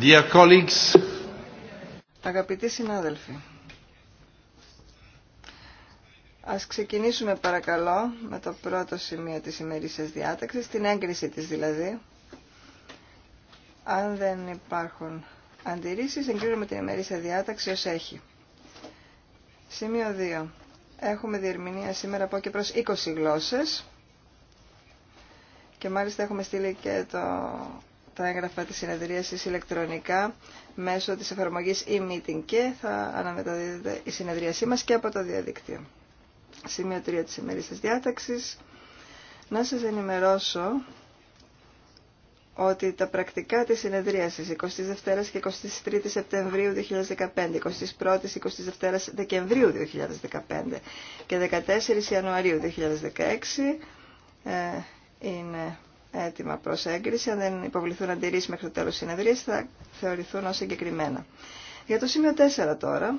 Dear colleagues. Αγαπητοί συνάδελφοι, ας ξεκινήσουμε παρακαλώ με το πρώτο σημείο της ημερήσιας διάταξης, την έγκριση της δηλαδή. Αν δεν υπάρχουν αντιρρήσεις, εγκρίνουμε την ημερήσια διάταξη ως έχει. Σημείο 2. Έχουμε διερμηνία σήμερα από και προς 20 γλώσσες και μάλιστα έχουμε στείλει και το τα έγγραφα της συνεδρίασης ηλεκτρονικά μέσω της εφαρμογής e-meeting και θα αναμεταδίδεται η συνεδρίασή μας και από το διαδίκτυο. Σημείο 3 της ημερής διάταξης. Να σας ενημερώσω ότι τα πρακτικά της συνεδρίασης 22 και 23 Σεπτεμβρίου 2015, 21 22 Δεκεμβρίου 2015 και 14 Ιανουαρίου 2016 ε, είναι έτοιμα προς έγκριση. Αν δεν υποβληθούν αντιρρήσει μέχρι το τέλο της θα θεωρηθούν ω εγκεκριμένα. Για το σημείο 4 τώρα.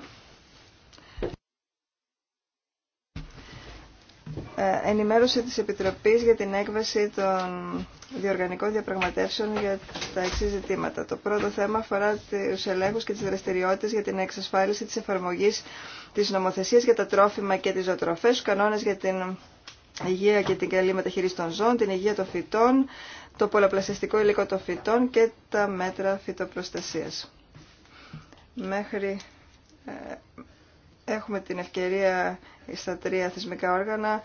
Ε, ενημέρωση της Επιτροπής για την έκβαση των διοργανικών διαπραγματεύσεων για τα εξή ζητήματα. Το πρώτο θέμα αφορά τους ελέγχους και τις δραστηριότητες για την εξασφάλιση της εφαρμογής της νομοθεσίας για τα τρόφιμα και τις ζωοτροφές, κανόνες για την υγεία και την καλή μεταχείριση των ζώων, την υγεία των φυτών, το πολλαπλασιαστικό υλικό των φυτών και τα μέτρα φυτοπροστασίας. Μέχρι ε, έχουμε την ευκαιρία στα τρία θεσμικά όργανα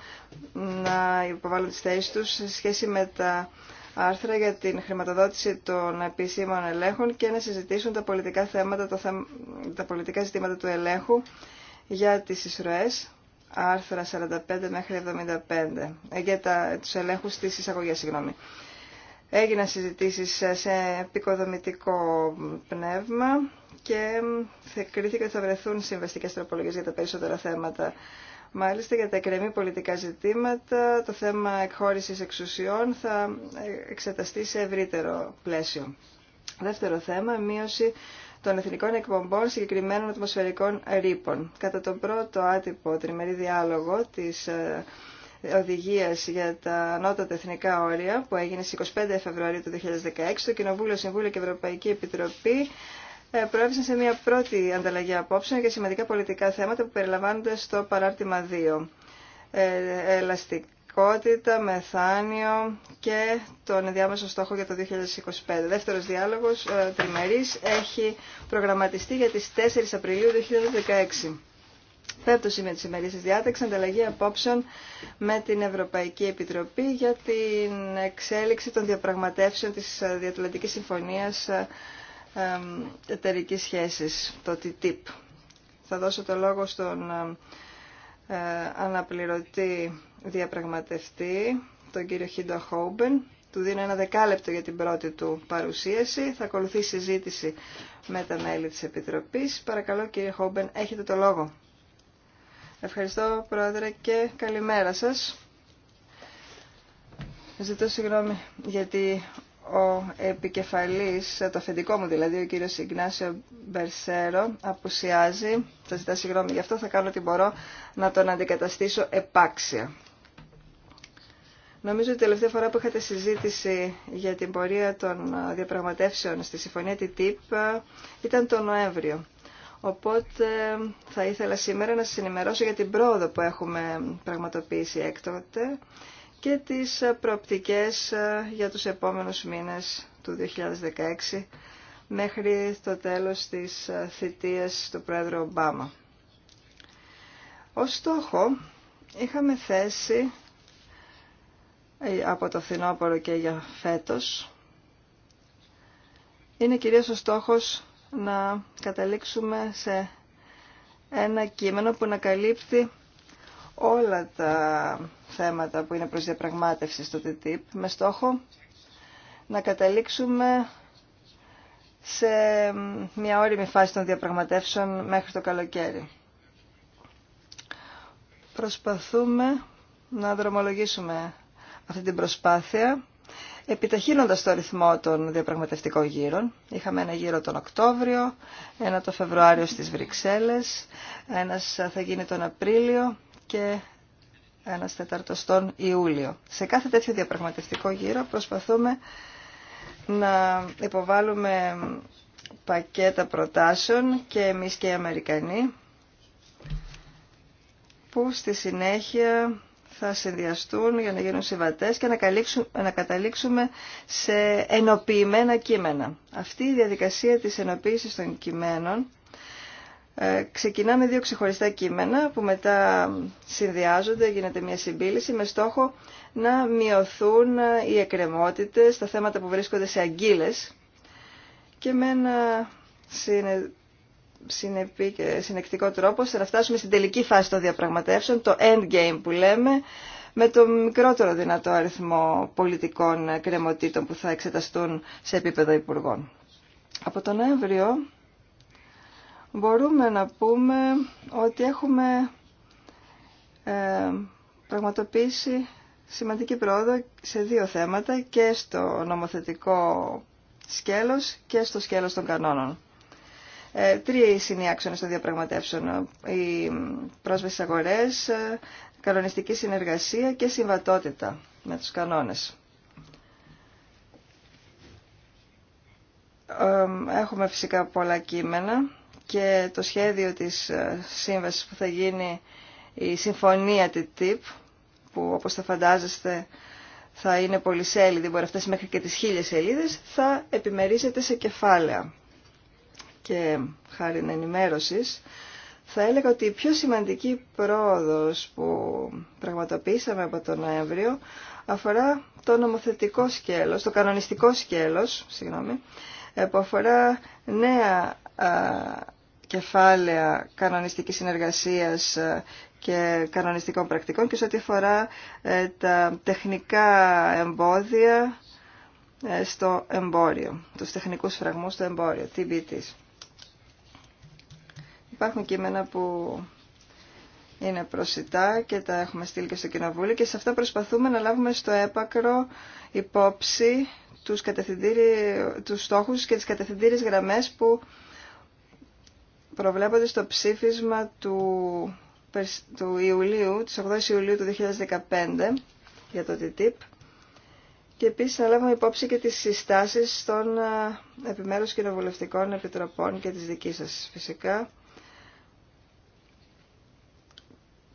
να υποβάλουν τις θέσεις τους σε σχέση με τα άρθρα για την χρηματοδότηση των επίσημων ελέγχων και να συζητήσουν τα πολιτικά, θέματα, τα πολιτικά ζητήματα του ελέγχου για τις εισρωές άρθρα 45 μέχρι 75, ε, για τα, τους ελέγχους της εισαγωγής, συγγνώμη. Έγιναν συζητήσεις σε επικοδομητικό πνεύμα και κρίθηκε ότι θα βρεθούν συμβαστικές τροπολογίες για τα περισσότερα θέματα. Μάλιστα για τα εκρεμή πολιτικά ζητήματα, το θέμα εκχώρησης εξουσιών θα ε, εξεταστεί σε ευρύτερο πλαίσιο. Δεύτερο θέμα, μείωση των εθνικών εκπομπών συγκεκριμένων ατμοσφαιρικών ρήπων. Κατά τον πρώτο άτυπο τριμερή διάλογο της ε, οδηγίας για τα ανώτατα εθνικά όρια που έγινε στι 25 Φεβρουαρίου του 2016, το Κοινοβούλιο, Συμβούλιο και Ευρωπαϊκή Επιτροπή ε, προέβησαν σε μια πρώτη ανταλλαγή απόψεων για σημαντικά πολιτικά θέματα που περιλαμβάνονται στο παράρτημα 2. Ε, ελαστικά πραγματικότητα, μεθάνιο και τον ενδιάμεσο στόχο για το 2025. Δεύτερος διάλογος, ε, τριμερής, έχει προγραμματιστεί για τις 4 Απριλίου 2016. Πέμπτο σημείο τη ημερήσης διάταξη, ανταλλαγή απόψεων με την Ευρωπαϊκή Επιτροπή για την εξέλιξη των διαπραγματεύσεων της ε, Διατλαντικής Συμφωνίας ε, Εταιρική Σχέσης, το TTIP. Θα δώσω το λόγο στον αναπληρωτή διαπραγματευτή, τον κύριο Χίντο Χόμπεν. Του δίνω ένα δεκάλεπτο για την πρώτη του παρουσίαση. Θα ακολουθήσει συζήτηση με τα μέλη της Επιτροπής. Παρακαλώ κύριε Χόμπεν, έχετε το λόγο. Ευχαριστώ πρόεδρε και καλημέρα σας. Ζητώ συγγνώμη γιατί ο επικεφαλής, το αφεντικό μου δηλαδή, ο κύριος Ιγνάσιο Μπερσέρο, απουσιάζει. Θα ζητά συγγνώμη γι' αυτό, θα κάνω ό,τι μπορώ να τον αντικαταστήσω επάξια. Νομίζω ότι τελευταία φορά που είχατε συζήτηση για την πορεία των διαπραγματεύσεων στη Συμφωνία TTIP ε, ήταν το Νοέμβριο. Οπότε θα ήθελα σήμερα να σας ενημερώσω για την πρόοδο που έχουμε πραγματοποιήσει έκτοτε και τις προοπτικές ε, για τους επόμενους μήνες του 2016 μέχρι το τέλος της ε, θητείας του Πρόεδρου Ομπάμα. Ως στόχο είχαμε θέσει ε, από το φθινόπωρο και για φέτος είναι κυρίως ο στόχος να καταλήξουμε σε ένα κείμενο που να καλύπτει όλα τα θέματα που είναι προς διαπραγμάτευση στο TTIP με στόχο να καταλήξουμε σε μια όριμη φάση των διαπραγματεύσεων μέχρι το καλοκαίρι. Προσπαθούμε να δρομολογήσουμε αυτή την προσπάθεια επιταχύνοντας το ρυθμό των διαπραγματευτικών γύρων. Είχαμε ένα γύρο τον Οκτώβριο, ένα το Φεβρουάριο στις Βρυξέλλες, ένας θα γίνει τον Απρίλιο και ένας τέταρτος τον Ιούλιο. Σε κάθε τέτοιο διαπραγματευτικό γύρο προσπαθούμε να υποβάλουμε πακέτα προτάσεων και εμείς και οι Αμερικανοί που στη συνέχεια θα συνδυαστούν για να γίνουν συμβατές και να, να καταλήξουμε σε ενοποιημένα κείμενα. Αυτή η διαδικασία της ενοποίησης των κειμένων ε, ξεκινά με δύο ξεχωριστά κείμενα που μετά συνδυάζονται, γίνεται μια συμπίληση με στόχο να μειωθούν ε, οι εκκρεμότητες τα θέματα που βρίσκονται σε αγκύλες και με ένα συνεπή και συνεκτικό τρόπο ώστε να φτάσουμε στην τελική φάση των διαπραγματεύσεων, το end game που λέμε, με το μικρότερο δυνατό αριθμό πολιτικών κρεμοτήτων που θα εξεταστούν σε επίπεδο υπουργών. Από τον Νοέμβριο μπορούμε να πούμε ότι έχουμε ε, πραγματοποιήσει σημαντική πρόοδο σε δύο θέματα και στο νομοθετικό σκέλος και στο σκέλος των κανόνων. Ε, τρία είναι οι άξονε των διαπραγματεύσεων. Οι στι αγορές, ε, κανονιστική συνεργασία και συμβατότητα με τους κανόνες. Ε, έχουμε φυσικά πολλά κείμενα και το σχέδιο της σύμβασης που θα γίνει η συμφωνία TTIP που όπως θα φαντάζεστε θα είναι πολυσέλιδη, μπορεί να φτάσει μέχρι και τις χίλιες σελίδες, θα επιμερίζεται σε κεφάλαια και χάρη ενημέρωσης, θα έλεγα ότι η πιο σημαντική πρόοδος που πραγματοποιήσαμε από τον Νοέμβριο αφορά το νομοθετικό σκέλος, το κανονιστικό σκέλος, συγγνώμη, ε, που αφορά νέα κεφάλαια κανονιστικής συνεργασίας ε, και κανονιστικών πρακτικών και σε ό,τι αφορά ε, τα τεχνικά εμπόδια στο εμπόριο, τους τεχνικούς φραγμούς στο εμπόριο, TBTs. Υπάρχουν κείμενα που είναι προσιτά και τα έχουμε στείλει και στο Κοινοβούλιο και σε αυτά προσπαθούμε να λάβουμε στο έπακρο υπόψη τους, τους στόχους και τις κατευθυντήριες γραμμές που προβλέπονται στο ψήφισμα του, του Ιουλίου, της 8 Ιουλίου του 2015 για το TTIP και επίσης να λάβουμε υπόψη και τις συστάσεις των ε, επιμέρους κοινοβουλευτικών επιτροπών και της δικής σας φυσικά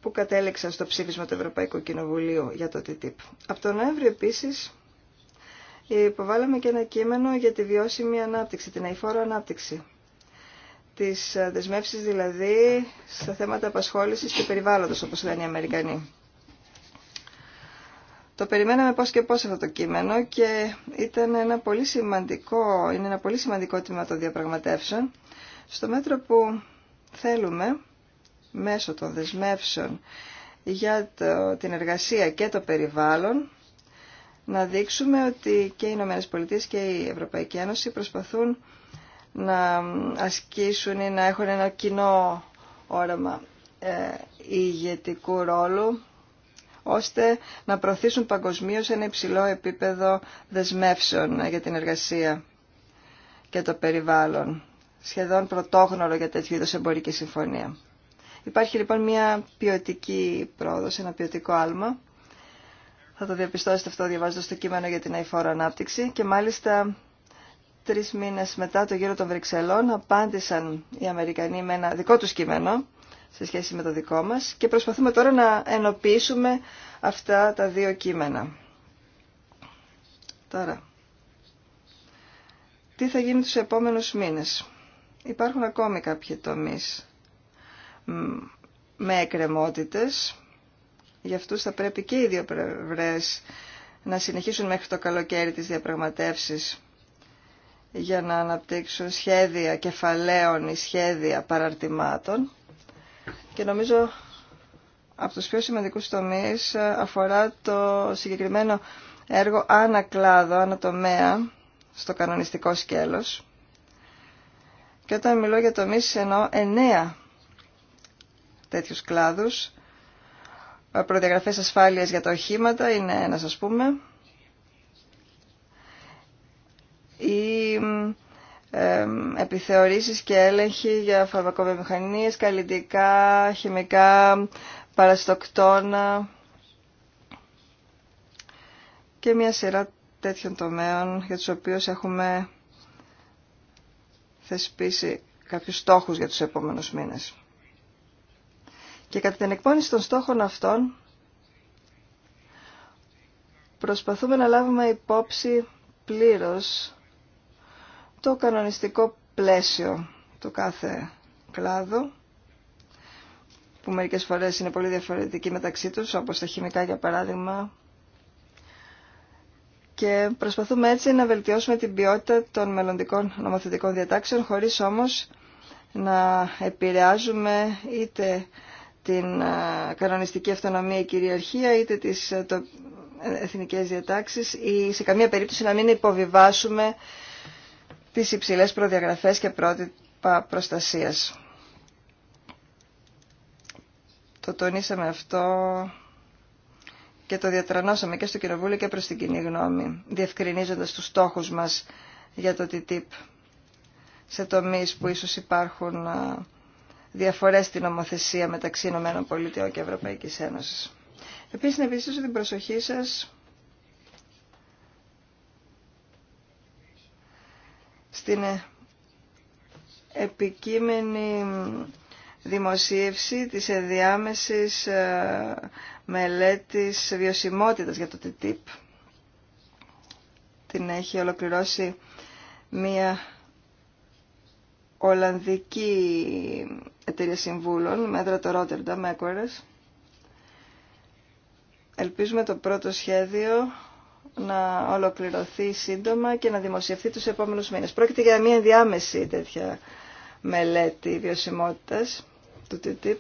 που κατέληξαν στο ψήφισμα του Ευρωπαϊκού Κοινοβουλίου για το TTIP. Από τον Νοέμβριο επίσης υποβάλαμε και ένα κείμενο για τη βιώσιμη ανάπτυξη, την αηφόρο ανάπτυξη. Τις δεσμεύσεις δηλαδή στα θέματα απασχόλησης και περιβάλλοντος όπως λένε οι Αμερικανοί. Το περιμέναμε πώς και πώς αυτό το κείμενο και ήταν ένα είναι ένα πολύ σημαντικό τμήμα των διαπραγματεύσεων στο μέτρο που θέλουμε μέσω των δεσμεύσεων για την εργασία και το περιβάλλον να δείξουμε ότι και οι Ηνωμένε και η Ευρωπαϊκή Ένωση προσπαθούν να ασκήσουν ή να έχουν ένα κοινό όραμα ε, ηγετικού ρόλου ώστε να προωθήσουν παγκοσμίω ένα υψηλό επίπεδο δεσμεύσεων για την εργασία και το περιβάλλον. Σχεδόν πρωτόγνωρο για τέτοιου είδους εμπορική συμφωνία. Υπάρχει λοιπόν μια ποιοτική πρόοδος, ένα ποιοτικό άλμα. Θα το διαπιστώσετε αυτό διαβάζοντας το κείμενο για την αηφόρο ανάπτυξη και μάλιστα τρεις μήνες μετά το γύρο των Βρυξελών απάντησαν οι Αμερικανοί με ένα δικό τους κείμενο σε σχέση με το δικό μας και προσπαθούμε τώρα να ενοποιήσουμε αυτά τα δύο κείμενα. Τώρα, τι θα γίνει τους επόμενους μήνες. Υπάρχουν ακόμη κάποιοι τομείς με εκκρεμότητες. Γι' αυτούς θα πρέπει και οι δύο πλευρές να συνεχίσουν μέχρι το καλοκαίρι τις διαπραγματεύσεις για να αναπτύξουν σχέδια κεφαλαίων ή σχέδια παραρτημάτων. Και νομίζω από τους πιο σημαντικούς τομείς αφορά το συγκεκριμένο έργο ανακλάδο, ανατομέα, στο κανονιστικό σκέλος. Και όταν μιλώ για τομείς εννοώ εννέα τέτοιους κλάδους. Ε, προδιαγραφές ασφάλειας για τα οχήματα είναι ένας ας πούμε. Ή ε, επιθεωρήσεις και έλεγχοι για φαρμακοβιομηχανίες, καλλιτικά, χημικά, παραστοκτόνα και μια σειρά τέτοιων τομέων για τους οποίους έχουμε θεσπίσει κάποιους στόχους για τους επόμενους μήνες. Και κατά την εκπόνηση των στόχων αυτών προσπαθούμε να λάβουμε υπόψη πλήρως το κανονιστικό πλαίσιο του κάθε κλάδου που μερικές φορές είναι πολύ διαφορετική μεταξύ τους, όπως τα χημικά για παράδειγμα. Και προσπαθούμε έτσι να βελτιώσουμε την ποιότητα των μελλοντικών νομοθετικών διατάξεων, χωρίς όμως να επηρεάζουμε είτε την ε, κανονιστική αυτονομία η κυριαρχία είτε τις ε, το, ε, εθνικές διατάξεις ή σε καμία περίπτωση να μην υποβιβάσουμε τις υψηλές προδιαγραφές και πρότυπα προστασίας. Το τονίσαμε αυτό και το διατρανώσαμε και στο Κοινοβούλιο και προς την κοινή γνώμη, διευκρινίζοντας τους στόχους μας για το TTIP σε τομείς που ίσως υπάρχουν διαφορές στην νομοθεσία μεταξύ ΗΠΑ και Ευρωπαϊκής Ένωσης. Επίσης, να επιστήσω την προσοχή σας στην επικείμενη δημοσίευση της ενδιάμεσης ε, μελέτης βιωσιμότητας για το TTIP. Την έχει ολοκληρώσει μία Ολλανδική εταιρεία συμβούλων με έδρα το Ελπίζουμε το πρώτο σχέδιο να ολοκληρωθεί σύντομα και να δημοσιευθεί τους επόμενους μήνες. Πρόκειται για μια ενδιάμεση τέτοια μελέτη βιωσιμότητας του TTIP.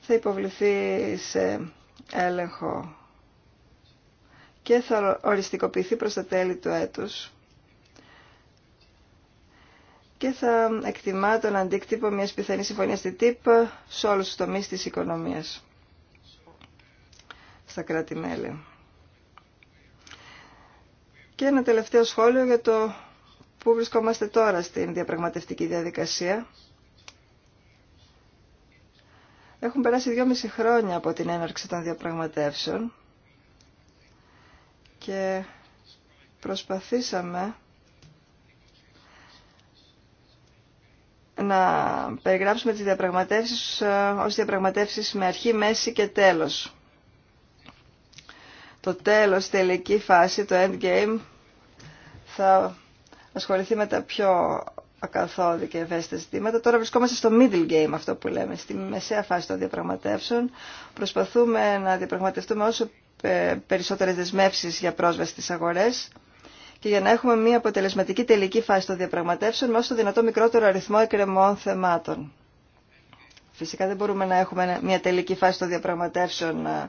Θα υποβληθεί σε έλεγχο και θα οριστικοποιηθεί προς τα τέλη του έτους και θα εκτιμά τον αντίκτυπο μιας πιθανής συμφωνίας στη ΤΥΠ σε όλους τους τομείς της οικονομίας στα κράτη-μέλη. Και ένα τελευταίο σχόλιο για το πού βρισκόμαστε τώρα στην διαπραγματευτική διαδικασία. Έχουν περάσει δυόμιση χρόνια από την έναρξη των διαπραγματεύσεων και προσπαθήσαμε να περιγράψουμε τις διαπραγματεύσεις ε, ως διαπραγματεύσεις με αρχή, μέση και τέλος. Το τέλος, τελική φάση, το endgame, θα ασχοληθεί με τα πιο ακαθόδη και ευαίσθητα ζητήματα. Τώρα βρισκόμαστε στο middle game, αυτό που λέμε, στη μεσαία φάση των διαπραγματεύσεων. Προσπαθούμε να διαπραγματευτούμε όσο ε, περισσότερες δεσμεύσεις για πρόσβαση στις αγορές και για να έχουμε μια αποτελεσματική τελική φάση των διαπραγματεύσεων με όσο το δυνατό μικρότερο αριθμό εκκρεμών θεμάτων. Φυσικά δεν μπορούμε να έχουμε μια τελική φάση των διαπραγματεύσεων ε,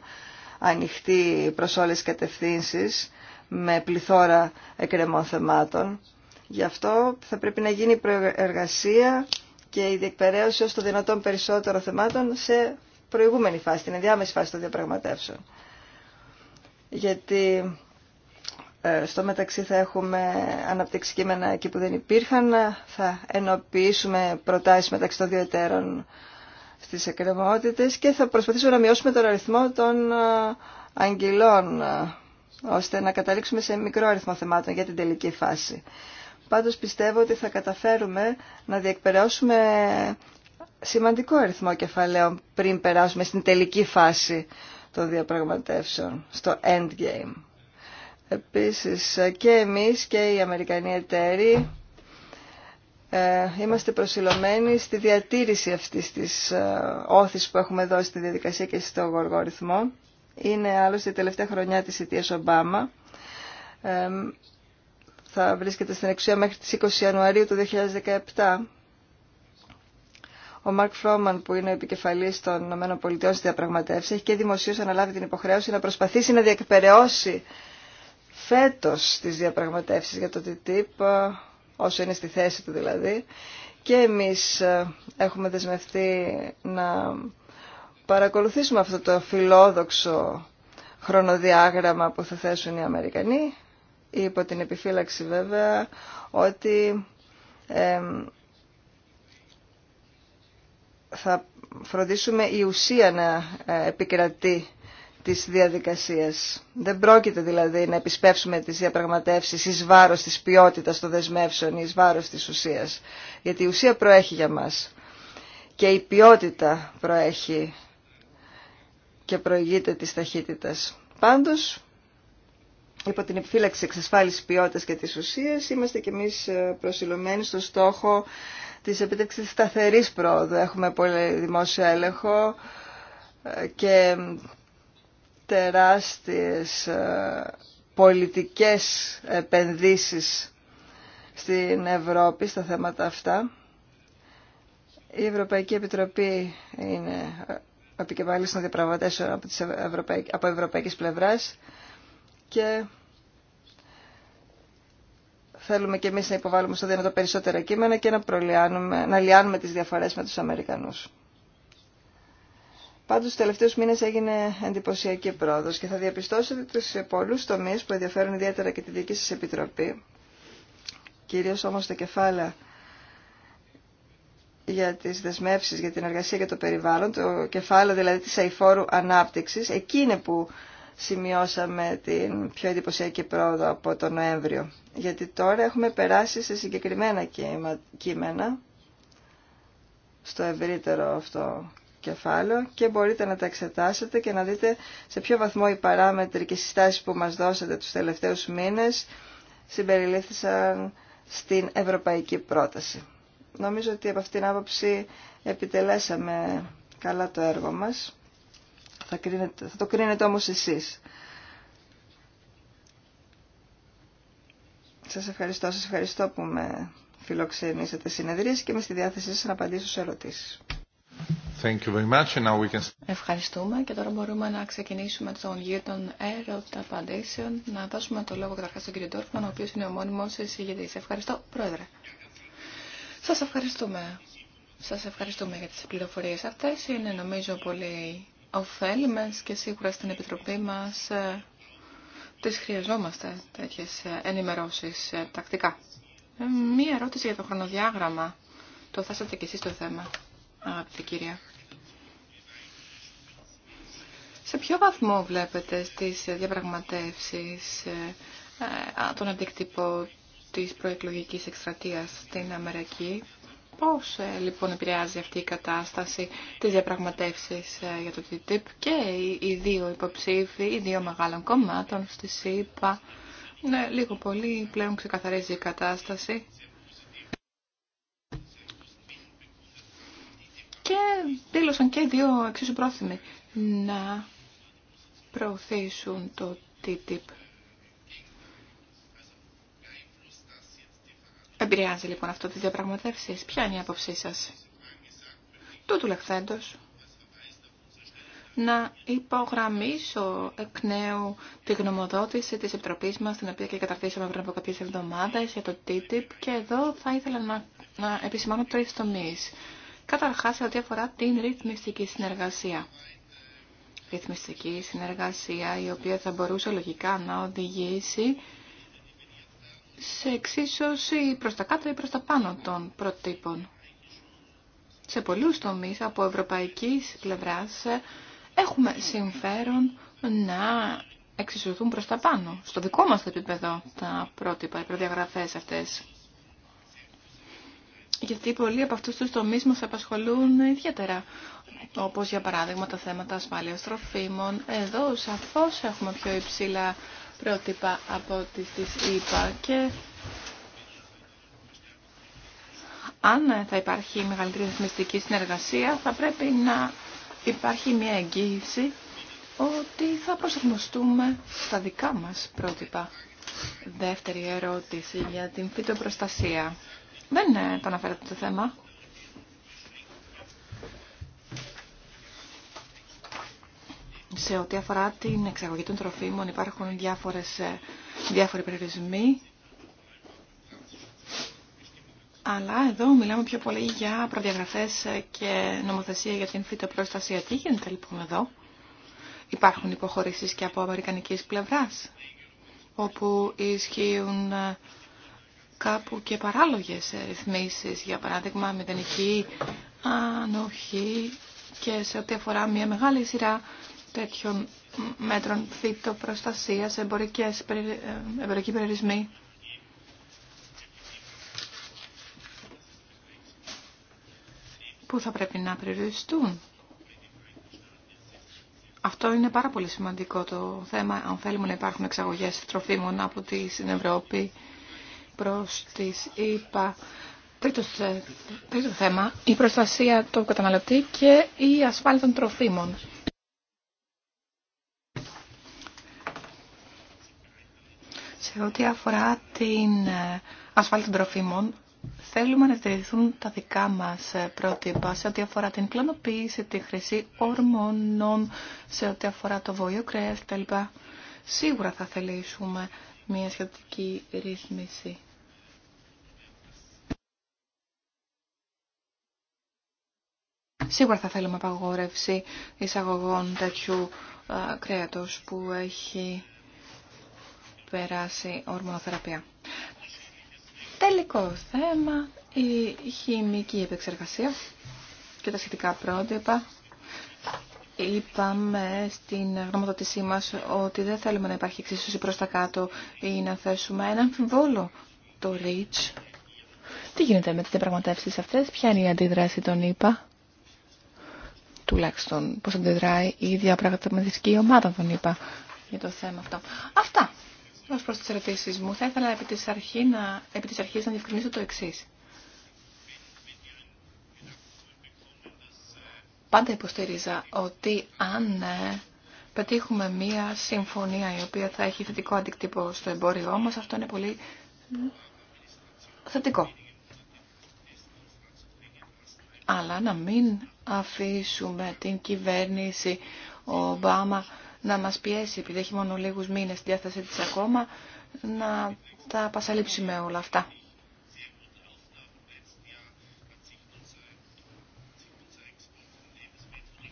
ανοιχτή προς όλες τις κατευθύνσεις με πληθώρα εκκρεμών θεμάτων. Γι' αυτό θα πρέπει να γίνει η προεργασία και η διεκπαιρέωση ως το δυνατόν περισσότερο θεμάτων σε προηγούμενη φάση, την ενδιάμεση φάση των διαπραγματεύσεων. Γιατί ε, στο μεταξύ θα έχουμε αναπτύξει κείμενα εκεί που δεν υπήρχαν, θα ενοποιήσουμε προτάσεις μεταξύ των δύο εταίρων στις εκκρεμότητες και θα προσπαθήσουμε να μειώσουμε τον αριθμό των ε, αγγελών ε, ώστε να καταλήξουμε σε μικρό αριθμό θεμάτων για την τελική φάση. Πάντως πιστεύω ότι θα καταφέρουμε να διεκπαιρεώσουμε σημαντικό αριθμό κεφαλαίων πριν περάσουμε στην τελική φάση των διαπραγματεύσεων, στο endgame. Επίσης και εμείς και οι Αμερικανοί εταίροι ε, είμαστε προσιλωμένοι στη διατήρηση αυτής της ε, όθης που έχουμε δώσει στη διαδικασία και στο γοργό ρυθμό. Είναι άλλωστε η τελευταία χρονιά της ηττίας Ομπάμα. Ε, θα βρίσκεται στην εξουσία μέχρι τις 20 Ιανουαρίου του 2017. Ο Μαρκ Φρόμαν, που είναι ο επικεφαλής των ΗΠΑ στη έχει και δημοσίως αναλάβει την υποχρέωση να προσπαθήσει να διεκπαιρεώσει φέτος στις διαπραγματεύσεις για το TTIP, ε, όσο είναι στη θέση του δηλαδή, και εμείς ε, έχουμε δεσμευτεί να παρακολουθήσουμε αυτό το φιλόδοξο χρονοδιάγραμμα που θα θέσουν οι Αμερικανοί, υπό την επιφύλαξη βέβαια ότι θα φροντίσουμε η ουσία να ε, επικρατεί της διαδικασίας. Δεν πρόκειται δηλαδή να επισπεύσουμε τις διαπραγματεύσεις εις βάρος της ποιότητας των δεσμεύσεων, εις βάρος της ουσίας. Γιατί η ουσία προέχει για μας. Και η ποιότητα προέχει και προηγείται της ταχύτητας. Πάντως, υπό την επιφύλαξη εξασφάλισης ποιότητας και της ουσίας, είμαστε κι εμείς ε, προσιλωμένοι στο στόχο της επίτευξης της σταθερής πρόοδου. Έχουμε πολύ δημόσιο έλεγχο ε, και τεράστιες ε, πολιτικές επενδύσεις στην Ευρώπη στα θέματα αυτά. Η Ευρωπαϊκή Επιτροπή είναι ε, επικεφαλής των διαπραγματεύσεων από, τις ευρωπαϊκ... από και θέλουμε και εμείς να υποβάλουμε στο δυνατό περισσότερα κείμενα και να, προλιάνουμε, να λιάνουμε τις διαφορές με τους Αμερικανούς. Πάντως, τους τελευταίους μήνες έγινε εντυπωσιακή πρόοδος και θα διαπιστώσετε τους σε πολλούς τομείς που ενδιαφέρουν ιδιαίτερα και τη δική σας επιτροπή, κυρίως όμως τα κεφάλαια για τις δεσμεύσεις, για την εργασία και το περιβάλλον, το κεφάλαιο δηλαδή της αηφόρου ανάπτυξης, εκεί είναι που σημειώσαμε την πιο εντυπωσιακή πρόοδο από τον Νοέμβριο. Γιατί τώρα έχουμε περάσει σε συγκεκριμένα κείμενα στο ευρύτερο αυτό κεφάλαιο και μπορείτε να τα εξετάσετε και να δείτε σε ποιο βαθμό οι παράμετροι και οι συστάσεις που μας δώσατε τους τελευταίους μήνες συμπεριλήφθησαν στην ευρωπαϊκή πρόταση. Νομίζω ότι από αυτήν την άποψη επιτελέσαμε καλά το έργο μας. Θα, θα το κρίνετε όμως εσείς. Σας ευχαριστώ, σας ευχαριστώ που με φιλοξενήσατε συνεδρίες και είμαι στη διάθεσή σας να απαντήσω σε ερωτήσεις. Ευχαριστούμε και τώρα μπορούμε να ξεκινήσουμε τον γύρο των έρωτα απαντήσεων. Να δώσουμε το λόγο καταρχά στον κύριο Ντόρφμαν, ο οποίο είναι ο μόνιμο εισηγητής. Ευχαριστώ, Πρόεδρε. Σα ευχαριστούμε. Σα ευχαριστούμε για τι πληροφορίε αυτέ. Είναι νομίζω πολύ ωφέλιμε και σίγουρα στην Επιτροπή μα ε, τι χρειαζόμαστε τέτοιε ενημερώσει ε, τακτικά. Ε, μία ερώτηση για το χρονοδιάγραμμα. Το θέσατε και εσεί το θέμα, αγαπητή κυρία. Σε ποιο βαθμό βλέπετε στις διαπραγματεύσεις ε, ε, τον αντίκτυπο της προεκλογικής εκστρατείας στην Αμερική. Πώς ε, λοιπόν επηρεάζει αυτή η κατάσταση τις διαπραγματεύσεις για το TTIP και οι δύο υποψήφοι, οι δύο μεγάλων κομμάτων στη ΣΥΠΑ. Ναι, λίγο πολύ πλέον ξεκαθαρίζει η κατάσταση. Και δήλωσαν και δύο εξίσου πρόθυμοι να προωθήσουν το TTIP. Επηρεάζει λοιπόν αυτό τις διαπραγματεύσεις. Ποια είναι η άποψή σας. Τούτου λεχθέντο, Να υπογραμμίσω εκ νέου τη γνωμοδότηση της Επιτροπής μας, την οποία και καταρτήσαμε πριν από κάποιες εβδομάδες για το TTIP και εδώ θα ήθελα να, να επισημάνω τρεις τομείς. Καταρχάς, σε ό,τι αφορά την ρυθμιστική συνεργασία ρυθμιστική συνεργασία η οποία θα μπορούσε λογικά να οδηγήσει σε εξίσωση προς τα κάτω ή προς τα πάνω των προτύπων. Σε πολλούς τομείς από ευρωπαϊκής πλευράς έχουμε συμφέρον να εξισωθούν προς τα πάνω. Στο δικό μας επίπεδο τα πρότυπα, οι προδιαγραφές αυτές γιατί πολλοί από αυτούς τους τομείς μας απασχολούν ιδιαίτερα, όπως για παράδειγμα τα θέματα ασφάλειας τροφίμων. Εδώ σαφώς έχουμε πιο υψηλά πρότυπα από ό,τι της είπα. και αν θα υπάρχει μεγαλύτερη ρυθμιστική συνεργασία θα πρέπει να υπάρχει μια εγγύηση ότι θα προσαρμοστούμε στα δικά μας πρότυπα. Δεύτερη ερώτηση για την φυτοπροστασία. Δεν επαναφέρατε το θέμα. Σε ό,τι αφορά την εξαγωγή των τροφίμων υπάρχουν διάφορες, ε, διάφοροι περιορισμοί. Αλλά εδώ μιλάμε πιο πολύ για προδιαγραφές ε, και νομοθεσία για την φυτοπροστασία. Τι γίνεται λοιπόν εδώ. Υπάρχουν υποχωρήσεις και από αμερικανικής πλευράς, όπου ισχύουν ε, κάπου και παράλογες ρυθμίσεις, για παράδειγμα μηδενική ανοχή και σε ό,τι αφορά μια μεγάλη σειρά τέτοιων μέτρων φυτοπροστασίας, εμπορικές, ε, εμπορικοί περιορισμοί. που θα πρέπει να περιοριστούν. Αυτό είναι πάρα πολύ σημαντικό το θέμα, αν θέλουμε να υπάρχουν εξαγωγές τροφίμων από την Ευρώπη προς τις είπα Τρίτο, τρίτο θέμα, η προστασία του καταναλωτή και η ασφάλεια των τροφίμων. Σε ό,τι αφορά την ε, ασφάλεια των τροφίμων, θέλουμε να στηριχθούν τα δικά μας ε, πρότυπα σε ό,τι αφορά την πλανοποίηση, τη χρήση ορμόνων, σε ό,τι αφορά το βόλιο κρέας κτλ. Σίγουρα θα θελήσουμε μια σχετική ρύθμιση. Σίγουρα θα θέλουμε απαγόρευση εισαγωγών τέτοιου κρέατος που έχει περάσει ορμονοθεραπεία. Τελικό θέμα, η χημική επεξεργασία και τα σχετικά πρότυπα. Είπαμε στην γνωμοδότησή μας ότι δεν θέλουμε να υπάρχει εξίσωση προς τα κάτω ή να θέσουμε ένα αμφιβόλο το REACH. Τι γίνεται με τις διαπραγματεύσεις αυτές, ποια είναι η αντίδραση των ΗΠΑ τουλάχιστον πώς αντιδράει η διαπραγματευτική ομάδα τον είπα, για το θέμα αυτό. Αυτά ως προς τις ερωτήσει μου. Θα ήθελα επί της, αρχή να, επί της αρχής να διευκρινίσω το εξή. Πάντα υποστηρίζα ότι αν ε, πετύχουμε μία συμφωνία η οποία θα έχει θετικό αντικτύπο στο εμπόριό όμως αυτό είναι πολύ θετικό αλλά να μην αφήσουμε την κυβέρνηση Ομπάμα να μας πιέσει, επειδή έχει μόνο λίγους μήνες στη διάθεσή της ακόμα, να τα πασαλείψουμε όλα αυτά.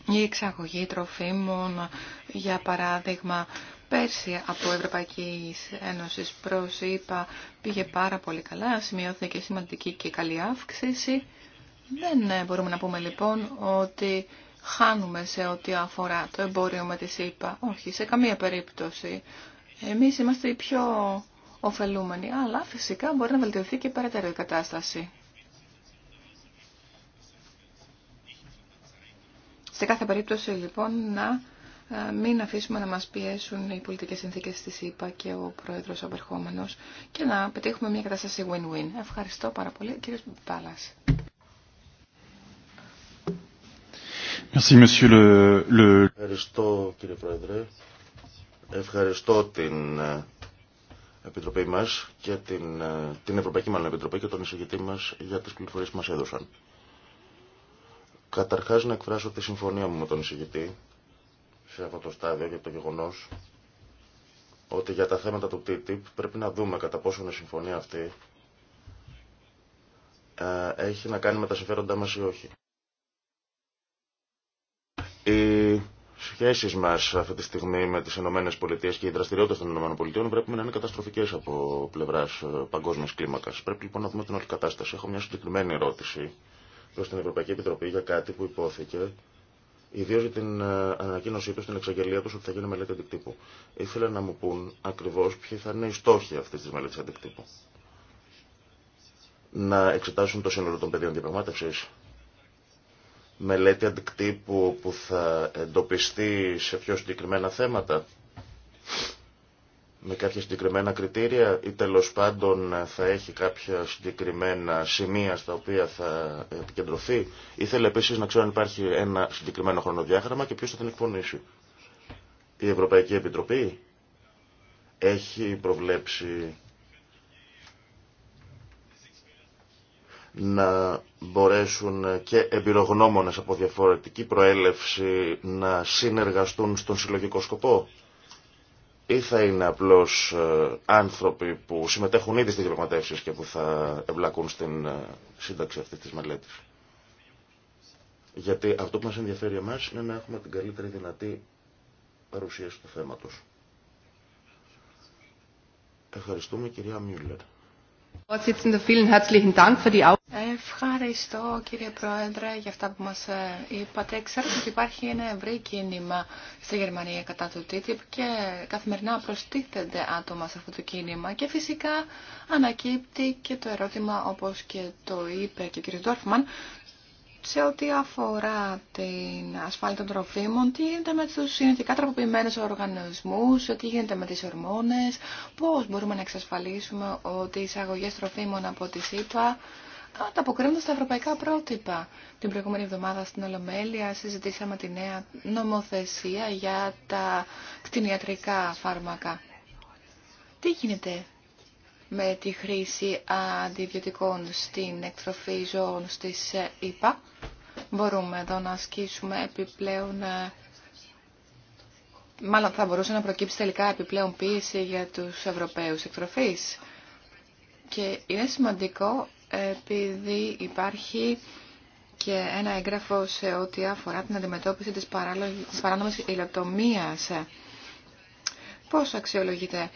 Η εξαγωγή τροφίμων, για παράδειγμα, πέρσι από Ευρωπαϊκή Ένωση προς ΕΠΑ πήγε πάρα πολύ καλά, σημειώθηκε σημαντική και καλή αύξηση δεν ε, μπορούμε να πούμε λοιπόν ότι χάνουμε σε ό,τι αφορά το εμπόριο με τη ΣΥΠΑ. Όχι, σε καμία περίπτωση. Εμείς είμαστε οι πιο ωφελούμενοι, αλλά φυσικά μπορεί να βελτιωθεί και περαιτέρω η κατάσταση. Σε κάθε περίπτωση λοιπόν να ε, μην αφήσουμε να μας πιέσουν οι πολιτικές συνθήκες της ΣΥΠΑ και ο Πρόεδρος ο και να πετύχουμε μια κατάσταση win-win. Ευχαριστώ πάρα πολύ κύριε Μπάλας. Ευχαριστώ κύριε Πρόεδρε. Ευχαριστώ την ε, Επιτροπή μας και την, ε, την Ευρωπαϊκή Μάλλον Επιτροπή και τον εισηγητή μας για τις πληροφορίες που μας έδωσαν. Καταρχάς να εκφράσω τη συμφωνία μου με τον εισηγητή σε αυτό το στάδιο για το γεγονός ότι για τα θέματα του TTIP πρέπει να δούμε κατά πόσο η συμφωνία αυτή ε, έχει να κάνει με τα συμφέροντά μας ή όχι. Οι σχέσει μα αυτή τη στιγμή με τι ΗΠΑ και οι δραστηριότητε των ΗΠΑ πρέπει να είναι καταστροφικέ από πλευρά ε, παγκόσμια κλίμακα. Πρέπει λοιπόν να δούμε την όλη κατάσταση. Έχω μια συγκεκριμένη ερώτηση προ την Ευρωπαϊκή Επιτροπή για κάτι που υπόθηκε ιδίω για την ε, ανακοίνωσή του στην εξαγγελία του ότι θα γίνει μελέτη αντικτύπου. Ήθελα να μου πούν ακριβώ ποιοι θα είναι οι στόχοι αυτή τη μελέτη αντικτύπου. Να εξετάσουν το σύνολο των πεδίων διαπραγμάτευση, μελέτη αντικτύπου που θα εντοπιστεί σε πιο συγκεκριμένα θέματα με κάποια συγκεκριμένα κριτήρια ή τέλο πάντων θα έχει κάποια συγκεκριμένα σημεία στα οποία θα επικεντρωθεί. Ήθελε επίση να ξέρω αν υπάρχει ένα συγκεκριμένο χρονοδιάγραμμα και ποιο θα την εκπονήσει. Η Ευρωπαϊκή Επιτροπή έχει προβλέψει να μπορέσουν και εμπειρογνώμονες από διαφορετική προέλευση να συνεργαστούν στον συλλογικό σκοπό ή θα είναι απλώς ε, άνθρωποι που συμμετέχουν ήδη στις διαπραγματεύσεις και που θα εμπλακούν στην ε, σύνταξη αυτής της μελέτης. Γιατί αυτό που μας ενδιαφέρει εμάς είναι να έχουμε την καλύτερη δυνατή παρουσίαση του θέματος. Ευχαριστούμε κυρία Μιούλερ. Ευχαριστώ κύριε Πρόεδρε για αυτά που μας ε, είπατε. Ξέρω ότι υπάρχει ένα ευρύ κίνημα στη Γερμανία κατά του TTIP και καθημερινά προστίθενται άτομα σε αυτό το κίνημα και φυσικά ανακύπτει και το ερώτημα όπως και το είπε και ο κύριος Ντόρφμαν σε ό,τι αφορά την ασφάλεια των τροφίμων, τι γίνεται με τους συνηθικά τροποποιημένους οργανισμούς, τι γίνεται με τις ορμόνες, πώς μπορούμε να εξασφαλίσουμε ότι οι εισαγωγές τροφίμων από τη ΣΥΠΑ ανταποκρίνονται στα ευρωπαϊκά πρότυπα. Την προηγούμενη εβδομάδα στην Ολομέλεια συζητήσαμε τη νέα νομοθεσία για τα κτηνιατρικά φάρμακα. Τι γίνεται με τη χρήση αντιβιωτικών στην εκτροφή ζώων στις ΙΠΑ. Ε, Μπορούμε εδώ να ασκήσουμε επιπλέον ε, μάλλον θα μπορούσε να προκύψει τελικά επιπλέον πίεση για τους Ευρωπαίους εκτροφείς. Και είναι σημαντικό επειδή υπάρχει και ένα έγγραφο σε ό,τι αφορά την αντιμετώπιση της, της παράνομης υλοτομίας. Πώς αξιολογείται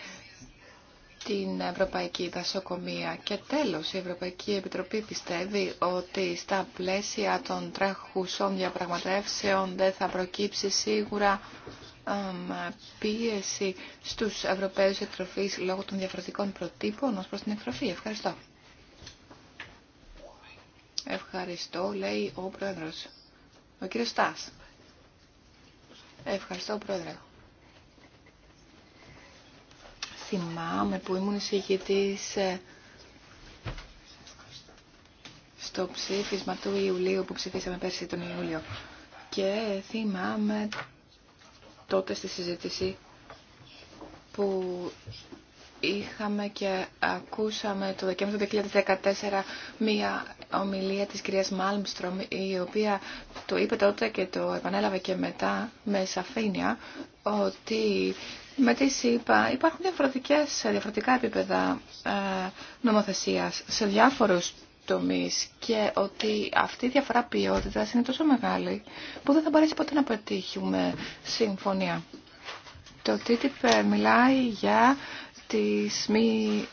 την Ευρωπαϊκή Δασοκομεία και τέλος η Ευρωπαϊκή Επιτροπή πιστεύει ότι στα πλαίσια των τρέχουσων διαπραγματεύσεων δεν θα προκύψει σίγουρα πίεση στους Ευρωπαίους εκτροφείς λόγω των διαφορετικών προτύπων ως προς την εκτροφή. Ευχαριστώ. Ευχαριστώ, λέει ο Πρόεδρος. Ο κύριο Στάς. Ευχαριστώ, Πρόεδρε. Θυμάμαι που ήμουν εισηγητής ε, στο ψήφισμα του Ιουλίου που ψηφίσαμε πέρσι τον Ιούλιο. Και θυμάμαι τότε στη συζήτηση που Είχαμε και ακούσαμε το Δεκέμβριο του 2014 μία ομιλία της κυρίας Μάλμστρομ η οποία το είπε τότε και το επανέλαβε και μετά με σαφήνεια ότι με τι είπα υπάρχουν διαφορετικές, διαφορετικά επίπεδα ε, νομοθεσίας σε διάφορους τομείς και ότι αυτή η διαφορά ποιότητας είναι τόσο μεγάλη που δεν θα μπορέσει ποτέ να πετύχουμε συμφωνία. Το TTIP μιλάει για τις μη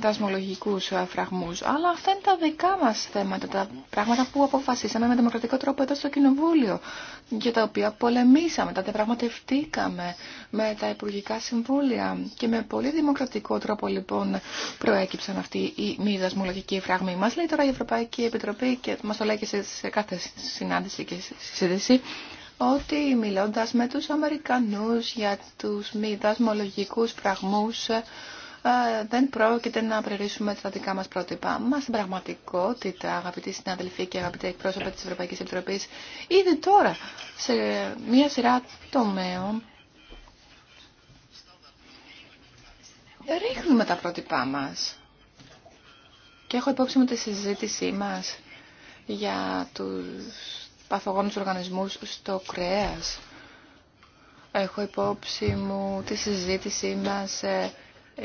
δασμολογικούς ε, φραγμούς. Αλλά αυτά είναι τα δικά μας θέματα, τα πράγματα που αποφασίσαμε με δημοκρατικό τρόπο εδώ στο Κοινοβούλιο, για τα οποία πολεμήσαμε, τα διαπραγματευτήκαμε με τα Υπουργικά Συμβούλια και με πολύ δημοκρατικό τρόπο λοιπόν προέκυψαν αυτοί οι μη δασμολογικοί φραγμοί. Μας λέει τώρα η Ευρωπαϊκή Επιτροπή και μας το λέει και σε κάθε συνάντηση και συζήτηση ότι μιλώντας με τους Αμερικανούς για τους μη δασμολογικούς φραγμούς ε, δεν πρόκειται να περιορίσουμε τα δικά μας πρότυπα. Μα στην πραγματικότητα, αγαπητοί συνάδελφοι και αγαπητοί εκπρόσωποι της Ευρωπαϊκής Επιτροπής, ήδη τώρα σε μια σειρά τομέων ρίχνουμε τα πρότυπά μας. Και έχω υπόψη μου τη συζήτησή μας για τους παθογόνους οργανισμούς στο κρέας. Έχω υπόψη μου τη συζήτησή μας ε,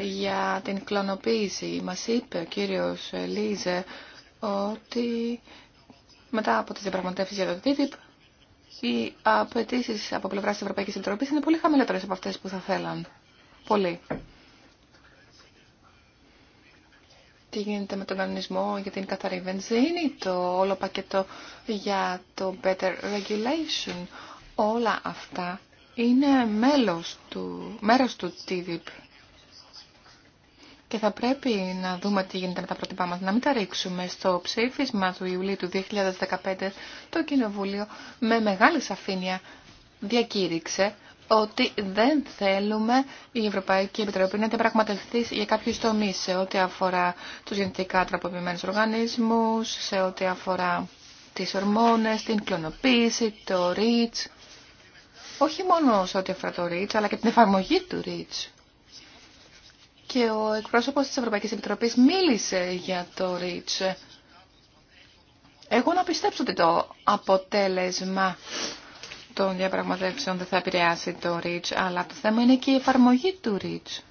για την κλωνοποίηση. Μας είπε ο κύριος Λίζε ότι μετά από τις διαπραγματεύσεις για το TTIP οι απαιτήσει από πλευρά της Ευρωπαϊκή Επιτροπής είναι πολύ χαμηλότερες από αυτές που θα θέλαν. Πολύ. τι γίνεται με τον κανονισμό για την καθαρή βενζίνη, το όλο πακέτο για το Better Regulation. Όλα αυτά είναι μέλος του, μέρος του Και θα πρέπει να δούμε τι γίνεται με τα πρότυπά μας, να μην τα ρίξουμε στο ψήφισμα του Ιουλίου του 2015 το Κοινοβούλιο με μεγάλη σαφήνεια διακήρυξε ότι δεν θέλουμε η Ευρωπαϊκή Επιτροπή να διαπραγματευτεί για κάποιου τομεί σε ό,τι αφορά του γενετικά τραποποιημένου οργανισμού, σε ό,τι αφορά τι ορμόνε, την κλωνοποίηση, το REACH. Όχι μόνο σε ό,τι αφορά το REACH, αλλά και την εφαρμογή του REACH. Και ο εκπρόσωπος της Ευρωπαϊκής Επιτροπής μίλησε για το REACH. Εγώ να πιστέψω ότι το αποτέλεσμα των διαπραγματεύσεων δεν θα επηρεάσει το REACH, αλλά το θέμα είναι και η εφαρμογή του REACH.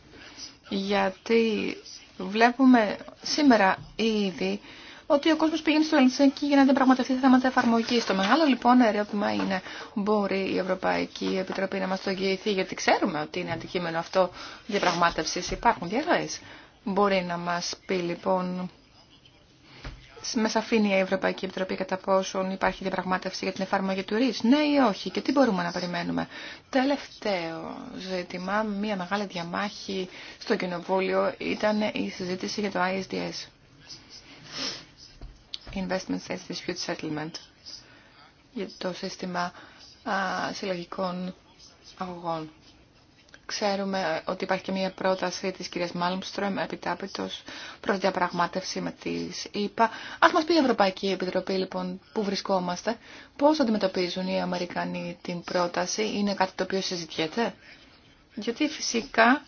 Γιατί βλέπουμε σήμερα ήδη ότι ο κόσμος πηγαίνει στο Ελσίνκι για να διαπραγματευτεί θέματα εφαρμογή. Το μεγάλο λοιπόν ερώτημα είναι μπορεί η Ευρωπαϊκή Επιτροπή να μας το εγγυηθεί, γιατί ξέρουμε ότι είναι αντικείμενο αυτό διαπραγματεύση. υπάρχουν διαρροές. Μπορεί να μας πει λοιπόν με αφήνει η Ευρωπαϊκή Επιτροπή κατά πόσον υπάρχει διαπραγμάτευση για την εφαρμογή του ναι ή όχι, και τι μπορούμε να περιμένουμε. Τελευταίο ζήτημα, μια μεγάλη διαμάχη στο Κοινοβούλιο ήταν η συζήτηση για το ISDS. Investment States Dispute Settlement για το σύστημα α, συλλογικών αγωγών. Ξέρουμε ε, ότι υπάρχει και μια πρόταση της κυρίας Μάλμστρομ επιτάπητος προς διαπραγμάτευση με τις ΗΠΑ. Ας μας πει η Ευρωπαϊκή Επιτροπή λοιπόν που βρισκόμαστε, πώς αντιμετωπίζουν οι Αμερικανοί την πρόταση, είναι κάτι το οποίο συζητιέται. Γιατί φυσικά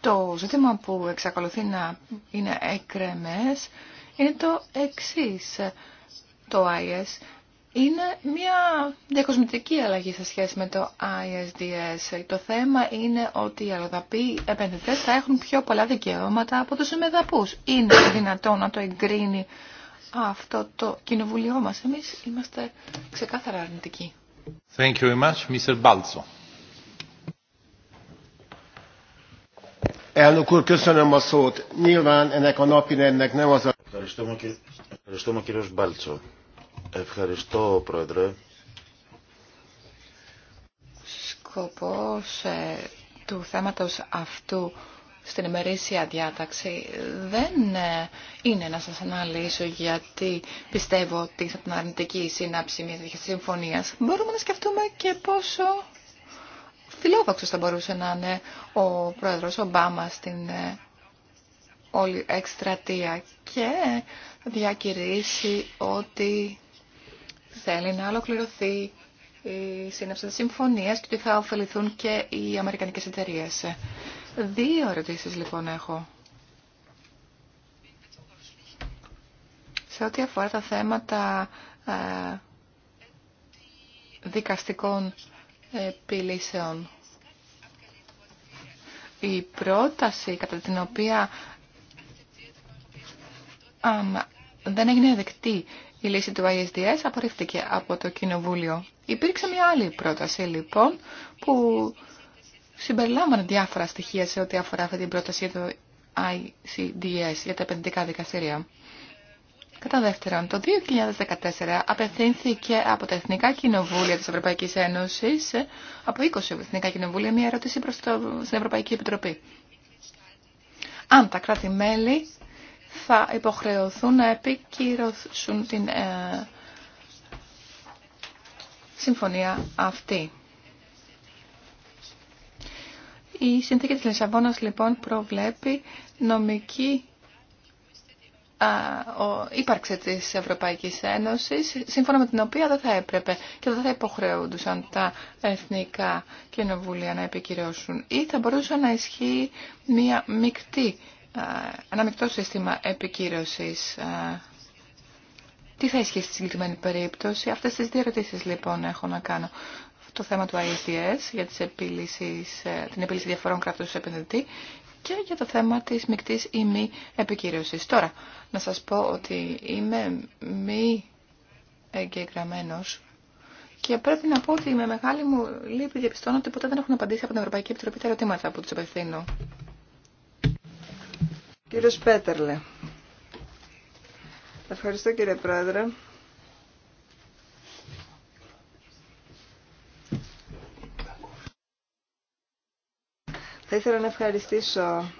το ζήτημα που εξακολουθεί να είναι εκρεμές είναι το εξή Το IS είναι μια διακοσμητική αλλαγή σε σχέση με το ISDS. Το θέμα είναι ότι οι αλλοδαποί επενδυτές θα έχουν πιο πολλά δικαιώματα από τους εμεδαπούς. Είναι δυνατόν να το εγκρίνει αυτό το κοινοβουλίο μας. Εμείς είμαστε ξεκάθαρα αρνητικοί. Thank you very much, Mr. Balzo. Elnök úr, köszönöm a szót. Nyilván ennek a nem az a... κύριος Μπάλτσο. Ευχαριστώ, Πρόεδρε. Σκοπός ε, του θέματος αυτού στην ημερήσια διάταξη δεν ε, είναι να σας αναλύσω γιατί πιστεύω ότι θα την αρνητική σύναψη μιας συμφωνίας μπορούμε να σκεφτούμε και πόσο φιλόδοξος θα μπορούσε να είναι ο πρόεδρος Ομπάμα στην ε, όλη εκστρατεία και διακηρύσει ότι θέλει να ολοκληρωθεί η σύναψη της συμφωνίας και ότι θα ωφεληθούν και οι αμερικανικές εταιρείε. Δύο ερωτήσεις λοιπόν έχω. Σε ό,τι αφορά τα θέματα ε, δικαστικών επιλύσεων. Η πρόταση κατά την οποία δεν έγινε δεκτή η λύση του ISDS απορρίφθηκε από το Κοινοβούλιο. Υπήρξε μια άλλη πρόταση λοιπόν που συμπεριλάμβανε διάφορα στοιχεία σε ό,τι αφορά αυτή την πρόταση του το ICDS για τα επενδυτικά δικαστήρια. Κατά δεύτερον, το 2014 απευθύνθηκε από τα Εθνικά Κοινοβούλια της Ευρωπαϊκής Ένωσης, από 20 Εθνικά Κοινοβούλια, μια ερώτηση προς το, Ευρωπαϊκή Επιτροπή. Αν τα κράτη-μέλη θα υποχρεωθούν να επικυρώσουν την ε, συμφωνία αυτή. Η συνθήκη της Λισαβόνας λοιπόν προβλέπει νομική ο ύπαρξη της Ευρωπαϊκής Ένωσης, σύμφωνα με την οποία δεν θα έπρεπε και δεν θα υποχρεούντουσαν τα εθνικά κοινοβούλια να επικυρώσουν ή θα μπορούσε να ισχύει μια μεικτή ε, ένα μεικτό σύστημα επικύρωσης. Ε, τι θα ισχύσει στη συγκεκριμένη περίπτωση. Αυτές τις δύο ερωτήσεις λοιπόν έχω να κάνω. Το θέμα του ISDS για τις ε, την επίλυση διαφορών κράτους επενδυτή και για το θέμα της μεικτής ή μη επικύρωσης. Τώρα, να σας πω ότι είμαι μη εγγεγραμμένος και πρέπει να πω ότι με μεγάλη μου λύπη διαπιστώνω ότι ποτέ δεν έχουν απαντήσει από την Ευρωπαϊκή Επιτροπή τα ερωτήματα που του απευθύνω. Κύριος Πέτερλε. Ευχαριστώ κύριε Πρόεδρε. Θα ήθελα να ευχαριστήσω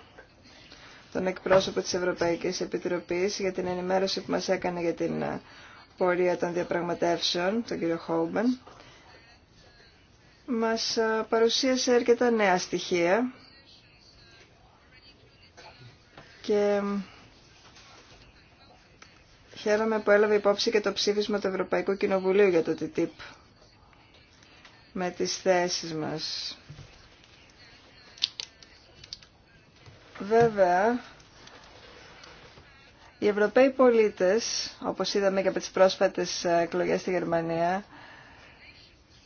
τον εκπρόσωπο της Ευρωπαϊκής Επιτροπής για την ενημέρωση που μας έκανε για την ε, πορεία των διαπραγματεύσεων, τον κύριο Χόουμπεν. Μας ε, παρουσίασε αρκετά νέα στοιχεία και χαίρομαι που έλαβε υπόψη και το ψήφισμα του Ευρωπαϊκού Κοινοβουλίου για το TTIP με τις θέσεις μας. Βέβαια, οι Ευρωπαίοι πολίτες, όπως είδαμε και από τις πρόσφατες εκλογές στη Γερμανία,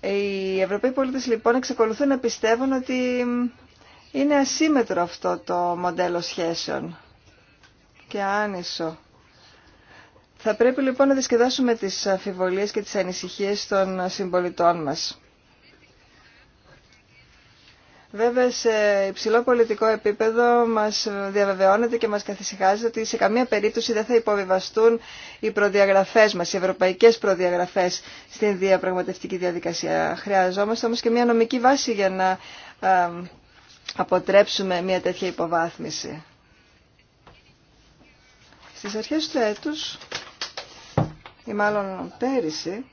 οι Ευρωπαίοι πολίτες λοιπόν εξακολουθούν να πιστεύουν ότι είναι ασύμετρο αυτό το μοντέλο σχέσεων και άνισο. Θα πρέπει λοιπόν να δισκεδάσουμε τις αφιβολίες και τις ανησυχίες των συμπολιτών μας. Βέβαια σε υψηλό πολιτικό επίπεδο μας διαβεβαιώνεται και μας καθησυχάζεται ότι σε καμία περίπτωση δεν θα υποβιβαστούν οι προδιαγραφές μας, οι ευρωπαϊκές προδιαγραφές στην διαπραγματευτική διαδικασία. Χρειαζόμαστε όμως και μια νομική βάση για να ε, αποτρέψουμε μια τέτοια υποβάθμιση. Στις αρχές του έτους, ή μάλλον πέρυσι,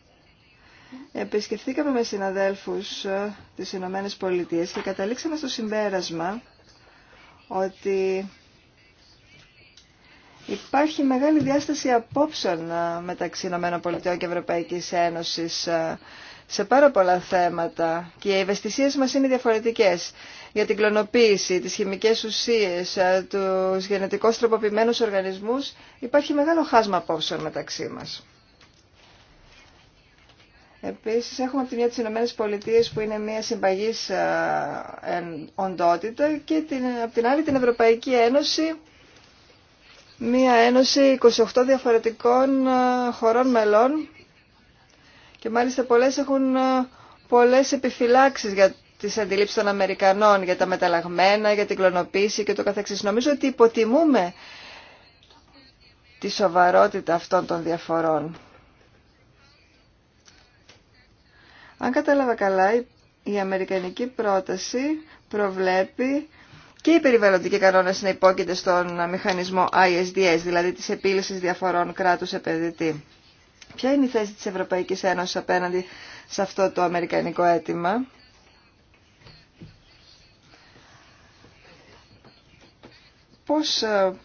επισκεφθήκαμε με συναδέλφους ε, της Ηνωμένε Πολιτείε και καταλήξαμε στο συμπέρασμα ότι υπάρχει μεγάλη διάσταση απόψεων ε, μεταξύ Ηνωμένων Πολιτείων και Ευρωπαϊκής Ένωσης ε, σε πάρα πολλά θέματα και οι ευαισθησίες μας είναι διαφορετικές. Για την κλωνοποίηση, τι χημικές ουσίες, ε, του γενετικώ τροποποιημένου οργανισμούς υπάρχει μεγάλο χάσμα απόψεων μεταξύ μας. Επίσης έχουμε από τη μια τις Ηνωμένες που είναι μια συμπαγής ε, οντότητα και την, από την άλλη την Ευρωπαϊκή Ένωση μια ένωση 28 διαφορετικών ε, χωρών μελών και μάλιστα πολλές έχουν ε, πολλές επιφυλάξεις για τις αντιλήψεις των Αμερικανών, για τα μεταλλαγμένα, για την κλωνοποίηση και το καθεξής. Νομίζω ότι υποτιμούμε τη σοβαρότητα αυτών των διαφορών. Αν κατάλαβα καλά, η αμερικανική πρόταση προβλέπει και οι περιβαλλοντικοί κανόνες να υπόκειται στον μηχανισμό ISDS, δηλαδή της επίλυσης διαφορών κράτους επενδυτή. Ποια είναι η θέση της Ευρωπαϊκής Ένωσης απέναντι σε αυτό το αμερικανικό αίτημα. Πώς ε,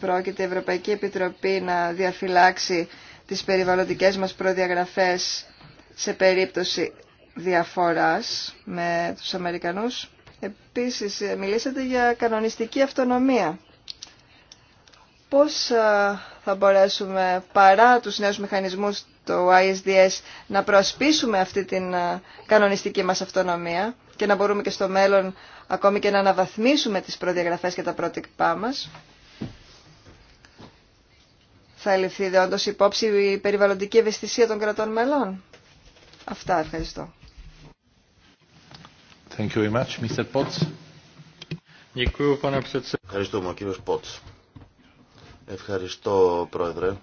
πρόκειται η Ευρωπαϊκή Επιτροπή να διαφυλάξει τις περιβαλλοντικές μας προδιαγραφές σε περίπτωση διαφοράς με τους Αμερικανούς. Επίσης, ε, μιλήσατε για κανονιστική αυτονομία. Πώς ε, θα μπορέσουμε παρά τους νέους μηχανισμούς του ISDS να προασπίσουμε αυτή την ε, κανονιστική μας αυτονομία και να μπορούμε και στο μέλλον ακόμη και να αναβαθμίσουμε τις προδιαγραφές και τα πρότυπά μας. Θα ληφθεί δε όντως υπόψη η περιβαλλοντική ευαισθησία των κρατών μελών. Αυτά ευχαριστώ. Thank you very much, Mr. Ευχαριστούμε, κύριος Ευχαριστώ, Πρόεδρε.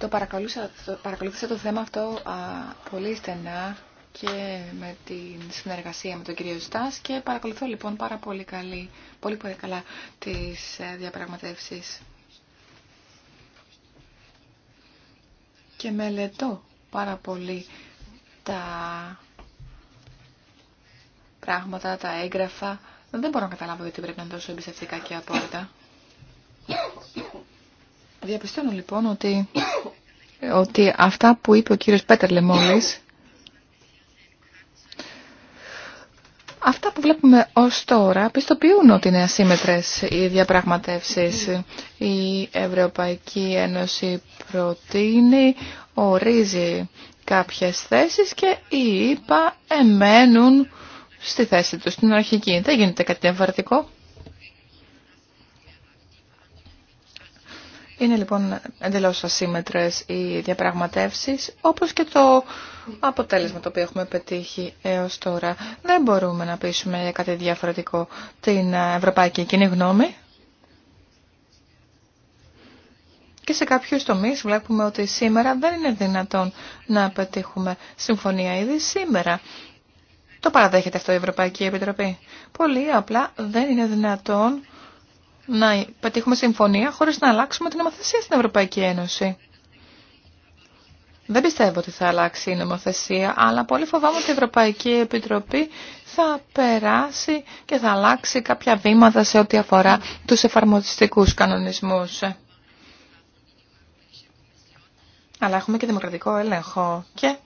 Το παρακολούθησα, το, το θέμα αυτό πολύ στενά και με την συνεργασία με τον κύριο Στάς και παρακολουθώ λοιπόν πάρα πολύ, καλή, πολύ, πολύ καλά τις ε, διαπραγματεύσεις. Και μελετώ πάρα πολύ τα πράγματα, τα έγγραφα δεν μπορώ να καταλάβω γιατί πρέπει να είναι τόσο εμπιστευτικά και απόλυτα. Διαπιστώνω λοιπόν ότι, ότι αυτά που είπε ο κύριος Πέτερλε μόλις, αυτά που βλέπουμε ως τώρα πιστοποιούν ότι είναι ασύμετρες οι διαπραγματεύσεις. Η Ευρωπαϊκή Ένωση προτείνει, ορίζει κάποιες θέσεις και οι ΙΠΑ εμένουν στη θέση του, στην αρχική. Δεν γίνεται κάτι διαφορετικό. Είναι λοιπόν εντελώς ασύμετρες οι διαπραγματεύσεις, όπως και το αποτέλεσμα το οποίο έχουμε πετύχει έως τώρα. Δεν μπορούμε να πείσουμε για κάτι διαφορετικό την ευρωπαϊκή κοινή γνώμη. Και σε κάποιους τομείς βλέπουμε ότι σήμερα δεν είναι δυνατόν να πετύχουμε συμφωνία ήδη σήμερα. Το παραδέχεται αυτό η Ευρωπαϊκή Επιτροπή. Πολύ απλά δεν είναι δυνατόν να πετύχουμε συμφωνία χωρίς να αλλάξουμε την νομοθεσία στην Ευρωπαϊκή Ένωση. Δεν πιστεύω ότι θα αλλάξει η νομοθεσία, αλλά πολύ φοβάμαι ότι η Ευρωπαϊκή Επιτροπή θα περάσει και θα αλλάξει κάποια βήματα σε ό,τι αφορά τους εφαρμοστικούς κανονισμούς. Αλλά έχουμε και δημοκρατικό έλεγχο και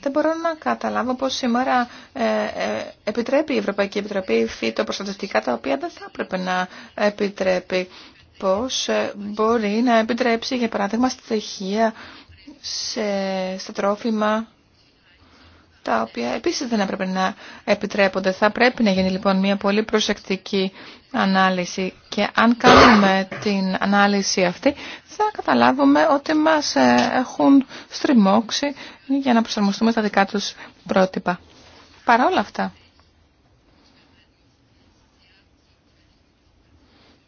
δεν μπορώ να καταλάβω πώς σήμερα ε, ε, επιτρέπει η Ευρωπαϊκή Επιτροπή φυτοπροστατευτικά τα οποία δεν θα έπρεπε να επιτρέπει. Πώς ε, μπορεί να επιτρέψει, για παράδειγμα, στοιχεία σε, στα τρόφιμα τα οποία επίσης δεν έπρεπε να επιτρέπονται. Θα πρέπει να γίνει λοιπόν μια πολύ προσεκτική ανάλυση και αν κάνουμε την ανάλυση αυτή θα καταλάβουμε ότι μας ε, έχουν στριμώξει για να προσαρμοστούμε στα δικά τους πρότυπα. Παρά όλα αυτά.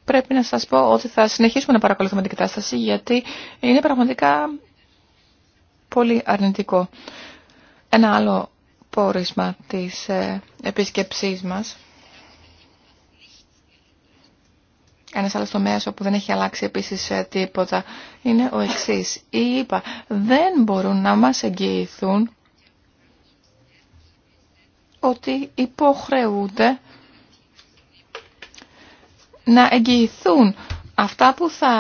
Πρέπει να σας πω ότι θα συνεχίσουμε να παρακολουθούμε την κατάσταση γιατί είναι πραγματικά πολύ αρνητικό. Ένα άλλο πόρισμα της ε, επισκεψής μας. Ένας άλλος τομέας όπου δεν έχει αλλάξει επίσης ε, τίποτα είναι ο εξής. Οι είπα δεν μπορούν να μας εγγυηθούν ότι υποχρεούνται να εγγυηθούν αυτά που θα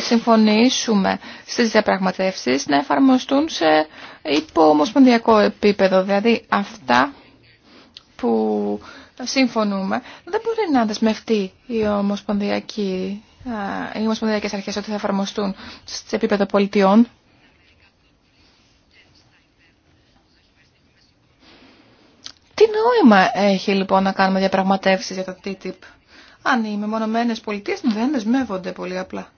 συμφωνήσουμε στις διαπραγματεύσεις να εφαρμοστούν σε υποομοσπονδιακό επίπεδο. Δηλαδή αυτά που συμφωνούμε δεν μπορεί να δεσμευτεί η ομοσπονδιακή οι ομοσπονδιακές αρχές ότι θα εφαρμοστούν σε επίπεδο πολιτιών. Τι νόημα έχει λοιπόν να κάνουμε διαπραγματεύσεις για το TTIP αν οι μεμονωμένες πολιτείες δεν δεσμεύονται πολύ απλά.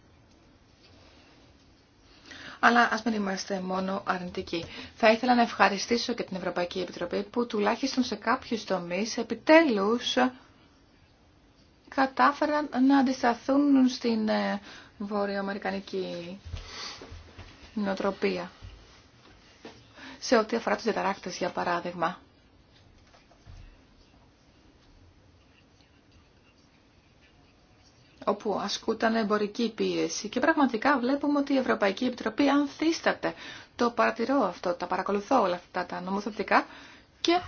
Αλλά ας μην είμαστε μόνο αρνητικοί. Θα ήθελα να ευχαριστήσω και την Ευρωπαϊκή Επιτροπή που τουλάχιστον σε κάποιους τομείς επιτέλους κατάφεραν να αντισταθούν στην ε, βορειοαμερικανική νοοτροπία. Σε ό,τι αφορά τους διαταράκτες, για παράδειγμα. όπου ασκούταν εμπορική πίεση. Και πραγματικά βλέπουμε ότι η Ευρωπαϊκή Επιτροπή ανθίσταται. Το παρατηρώ αυτό, τα παρακολουθώ όλα αυτά τα νομοθετικά και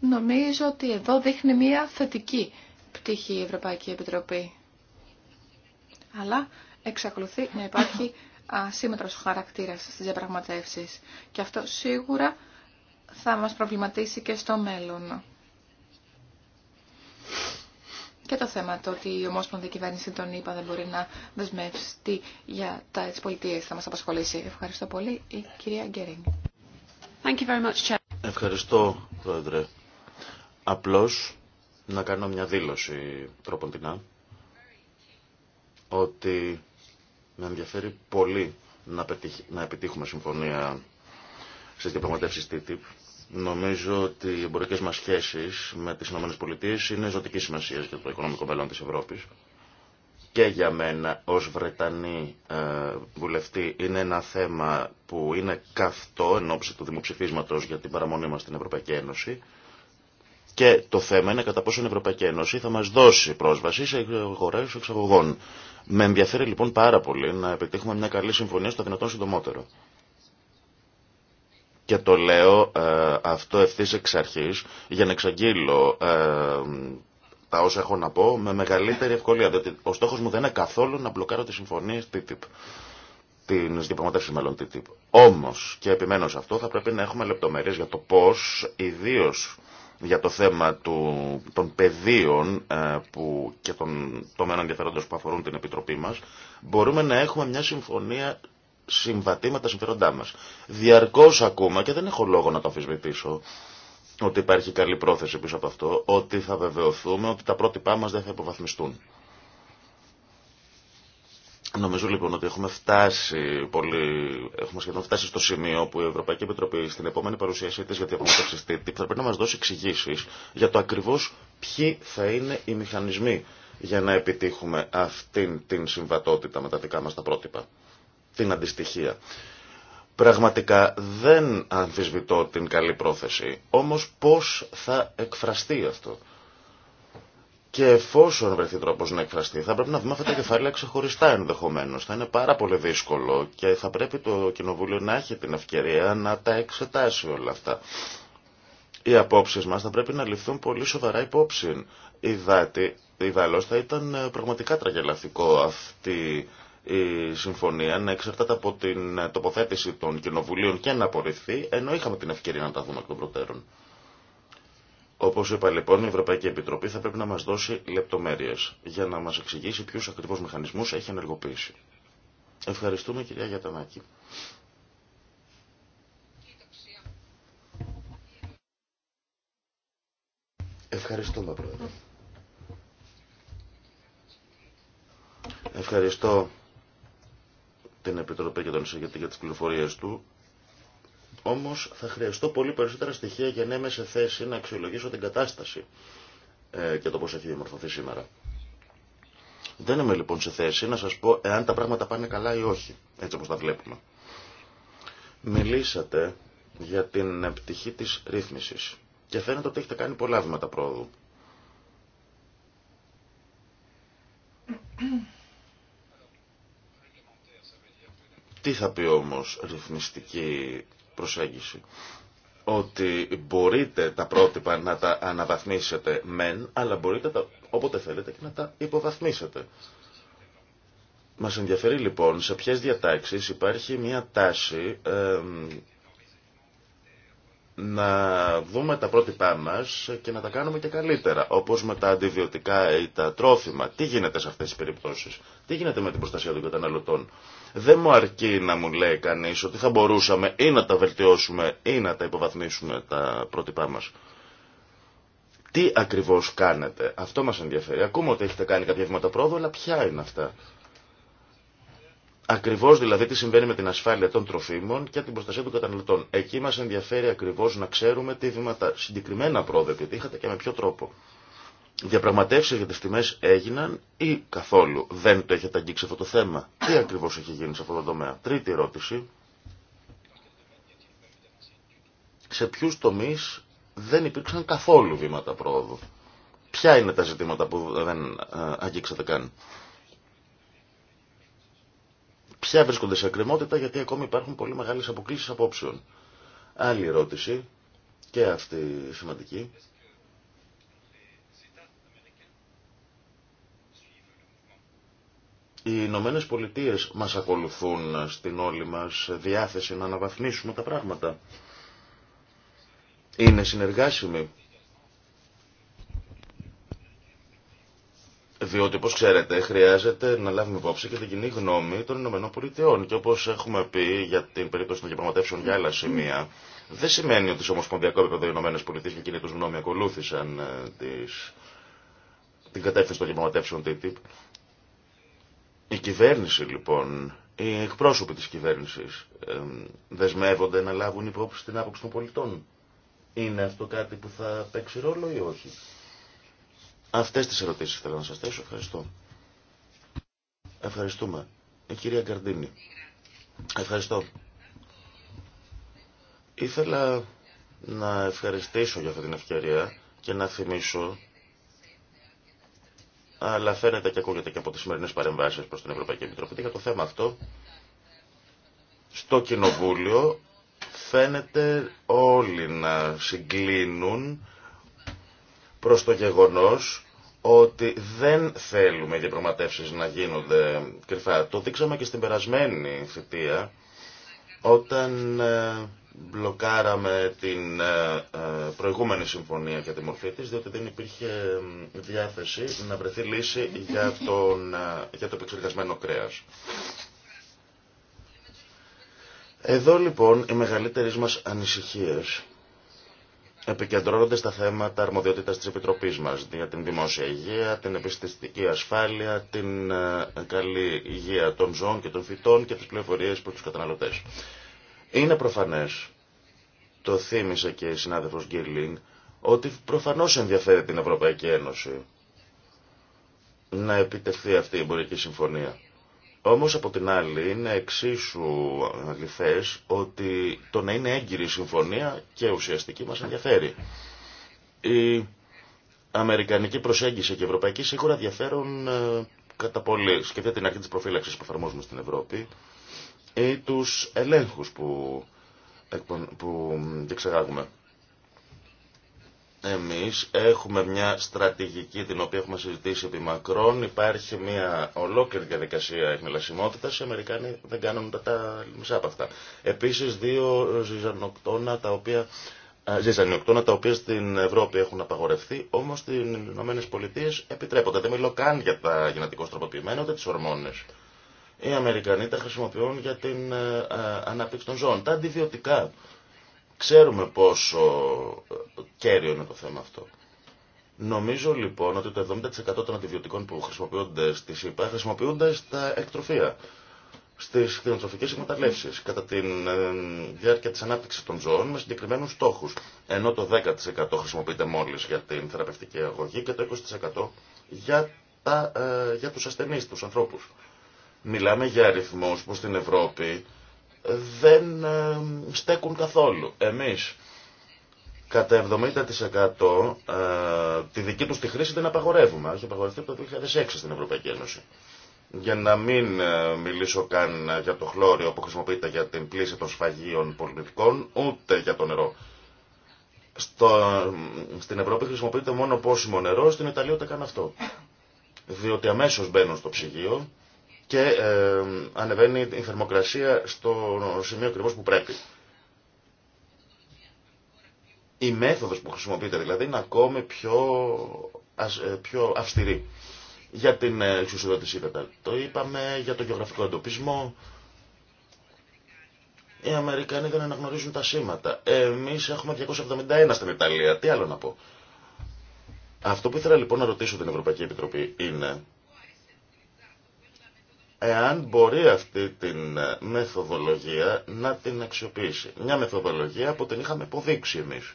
νομίζω ότι εδώ δείχνει μια θετική πτυχή η Ευρωπαϊκή Επιτροπή. Αλλά εξακολουθεί να υπάρχει ασύμετρος χαρακτήρας στις διαπραγματεύσεις. Και αυτό σίγουρα θα μας προβληματίσει και στο μέλλον και το θέμα το ότι η ομόσπονδη κυβέρνηση των ΗΠΑ δεν μπορεί να δεσμευστεί για τα πολιτείε θα μας απασχολήσει. Ευχαριστώ πολύ. Η κυρία Γκέρινγκ. Ευχαριστώ, Πρόεδρε. Απλώς να κάνω μια δήλωση τρόπον ότι με ενδιαφέρει πολύ να, να επιτύχουμε συμφωνία στις διαπραγματεύσεις TTIP Νομίζω ότι οι εμπορικές μας σχέσεις με τις ΗΠΑ είναι ζωτική σημασία για το οικονομικό μέλλον της Ευρώπης. Και για μένα ως Βρετανή ε, βουλευτή είναι ένα θέμα που είναι καυτό εν ώψη του δημοψηφίσματος για την παραμονή μας στην Ευρωπαϊκή Ένωση. Και το θέμα είναι κατά πόσο η Ευρωπαϊκή Ένωση θα μας δώσει πρόσβαση σε αγορέ εξαγωγών. Με ενδιαφέρει λοιπόν πάρα πολύ να επιτύχουμε μια καλή συμφωνία στο δυνατόν συντομότερο. Και το λέω ε, αυτό ευθύς εξ αρχής για να εξαγγείλω ε, τα όσα έχω να πω με μεγαλύτερη ευκολία. Διότι ο στόχος μου δεν είναι καθόλου να μπλοκάρω τις συμφωνίες TTIP. Την διαπραγματεύσει μέλλον TTIP. Όμω, και επιμένω σε αυτό, θα πρέπει να έχουμε λεπτομέρειε για το πώ, ιδίω για το θέμα του, των πεδίων ε, που, και των τομέων ενδιαφέροντος που αφορούν την Επιτροπή μας, μπορούμε να έχουμε μια συμφωνία συμβατεί με τα συμφέροντά μα. Διαρκώ ακούμε, και δεν έχω λόγο να το αφισβητήσω ότι υπάρχει καλή πρόθεση πίσω από αυτό, ότι θα βεβαιωθούμε ότι τα πρότυπά μα δεν θα υποβαθμιστούν. Νομίζω λοιπόν ότι έχουμε φτάσει, πολύ, έχουμε σχεδόν φτάσει στο σημείο που η Ευρωπαϊκή Επιτροπή στην επόμενη παρουσίασή τη για τη θα πρέπει να μα δώσει εξηγήσει για το ακριβώ ποιοι θα είναι οι μηχανισμοί για να επιτύχουμε αυτήν την συμβατότητα με τα δικά μας τα πρότυπα την αντιστοιχία. Πραγματικά δεν αμφισβητώ την καλή πρόθεση, όμως πώς θα εκφραστεί αυτό. Και εφόσον βρεθεί τρόπο να εκφραστεί, θα πρέπει να δούμε αυτά τα κεφάλαια ξεχωριστά ενδεχομένω. Θα είναι πάρα πολύ δύσκολο και θα πρέπει το Κοινοβούλιο να έχει την ευκαιρία να τα εξετάσει όλα αυτά. Οι απόψει μα θα πρέπει να ληφθούν πολύ σοβαρά υπόψη. Ιδάλω θα ήταν ε, πραγματικά τραγελαθικό αυτή η συμφωνία να εξαρτάται από την τοποθέτηση των κοινοβουλίων και να απορριφθεί, ενώ είχαμε την ευκαιρία να τα δούμε εκ των προτέρων. Όπω είπα λοιπόν, η Ευρωπαϊκή Επιτροπή θα πρέπει να μα δώσει λεπτομέρειε για να μα εξηγήσει ποιου ακριβώ μηχανισμού έχει ενεργοποιήσει. Ευχαριστούμε κυρία Γιατανάκη. Ευχαριστούμε πρόεδρε. Ευχαριστώ την Επιτροπή και τον Εισαγητή για τις πληροφορίες του, όμως θα χρειαστώ πολύ περισσότερα στοιχεία για να είμαι σε θέση να αξιολογήσω την κατάσταση ε, και το πώς έχει διαμορφωθεί σήμερα. Δεν είμαι λοιπόν σε θέση να σας πω εάν τα πράγματα πάνε καλά ή όχι, έτσι όπως τα βλέπουμε. Μιλήσατε για την πτυχή της ρύθμισης και φαίνεται ότι έχετε κάνει πολλά βήματα πρόοδου. Τι θα πει όμως ρυθμιστική προσέγγιση. Ότι μπορείτε τα πρότυπα να τα αναβαθμίσετε μεν, αλλά μπορείτε τα, όποτε θέλετε και να τα υποβαθμίσετε. Μας ενδιαφέρει λοιπόν σε ποιες διατάξεις υπάρχει μια τάση να δούμε τα πρότυπά μας και να τα κάνουμε και καλύτερα, όπως με τα αντιβιωτικά ή τα τρόφιμα. Τι γίνεται σε αυτές τις περιπτώσεις, τι γίνεται με την προστασία των καταναλωτών. Δεν μου αρκεί να μου λέει κανείς ότι θα μπορούσαμε ή να τα βελτιώσουμε ή να τα υποβαθμίσουμε τα πρότυπά μας. Τι ακριβώς κάνετε, αυτό μας ενδιαφέρει. Ακούμε ότι έχετε κάνει κάποια βήματα πρόοδο, αλλά ποια είναι αυτά. Ακριβώ δηλαδή τι συμβαίνει με την ασφάλεια των τροφίμων και την προστασία των καταναλωτών. Εκεί μα ενδιαφέρει ακριβώ να ξέρουμε τι βήματα συγκεκριμένα πρόοδο επιτύχατε και με ποιο τρόπο. Διαπραγματεύσει για τι τιμέ έγιναν ή καθόλου δεν το έχετε αγγίξει αυτό το θέμα. Τι ακριβώ έχει γίνει σε αυτό το τομέα. Τρίτη ερώτηση. Σε ποιου τομεί δεν υπήρξαν καθόλου βήματα πρόοδου. Ποια είναι τα ζητήματα που δεν ε, αγγίξατε καν. Ψεύρισκονται βρίσκονται σε ακριμότητα γιατί ακόμη υπάρχουν πολύ μεγάλες αποκλήσεις απόψεων. Άλλη ερώτηση και αυτή σημαντική. Οι Ηνωμένε Πολιτείε μας ακολουθούν στην όλη μας διάθεση να αναβαθμίσουμε τα πράγματα. Είναι συνεργάσιμοι Διότι, όπω ξέρετε, χρειάζεται να λάβουμε υπόψη και την κοινή γνώμη των Ηνωμένων Πολιτείων. Και όπω έχουμε πει για την περίπτωση των διαπραγματεύσεων για άλλα σημεία, δεν σημαίνει ότι σε ομοσπονδιακό επίπεδο οι Πολιτείε και εκείνοι του γνώμη ακολούθησαν ε, τις... την κατεύθυνση των διαπραγματεύσεων TTIP. Η κυβέρνηση, λοιπόν, οι εκπρόσωποι της κυβέρνησης ε, δεσμεύονται να λάβουν υπόψη την άποψη των πολιτών. Είναι αυτό κάτι που θα παίξει ρόλο ή όχι. Αυτές τις ερωτήσεις θέλω να σας θέσω. Ευχαριστώ. Ευχαριστούμε. Η κυρία Καρδίνη. Ευχαριστώ. Ήθελα να ευχαριστήσω για αυτή την ευκαιρία και να θυμίσω αλλά φαίνεται και ακούγεται και από τις σημερινές παρεμβάσεις προς την Ευρωπαϊκή Επιτροπή για το θέμα αυτό στο Κοινοβούλιο φαίνεται όλοι να συγκλίνουν προς το γεγονός ότι δεν θέλουμε οι διαπραγματεύσεις να γίνονται κρυφά. Το δείξαμε και στην περασμένη θητεία όταν ε, μπλοκάραμε την ε, ε, προηγούμενη συμφωνία για τη μορφή της, διότι δεν υπήρχε διάθεση να βρεθεί λύση για, τον, για το επεξεργασμένο κρέας. Εδώ λοιπόν οι μεγαλύτερες μας ανησυχίες επικεντρώνονται στα θέματα αρμοδιότητα τη επιτροπή μα, για την δημόσια υγεία, την επιστηστική ασφάλεια, την ε, καλή υγεία των ζώων και των φυτών και τι πληροφορίε προ τους καταναλωτέ. Είναι προφανές, το θύμισε και η συνάδελφο Γκίρλινγκ, ότι προφανώς ενδιαφέρει την Ευρωπαϊκή Ένωση να επιτευχθεί αυτή η εμπορική συμφωνία. Όμως από την άλλη είναι εξίσου αληθές ότι το να είναι έγκυρη η συμφωνία και ουσιαστική μας ενδιαφέρει. Η αμερικανική προσέγγιση και η ευρωπαϊκή σίγουρα διαφέρουν ε, κατά πολύ. Σκεφτείτε την αρχή της προφύλαξης που εφαρμόζουμε στην Ευρώπη ή τους ελέγχους που, που διεξεγάγουμε. Εμείς έχουμε μια στρατηγική την οποία έχουμε συζητήσει επί μακρόν. Υπάρχει μια ολόκληρη διαδικασία εκμελασιμότητα. Οι Αμερικάνοι δεν κάνουν τα, μισά από αυτά. Επίσης δύο ζυζανοκτώνα τα οποία ζυζανιοκτώνα τα οποία στην Ευρώπη έχουν απαγορευτεί, όμω στι Ηνωμένε Πολιτείε επιτρέπονται. Δεν μιλώ καν για τα γενετικώ τροποποιημένα, ούτε τι ορμόνε. Οι Αμερικανοί τα χρησιμοποιούν για την ε, ανάπτυξη των ζώων. Τα αντιβιωτικά Ξέρουμε πόσο ε, κέριο είναι το θέμα αυτό. Νομίζω λοιπόν ότι το 70% των αντιβιωτικών που χρησιμοποιούνται στη ΣΥΠΑ χρησιμοποιούνται στα εκτροφία, στι κτηνοτροφικέ εκμεταλλεύσει, κατά τη ε, διάρκεια τη ανάπτυξη των ζώων με συγκεκριμένου στόχου. Ενώ το 10% χρησιμοποιείται μόλι για την θεραπευτική αγωγή και το 20% για, τα, ε, για του ασθενεί, του ανθρώπου. Μιλάμε για αριθμού που στην Ευρώπη δεν ε, στέκουν καθόλου. Εμείς κατά 70% ε, τη δική τους τη χρήση την απαγορεύουμε. Έχει απαγορευτεί από το 2006 στην Ευρωπαϊκή Ένωση. Για να μην ε, μιλήσω καν για το χλώριο που χρησιμοποιείται για την πλήση των σφαγίων πολιτικών, ούτε για το νερό. Στο, στην Ευρώπη χρησιμοποιείται μόνο πόσιμο νερό, στην Ιταλία ούτε καν αυτό. Διότι αμέσως μπαίνουν στο ψυγείο, και ε, ανεβαίνει η θερμοκρασία στο σημείο ακριβώ που πρέπει. Η μέθοδος που χρησιμοποιείται δηλαδή είναι ακόμη πιο, ε, πιο αυστηρή. Για την ε, εξουσιοδότηση το είπαμε, για το γεωγραφικό εντοπισμό. Οι Αμερικανοί δεν αναγνωρίζουν τα σήματα. Εμείς έχουμε 271 στην Ιταλία. Τι άλλο να πω. Αυτό που ήθελα λοιπόν να ρωτήσω την Ευρωπαϊκή Επιτροπή είναι εάν μπορεί αυτή την ε, μεθοδολογία να την αξιοποιήσει. Μια μεθοδολογία που την είχαμε υποδείξει εμείς.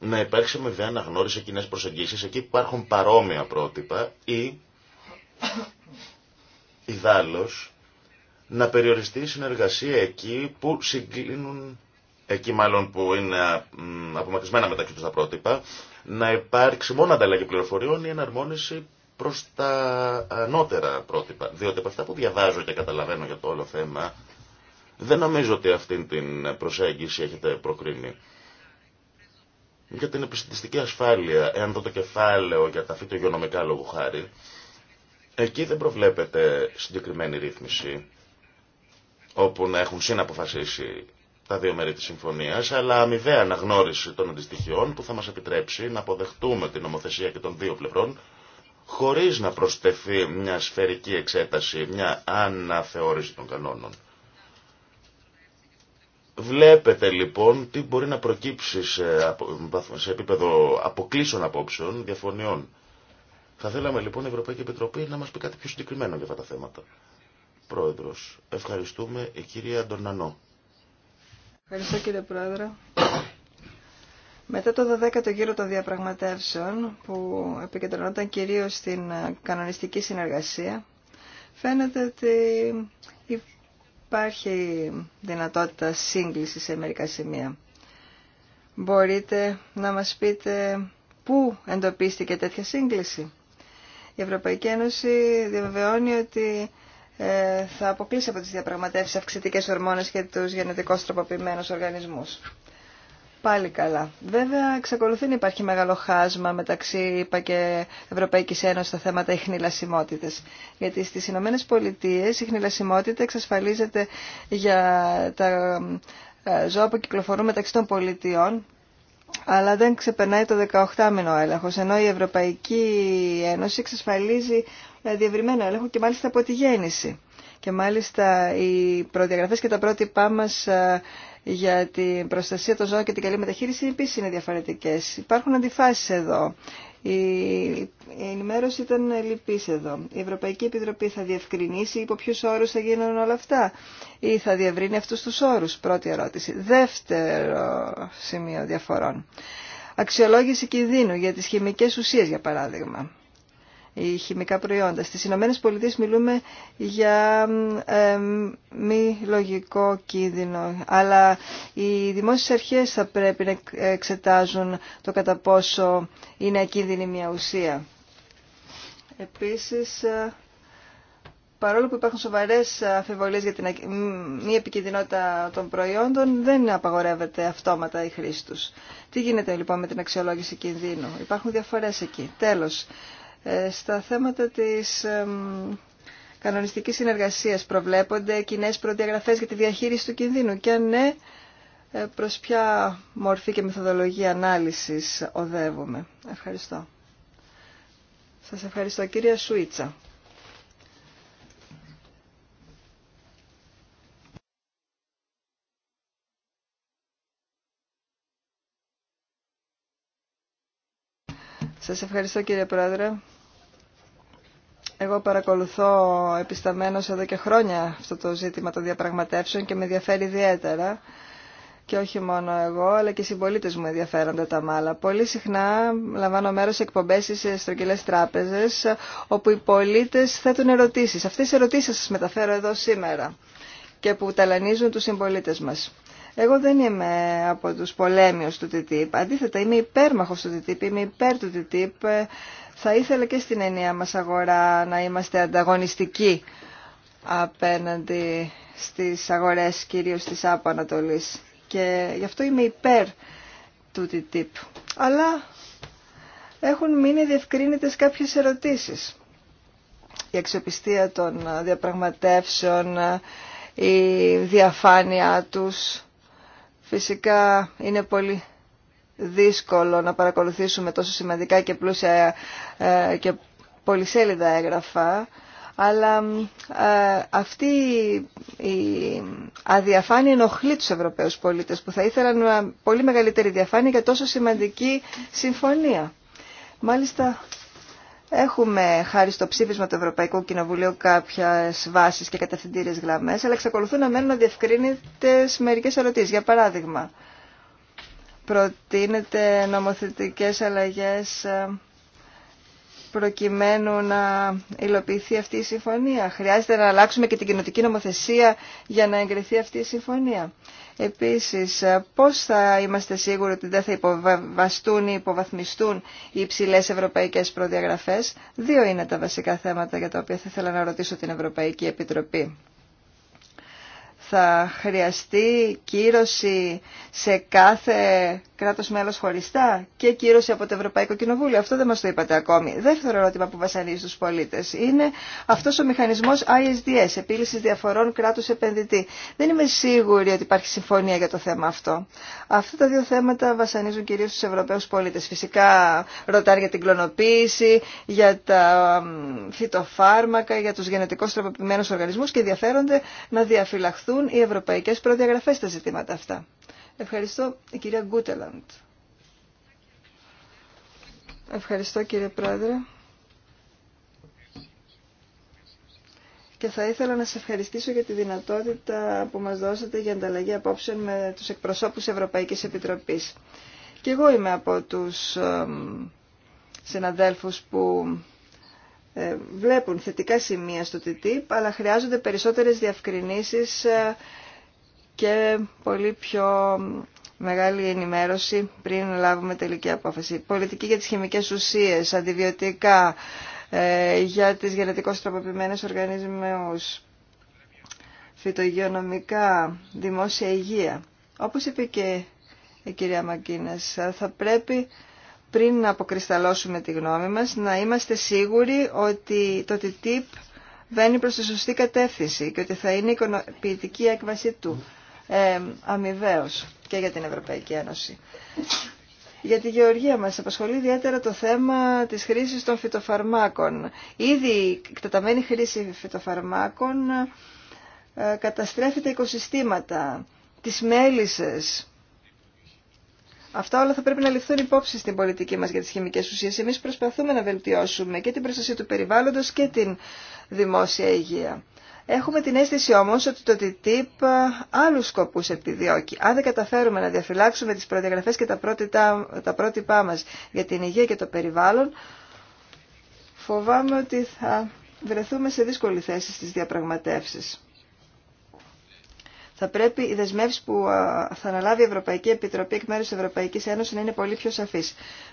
Να υπάρξει βέβαια αναγνώριση κοινέ προσεγγίσεις εκεί που υπάρχουν παρόμοια πρότυπα ή ιδάλλως να περιοριστεί η συνεργασία εκεί που συγκλίνουν εκεί μάλλον που είναι απομακρυσμένα μεταξύ τους τα πρότυπα να υπάρξει μόνο ανταλλαγή πληροφοριών ή εναρμόνιση προ τα ανώτερα πρότυπα. Διότι από αυτά που διαβάζω και καταλαβαίνω για το όλο θέμα, δεν νομίζω ότι αυτή την προσέγγιση έχετε προκρίνει. Για την επιστημιστική ασφάλεια, εάν δω το κεφάλαιο για τα φυτογειονομικά λόγου χάρη, εκεί δεν προβλέπεται συγκεκριμένη ρύθμιση όπου να έχουν συναποφασίσει τα δύο μέρη της συμφωνίας, αλλά αμοιβαία αναγνώριση των αντιστοιχειών που θα μας επιτρέψει να αποδεχτούμε την νομοθεσία και των δύο πλευρών χωρίς να προστεθεί μια σφαιρική εξέταση, μια αναθεώρηση των κανόνων. Βλέπετε λοιπόν τι μπορεί να προκύψει σε, επίπεδο αποκλήσεων απόψεων, διαφωνιών. Θα θέλαμε λοιπόν η Ευρωπαϊκή Επιτροπή να μας πει κάτι πιο συγκεκριμένο για αυτά τα θέματα. Πρόεδρος, ευχαριστούμε η κυρία Ντορνανό. Ευχαριστώ κύριε Πρόεδρε. Μετά το 12ο γύρο των διαπραγματεύσεων, που επικεντρωνόταν κυρίως στην ε, κανονιστική συνεργασία, φαίνεται ότι υπάρχει δυνατότητα σύγκληση σε μερικά σημεία. Μπορείτε να μας πείτε πού εντοπίστηκε τέτοια σύγκληση. Η Ευρωπαϊκή Ένωση διαβεβαιώνει ότι ε, θα αποκλείσει από τις διαπραγματεύσεις αυξητικές ορμόνες και τους γενετικώς τροποποιημένους οργανισμούς. Πάλι καλά. Βέβαια, εξακολουθεί να υπάρχει μεγάλο χάσμα μεταξύ ΕΠΑ και Ευρωπαϊκή Ένωση στα θέματα ιχνηλασιμότητε. Γιατί στι Ηνωμένε Πολιτείε η ιχνηλασιμότητα εξασφαλίζεται για τα ε, ζώα που κυκλοφορούν μεταξύ των πολιτιών αλλά δεν ξεπερνάει το 18 μήνο έλεγχος, ενώ η Ευρωπαϊκή Ένωση εξασφαλίζει ε, διευρυμένο έλεγχο και μάλιστα από τη γέννηση. Και μάλιστα οι προδιαγραφές και τα πρότυπά μας ε, για την προστασία των ζώων και την καλή μεταχείριση επίση είναι διαφορετικέ. Υπάρχουν αντιφάσεις εδώ. Η ενημέρωση ήταν λυπή εδώ. Η Ευρωπαϊκή Επιτροπή θα διευκρινίσει υπό ποιου όρου θα γίνουν όλα αυτά ή θα διευρύνει αυτούς τους όρους. Πρώτη ερώτηση. Δεύτερο σημείο διαφορών. Αξιολόγηση κινδύνου για τι χημικέ ουσίε, για παράδειγμα η χημικά προϊόντα. Στις Πολιτείες μιλούμε για μη λογικό κίνδυνο, αλλά οι δημόσιες αρχές θα πρέπει να εξετάζουν το κατά πόσο είναι ακίνδυνη μια ουσία. Επίσης, ε, παρόλο που υπάρχουν σοβαρές αφιβολίες για την μη επικινδυνότητα των προϊόντων, δεν απαγορεύεται αυτόματα η χρήση τους. Τι γίνεται λοιπόν με την αξιολόγηση κινδύνου. Υπάρχουν διαφορές εκεί. Τέλος, ε, στα θέματα της κανονιστικής συνεργασίας προβλέπονται κοινέ προδιαγραφές για τη διαχείριση του κινδύνου και αν ναι, ε, προς ποια μορφή και μεθοδολογία ανάλυσης οδεύουμε. Ευχαριστώ. Σας ευχαριστώ κυρία Σουίτσα. Σας ευχαριστώ κύριε Πρόεδρε. Εγώ παρακολουθώ επισταμένως εδώ και χρόνια αυτό το ζήτημα των διαπραγματεύσεων και με ενδιαφέρει ιδιαίτερα. Και όχι μόνο εγώ, αλλά και οι συμπολίτε μου ενδιαφέρονται τα μάλα. Πολύ συχνά λαμβάνω μέρο σε εκπομπέ σε στρογγυλέ τράπεζε, όπου οι πολίτε θέτουν ερωτήσει. Αυτέ οι ερωτήσει σα μεταφέρω εδώ σήμερα και που ταλανίζουν του συμπολίτε μα. Εγώ δεν είμαι από τους πολέμιους του TTIP. Αντίθετα, είμαι υπέρμαχος του TTIP, είμαι υπέρ του TTIP. Θα ήθελα και στην ενία μας αγορά να είμαστε ανταγωνιστικοί απέναντι στις αγορές κυρίως της ΑΠΑ Ανατολής. Και γι' αυτό είμαι υπέρ του TTIP. Αλλά έχουν μείνει διευκρίνητες κάποιες ερωτήσεις. Η αξιοπιστία των διαπραγματεύσεων, η διαφάνειά τους, Φυσικά είναι πολύ δύσκολο να παρακολουθήσουμε τόσο σημαντικά και πλούσια ε, και πολυσέλιδα έγγραφα, αλλά ε, αυτή η αδιαφάνεια ενοχλεί τους Ευρωπαίους πολίτες που θα ήθελαν πολύ μεγαλύτερη διαφάνεια για τόσο σημαντική συμφωνία. Μάλιστα Έχουμε χάρη στο ψήφισμα του Ευρωπαϊκού Κοινοβουλίου κάποιες βάσεις και κατευθυντήριες γραμμέ, αλλά εξακολουθούν να μένουν αδιευκρίνητες μερικές ερωτήσεις. Για παράδειγμα, προτείνεται νομοθετικές αλλαγές ε, προκειμένου να υλοποιηθεί αυτή η συμφωνία. Χρειάζεται να αλλάξουμε και την κοινοτική νομοθεσία για να εγκριθεί αυτή η συμφωνία. Επίσης, πώς θα είμαστε σίγουροι ότι δεν θα υποβαστούν ή υποβαθμιστούν οι υψηλές ευρωπαϊκές προδιαγραφές. Δύο είναι τα βασικά θέματα για τα οποία θα ήθελα να ρωτήσω την Ευρωπαϊκή Επιτροπή θα χρειαστεί κύρωση σε κάθε κράτος μέλος χωριστά και κύρωση από το Ευρωπαϊκό Κοινοβούλιο. Αυτό δεν μας το είπατε ακόμη. Δεύτερο ερώτημα που βασανίζει τους πολίτες είναι αυτός ο μηχανισμός ISDS, Επίλυση διαφορών κράτους επενδυτή. Δεν είμαι σίγουρη ότι υπάρχει συμφωνία για το θέμα αυτό. Αυτά τα δύο θέματα βασανίζουν κυρίως τους Ευρωπαίους πολίτες. Φυσικά ρωτάνε για την κλωνοποίηση, για τα φυτοφάρμακα, για τους γενετικώς τροποποιημένους οργανισμούς και ενδιαφέρονται να διαφυλαχθούν τηρηθούν οι ευρωπαϊκές προδιαγραφές στα ζητήματα αυτά. Ευχαριστώ η κυρία Γκούτελαντ. Ευχαριστώ κύριε Πρόεδρε. Και θα ήθελα να σας ευχαριστήσω για τη δυνατότητα που μας δώσατε για ανταλλαγή απόψεων με τους εκπροσώπους Ευρωπαϊκής Επιτροπής. Και εγώ είμαι από τους συναδέλφους που ε, βλέπουν θετικά σημεία στο TTIP, αλλά χρειάζονται περισσότερες διευκρινήσεις ε, και πολύ πιο μεγάλη ενημέρωση πριν λάβουμε τελική απόφαση. Πολιτική για τις χημικές ουσίες, αντιβιωτικά, ε, για τις γενετικώς τροποποιημένες οργανισμούς, φυτογειονομικά, δημόσια υγεία. Όπως είπε και η κυρία Μακίνας, θα πρέπει πριν να αποκρισταλώσουμε τη γνώμη μας, να είμαστε σίγουροι ότι το TTIP βαίνει προς τη σωστή κατεύθυνση και ότι θα είναι η οικονοποιητική έκβαση του ε, και για την Ευρωπαϊκή Ένωση. Για τη γεωργία μας απασχολεί ιδιαίτερα το θέμα της χρήσης των φυτοφαρμάκων. Ήδη η εκτεταμένη χρήση φυτοφαρμάκων ε, καταστρέφει τα οικοσυστήματα, τις μέλισσες, Αυτά όλα θα πρέπει να ληφθούν υπόψη στην πολιτική μας για τι χημικέ ουσίες. Εμεί προσπαθούμε να βελτιώσουμε και την προστασία του περιβάλλοντος και την δημόσια υγεία. Έχουμε την αίσθηση όμω ότι το TTIP άλλους σκοπούς επιδιώκει. Αν δεν καταφέρουμε να διαφυλάξουμε τις προδιαγραφέ και τα, πρότυπα, τα για την υγεία και το περιβάλλον, φοβάμαι ότι θα βρεθούμε σε δύσκολη θέση στις διαπραγματεύσει. Θα πρέπει οι δεσμεύσει που θα αναλάβει η Ευρωπαϊκή Επιτροπή εκ μέρου τη Ευρωπαϊκή Ένωση να είναι πολύ πιο σαφεί.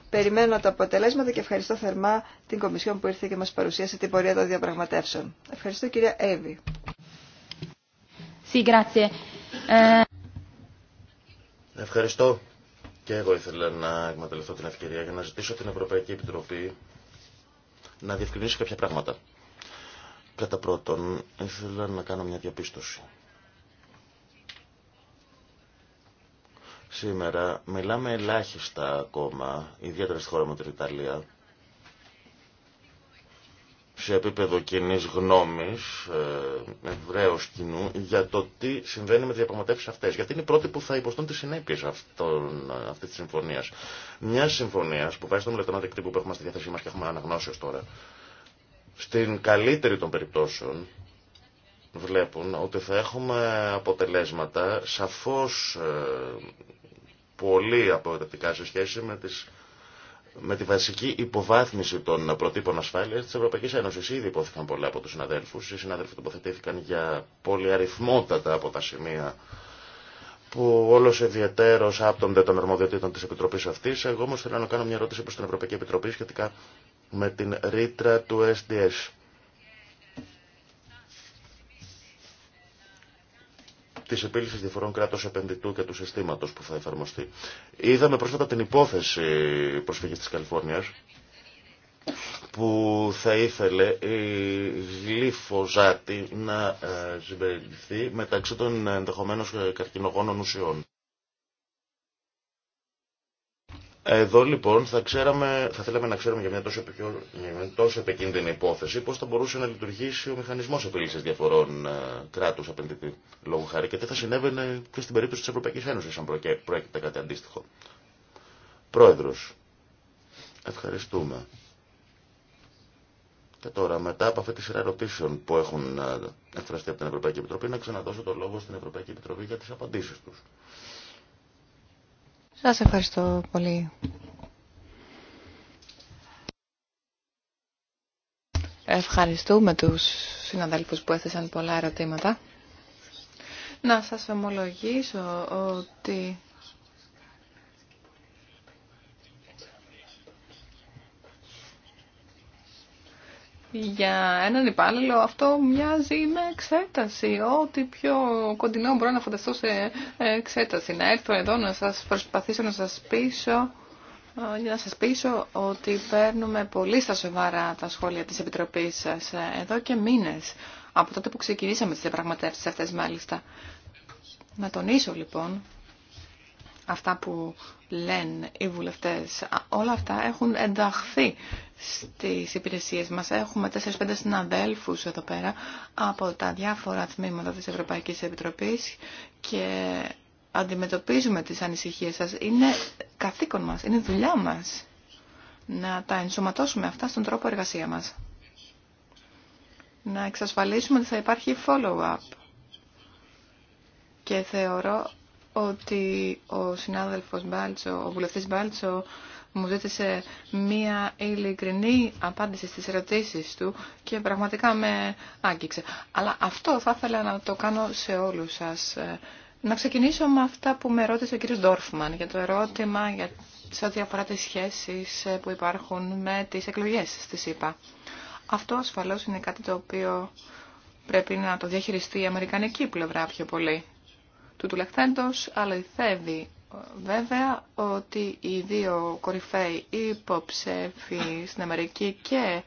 Περιμένω τα αποτελέσματα και ευχαριστώ θερμά την Κομισιόν που ήρθε και μα παρουσίασε την πορεία των διαπραγματεύσεων. Ευχαριστώ, κυρία Εύη. Ε, ευχαριστώ. Και εγώ ήθελα να εκμεταλλευτώ την ευκαιρία για να ζητήσω την Ευρωπαϊκή Επιτροπή να διευκρινίσει κάποια πράγματα. Κατά πρώτον, ήθελα να κάνω μια διαπίστωση. Σήμερα μιλάμε ελάχιστα ακόμα, ιδιαίτερα στη χώρα μου την Ιταλία, σε επίπεδο κοινή γνώμη, ε, ευρέω κοινού, για το τι συμβαίνει με τι διαπραγματεύσει αυτέ. Γιατί είναι οι πρώτοι που θα υποστούν τι συνέπειε αυτή τη συμφωνία. Μια συμφωνία που βάζει στον μελετώνα τεκτύπου που έχουμε στη διάθεσή μα και έχουμε αναγνώσει τώρα. Στην καλύτερη των περιπτώσεων βλέπουν ότι θα έχουμε αποτελέσματα σαφώ. Ε, πολύ απογοητευτικά σε σχέση με, τις, με τη βασική υποβάθμιση των προτύπων ασφάλεια τη Ευρωπαϊκή Ένωση. Ήδη υπόθηκαν πολλά από του συναδέλφου. Οι συνάδελφοι τοποθετήθηκαν για πολυαριθμότατα από τα σημεία που όλο ιδιαίτερο άπτονται των αρμοδιοτήτων τη Επιτροπή αυτή. Εγώ όμω θέλω να κάνω μια ερώτηση προ την Ευρωπαϊκή Επιτροπή σχετικά με την ρήτρα του SDS. τη επίλυση διαφορών κράτο επενδυτού και του συστήματο που θα εφαρμοστεί. Είδαμε πρόσφατα την υπόθεση προσφυγή τη Καλιφόρνιας που θα ήθελε η γλυφοζάτη να ε, συμπεριληφθεί μεταξύ των ενδεχομένω καρκινογόνων ουσιών. Εδώ λοιπόν θα, ξέραμε, θα θέλαμε να ξέρουμε για μια τόσο, τόσο επικίνδυνη υπόθεση πώ θα μπορούσε να λειτουργήσει ο μηχανισμό απειλήση διαφορών ε, κράτου απέναντι απεντητή λόγου χάρη και τι θα συνέβαινε και στην περίπτωση τη Ευρωπαϊκή Ένωση αν πρόκειται κάτι αντίστοιχο. Πρόεδρος, ευχαριστούμε. Και τώρα μετά από αυτή τη σειρά ερωτήσεων που έχουν ε, εκφραστεί από την Ευρωπαϊκή Επιτροπή να ξαναδώσω το λόγο στην Ευρωπαϊκή Επιτροπή για τι απαντήσει του. Σας ευχαριστώ πολύ. Ευχαριστούμε τους συναδέλφους που έθεσαν πολλά ερωτήματα. Να σας ομολογήσω ότι για έναν υπάλληλο αυτό μοιάζει με εξέταση. Ό,τι πιο κοντινό μπορώ να φανταστώ σε εξέταση. Να έρθω εδώ να σας προσπαθήσω να σας πείσω ε, να σας πείσω ότι παίρνουμε πολύ στα σοβαρά τα σχόλια της Επιτροπής σας ε, εδώ και μήνες, από τότε που ξεκινήσαμε τις διαπραγματεύσεις αυτές μάλιστα. Να τονίσω λοιπόν αυτά που λένε οι βουλευτές, όλα αυτά έχουν ενταχθεί στις υπηρεσίες μας. Έχουμε 4-5 συναδέλφους εδώ πέρα από τα διάφορα τμήματα της Ευρωπαϊκής Επιτροπής και αντιμετωπίζουμε τις ανησυχίες σας. Είναι καθήκον μας, είναι δουλειά μας να τα ενσωματώσουμε αυτά στον τρόπο εργασία μας. Να εξασφαλίσουμε ότι θα υπάρχει follow-up. Και θεωρώ ότι ο συνάδελφος Μπάλτσο, ο βουλευτής Μπάλτσο, μου ζήτησε μία ειλικρινή απάντηση στις ερωτήσεις του και πραγματικά με άγγιξε. Αλλά αυτό θα ήθελα να το κάνω σε όλους σας. Να ξεκινήσω με αυτά που με ρώτησε ο κ. Ντόρφμαν για το ερώτημα για, σε ό,τι αφορά τις σχέσεις που υπάρχουν με τις εκλογές στη ΣΥΠΑ. Αυτό ασφαλώς είναι κάτι το οποίο πρέπει να το διαχειριστεί η αμερικανική πλευρά πιο πολύ του τουλεχθέντος, αληθεύει ε, βέβαια ότι οι δύο κορυφαίοι υποψέφοι στην Αμερική και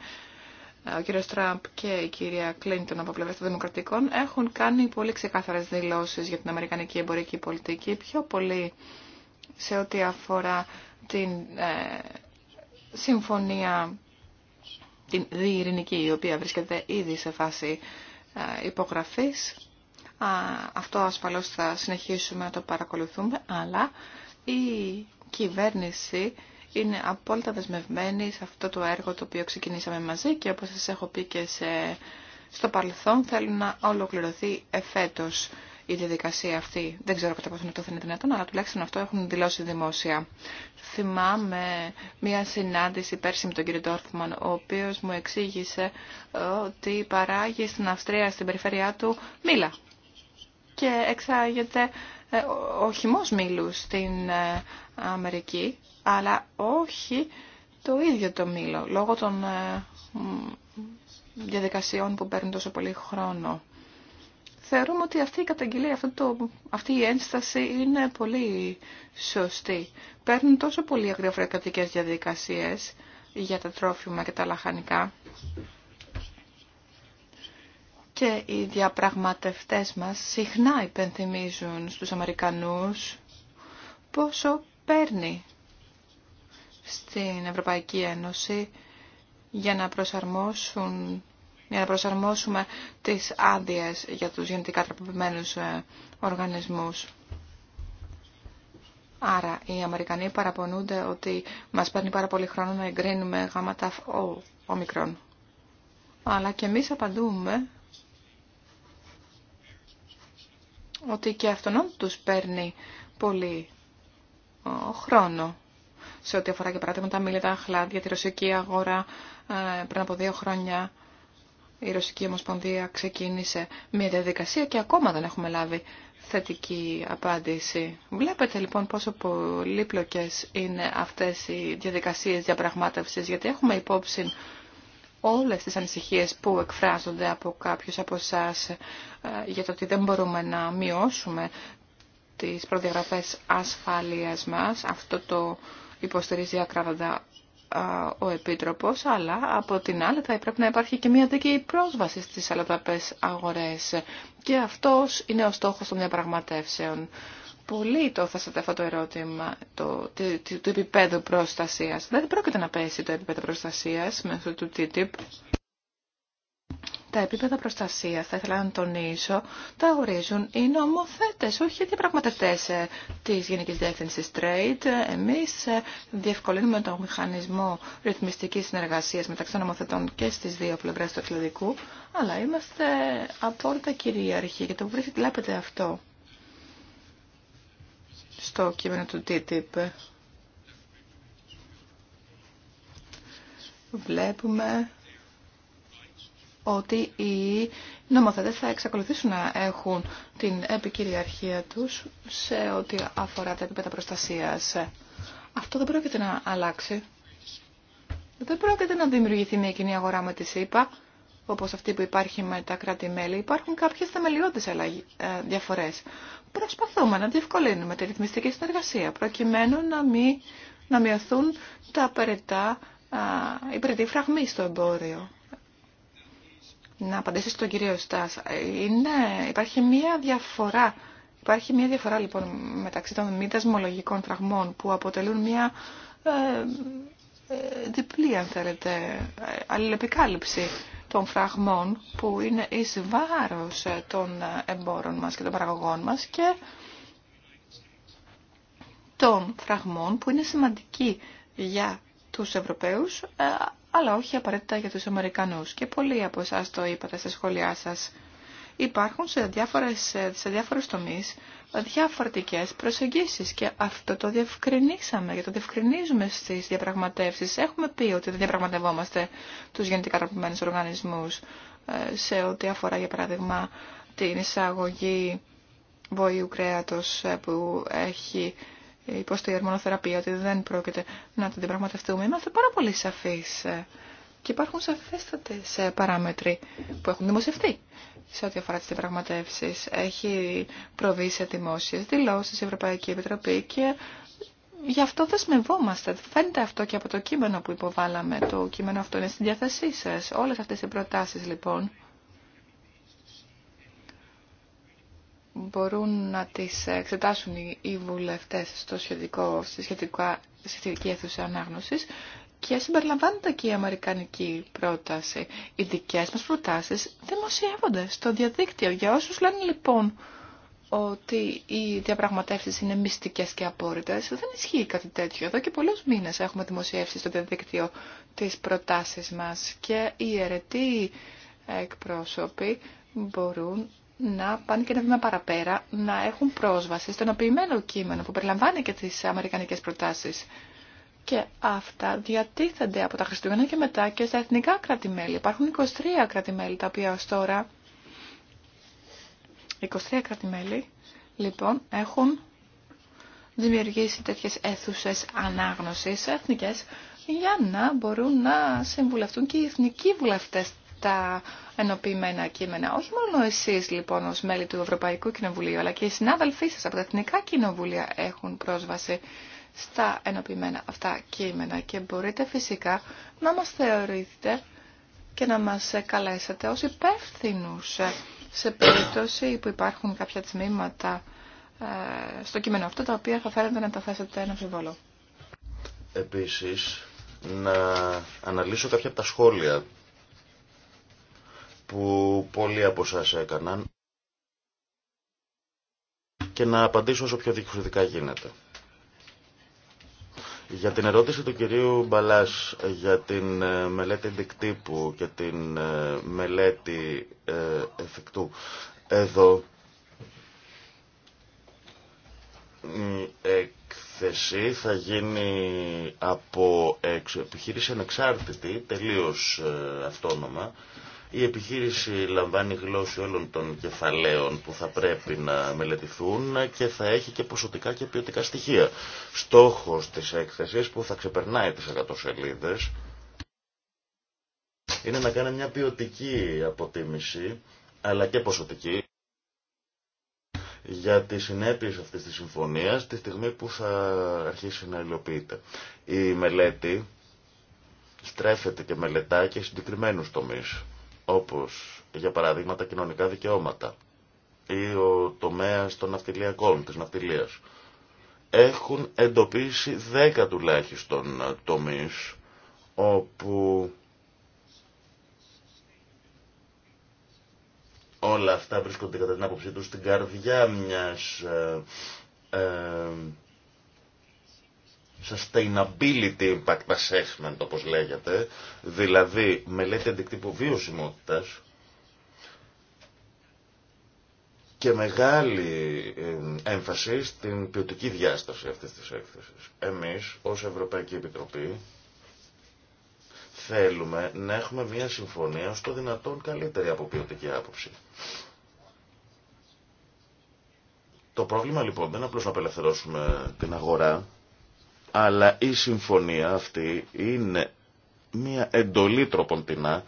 ε, ο κύριος Τραμπ και η κυρία Κλίντον από πλευρά των Δημοκρατικών έχουν κάνει πολύ ξεκάθαρες δηλώσεις για την Αμερικανική εμπορική πολιτική, πιο πολύ σε ό,τι αφορά την ε, συμφωνία την διειρηνική, η οποία βρίσκεται ήδη σε φάση ε, υπογραφής αυτό ασφαλώς θα συνεχίσουμε να το παρακολουθούμε, αλλά η κυβέρνηση είναι απόλυτα δεσμευμένη σε αυτό το έργο το οποίο ξεκινήσαμε μαζί και όπως σας έχω πει και σε... στο παρελθόν θέλουν να ολοκληρωθεί εφέτος η διαδικασία αυτή. Δεν ξέρω κατά πόσο αυτό το θέλει δυνατόν, αλλά τουλάχιστον αυτό έχουν δηλώσει δημόσια. Θυμάμαι μία συνάντηση πέρσι με τον κύριο Ντόρφμαν, ο οποίος μου εξήγησε ότι παράγει στην Αυστρία, στην περιφέρειά του, μήλα και εξάγεται ε, ο χυμός μήλου στην ε, Αμερική, αλλά όχι το ίδιο το μήλο, λόγω των ε, διαδικασιών που παίρνουν τόσο πολύ χρόνο. Θεωρούμε ότι αυτή η καταγγελία, αυτό αυτή η ένσταση είναι πολύ σωστή. Παίρνουν τόσο πολύ αγριοφρεκατικές διαδικασίες για τα τρόφιμα και τα λαχανικά και οι διαπραγματευτές μας συχνά υπενθυμίζουν στους Αμερικανούς πόσο παίρνει στην Ευρωπαϊκή Ένωση για να προσαρμόσουν για να προσαρμόσουμε τις άδειες για τους γενετικά τροποποιημένους ε, οργανισμούς. Άρα οι Αμερικανοί παραπονούνται ότι μας παίρνει πάρα πολύ χρόνο να εγκρίνουμε γάματα μικρόν. Αλλά και εμείς απαντούμε ότι και αυτόν τους παίρνει πολύ χρόνο σε ό,τι αφορά και παράδειγμα τα μήλια, τα χλάδια, τη ρωσική αγορά. Ε, πριν από δύο χρόνια η Ρωσική Ομοσπονδία ξεκίνησε μια διαδικασία και ακόμα δεν έχουμε λάβει θετική απάντηση. Βλέπετε λοιπόν πόσο πολύπλοκες είναι αυτές οι διαδικασίες διαπραγμάτευσης, γιατί έχουμε υπόψη όλες τις ανησυχίες που εκφράζονται από κάποιους από εσά ε, για το ότι δεν μπορούμε να μειώσουμε τις προδιαγραφές ασφαλείας μας. Αυτό το υποστηρίζει ακράδαντα ε, ο Επίτροπος, αλλά από την άλλη θα πρέπει να υπάρχει και μια δίκαιη πρόσβαση στις αλλαταπές αγορές. Και αυτός είναι ο στόχος των διαπραγματεύσεων πολύ το θέσατε αυτό το ερώτημα το, του, επίπεδου προστασίας. Δεν πρόκειται να πέσει το επίπεδο προστασίας μέσω του TTIP. Τα επίπεδα προστασίας, θα ήθελα να τονίσω, τα ορίζουν οι νομοθέτες, όχι οι διαπραγματευτές ε, της Γενικής Διεύθυνσης Trade. Εμείς ε, διευκολύνουμε τον μηχανισμό ρυθμιστικής συνεργασίας μεταξύ των νομοθετών και στις δύο πλευρές του εκλογικού, αλλά είμαστε απόλυτα κυρίαρχοι και το βλέπετε αυτό στο κείμενο του TTIP. Βλέπουμε ότι οι νομοθέτες θα εξακολουθήσουν να έχουν την επικυριαρχία τους σε ό,τι αφορά τα επίπεδα προστασίας. Αυτό δεν πρόκειται να αλλάξει. Δεν πρόκειται να δημιουργηθεί μια κοινή αγορά με τη ΣΥΠΑ όπως αυτή που υπάρχει με τα κράτη-μέλη, υπάρχουν κάποιες θεμελιώδεις ε, διαφορές. Προσπαθούμε να διευκολύνουμε τη ρυθμιστική συνεργασία, προκειμένου να, μη, να μειωθούν τα απαραίτητα οι περαιτή στο εμπόριο. Να απαντήσω στον κύριο Στάς. Είναι, υπάρχει μία διαφορά Υπάρχει μια διαφορά λοιπόν μεταξύ των μη δασμολογικών φραγμών που αποτελούν μια ε, ε, διπλή αν θέλετε αλληλεπικάλυψη των φραγμών που είναι εις βάρος των εμπόρων μας και των παραγωγών μας και των φραγμών που είναι σημαντικοί για τους Ευρωπαίους ε, αλλά όχι απαραίτητα για τους Αμερικανούς. Και πολλοί από εσά το είπατε στα σχόλιά σας υπάρχουν σε, διάφορες, σε διάφορους τομείς διαφορετικές προσεγγίσεις και αυτό το διευκρινίσαμε και το διευκρινίζουμε στις διαπραγματεύσεις. Έχουμε πει ότι δεν διαπραγματευόμαστε τους γενετικά τροπημένους οργανισμούς ε, σε ό,τι αφορά για παράδειγμα την εισαγωγή βοήου κρέατος ε, που έχει υποστεί ορμονοθεραπεία, ότι δεν πρόκειται να το διαπραγματευτούμε. Είμαστε πάρα πολύ σαφείς ε, και υπάρχουν σαφέστατες παράμετροι που έχουν δημοσιευτεί σε ό,τι αφορά τις διαπραγματεύσει Έχει προβεί σε δημόσιες δηλώσεις η Ευρωπαϊκή Επιτροπή και γι' αυτό δεσμευόμαστε. Φαίνεται αυτό και από το κείμενο που υποβάλαμε. Το κείμενο αυτό είναι στην διάθεσή σας. Όλες αυτές οι προτάσεις λοιπόν μπορούν να τις εξετάσουν οι βουλευτές στο σχετικό, στη σχετική αίθουσα ανάγνωσης και συμπεριλαμβάνεται και η αμερικανική πρόταση. Οι δικές μας προτάσεις δημοσιεύονται στο διαδίκτυο. Για όσους λένε λοιπόν ότι οι διαπραγματεύσεις είναι μυστικές και απόρριτες, δεν ισχύει κάτι τέτοιο. Εδώ και πολλούς μήνες έχουμε δημοσιεύσει στο διαδίκτυο τις προτάσεις μας και οι αιρετοί εκπρόσωποι μπορούν να πάνε και να βήμα παραπέρα, να έχουν πρόσβαση στον οποίημένο κείμενο που περιλαμβάνει και τις αμερικανικές προτάσεις και αυτά διατίθενται από τα Χριστούγεννα και μετά και στα εθνικά κράτη-μέλη. Υπάρχουν 23 κράτη-μέλη τα οποία ως τώρα, 23 λοιπόν, έχουν δημιουργήσει τέτοιες αίθουσε ανάγνωσης εθνικές για να μπορούν να συμβουλευτούν και οι εθνικοί βουλευτές τα ενοποιημένα κείμενα. Όχι μόνο εσείς λοιπόν ως μέλη του Ευρωπαϊκού Κοινοβουλίου, αλλά και οι συνάδελφοί σας από τα Εθνικά Κοινοβούλια έχουν πρόσβαση στα ενωπημένα αυτά κείμενα και μπορείτε φυσικά να μας θεωρείτε και να μας καλέσετε ως υπεύθυνου σε περίπτωση που υπάρχουν κάποια τμήματα ε, στο κείμενο αυτό τα οποία θα φέρετε να τα θέσετε ένα φιβολό Επίσης, να αναλύσω κάποια από τα σχόλια που πολλοί από σας έκαναν και να απαντήσω όσο πιο δικαιωτικά γίνεται. Για την ερώτηση του κυρίου Μπαλάς για την ε, μελέτη δικτύπου και την ε, μελέτη ε, εφικτού εδώ η έκθεση θα γίνει από επιχείρηση ανεξάρτητη, τελείως αυτόνομα η επιχείρηση λαμβάνει γλώσσα όλων των κεφαλαίων που θα πρέπει να μελετηθούν και θα έχει και ποσοτικά και ποιοτικά στοιχεία. Στόχος της έκθεσης που θα ξεπερνάει τις 100 είναι να κάνει μια ποιοτική αποτίμηση αλλά και ποσοτική για τις συνέπειες αυτής της συμφωνίας τη στιγμή που θα αρχίσει να υλοποιείται. Η μελέτη στρέφεται και μελετά και συγκεκριμένους τομείς όπως για παράδειγμα τα κοινωνικά δικαιώματα ή ο τομέας των ναυτιλιακών, της ναυτιλίας, έχουν εντοπίσει δέκα τουλάχιστον τομείς όπου όλα αυτά βρίσκονται κατά την άποψή τους στην καρδιά μιας ε, ε, sustainability impact assessment όπως λέγεται, δηλαδή μελέτη αντικτύπου βιωσιμότητας και μεγάλη ε, έμφαση στην ποιοτική διάσταση αυτής της έκθεσης. Εμείς ως Ευρωπαϊκή Επιτροπή θέλουμε να έχουμε μια συμφωνία στο δυνατόν καλύτερη από ποιοτική άποψη. Το πρόβλημα λοιπόν δεν είναι απλώς να απελευθερώσουμε την αγορά, αλλά η συμφωνία αυτή είναι μια εντολή τροποντινά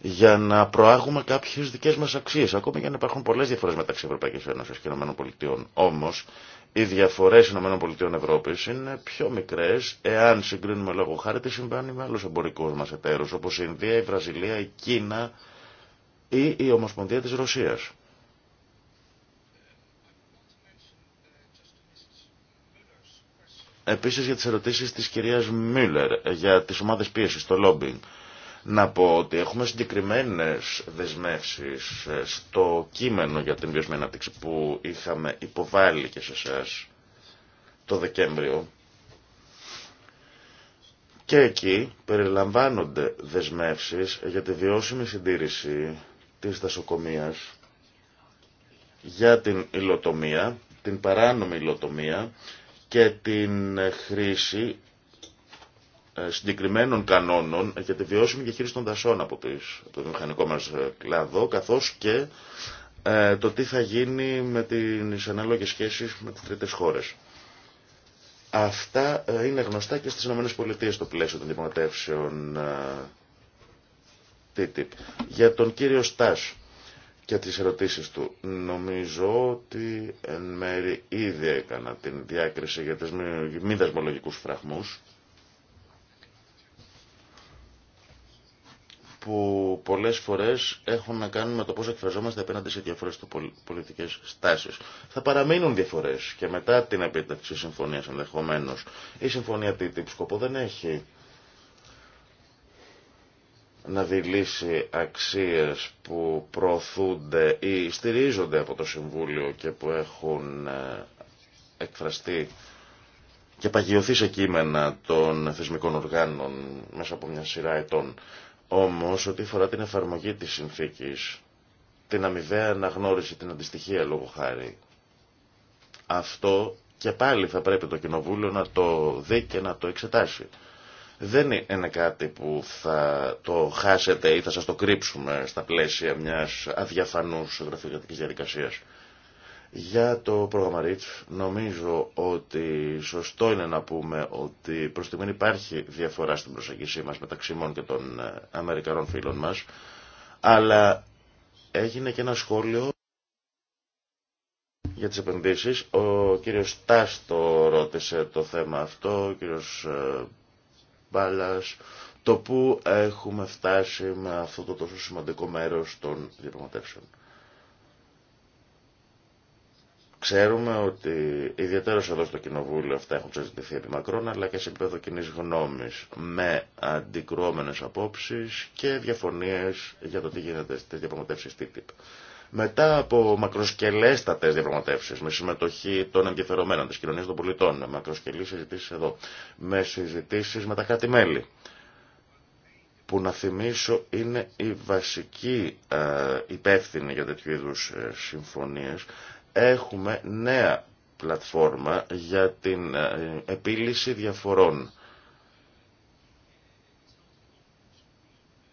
για να προάγουμε κάποιες δικές μας αξίες, ακόμη για να υπάρχουν πολλές διαφορές μεταξύ Ευρωπαϊκής Ένωσης και ΗΠΑ. Όμως, οι διαφορές ΗΠΑ Ευρώπης είναι πιο μικρές εάν συγκρίνουμε λόγω χάρη τι συμβάνει με άλλους εμπορικούς μας εταίρους, όπως η Ινδία, η Βραζιλία, η Κίνα ή η Ομοσπονδία της Ρωσίας. Επίσης για τις ερωτήσεις της κυρίας Μίλλερ για τις ομάδες πίεσης, το lobbying. Να πω ότι έχουμε συγκεκριμένες δεσμεύσεις ε, στο κείμενο για την βιωσμένη ανάπτυξη που είχαμε υποβάλει και σε εσά το Δεκέμβριο. Και εκεί περιλαμβάνονται δεσμεύσεις για τη βιώσιμη συντήρηση της δασοκομείας, για την υλοτομία, την παράνομη υλοτομία και την χρήση ε, συγκεκριμένων κανόνων για τη βιώσιμη διαχείριση των δασών από, το μηχανικό μας ε, κλάδο, καθώς και ε, το τι θα γίνει με τις ανάλογες σχέσεις με τις τρίτες χώρες. Αυτά είναι γνωστά και στις ΗΠΑ στο πλαίσιο των διαπραγματεύσεων TTIP. Για τον κύριο Στάς, και τις ερωτήσεις του. Νομίζω ότι εν μέρη ήδη έκανα την διάκριση για τις μη δασμολογικούς φραγμούς που πολλές φορές έχουν να κάνουν με το πώς εκφραζόμαστε απέναντι σε διαφορές του πολιτικές στάσεις. Θα παραμείνουν διαφορές και μετά την επίτευξη συμφωνίας ενδεχομένως. Η συμφωνία τύπου σκοπό δεν έχει να δηλήσει αξίες που προωθούνται ή στηρίζονται από το Συμβούλιο και που έχουν ε, εκφραστεί και παγιωθεί σε κείμενα των θεσμικών οργάνων μέσα από μια σειρά ετών. Όμως, ό,τι φορά την εφαρμογή της συνθήκης, την αμοιβαία αναγνώριση, την αντιστοιχία λόγω χάρη, αυτό και πάλι θα πρέπει το Κοινοβούλιο να το δει και να το εξετάσει δεν είναι κάτι που θα το χάσετε ή θα σας το κρύψουμε στα πλαίσια μιας αδιαφανούς γραφειοκρατικής διαδικασίας. Για το πρόγραμμα REACH νομίζω ότι σωστό είναι να πούμε ότι προς τη υπάρχει διαφορά στην προσέγγιση μας μεταξύ μόνο και των ε, Αμερικανών φίλων μας, αλλά έγινε και ένα σχόλιο για τις επενδύσεις. Ο κύριος Τάστο ρώτησε το θέμα αυτό, ο κύριος ε, το που έχουμε φτάσει με αυτό το τόσο σημαντικό μέρος των διαπραγματεύσεων. Ξέρουμε ότι ιδιαίτερα εδώ στο Κοινοβούλιο αυτά έχουν συζητηθεί επί μακρόν, αλλά και σε επίπεδο κοινή γνώμη, με αντικρουόμενε απόψει και διαφωνίε για το τι γίνεται στι διαπραγματεύσει TTIP. Μετά από μακροσκελέστατε διαπραγματεύσει με συμμετοχή των ενδιαφερομένων τη κοινωνία των πολιτών, με μακροσκελεί συζητήσει εδώ, με συζητήσει με τα κράτη-μέλη, που να θυμίσω είναι η βασική ε, υπεύθυνη για τέτοιου είδου ε, συμφωνίε, έχουμε νέα πλατφόρμα για την ε, επίλυση διαφορών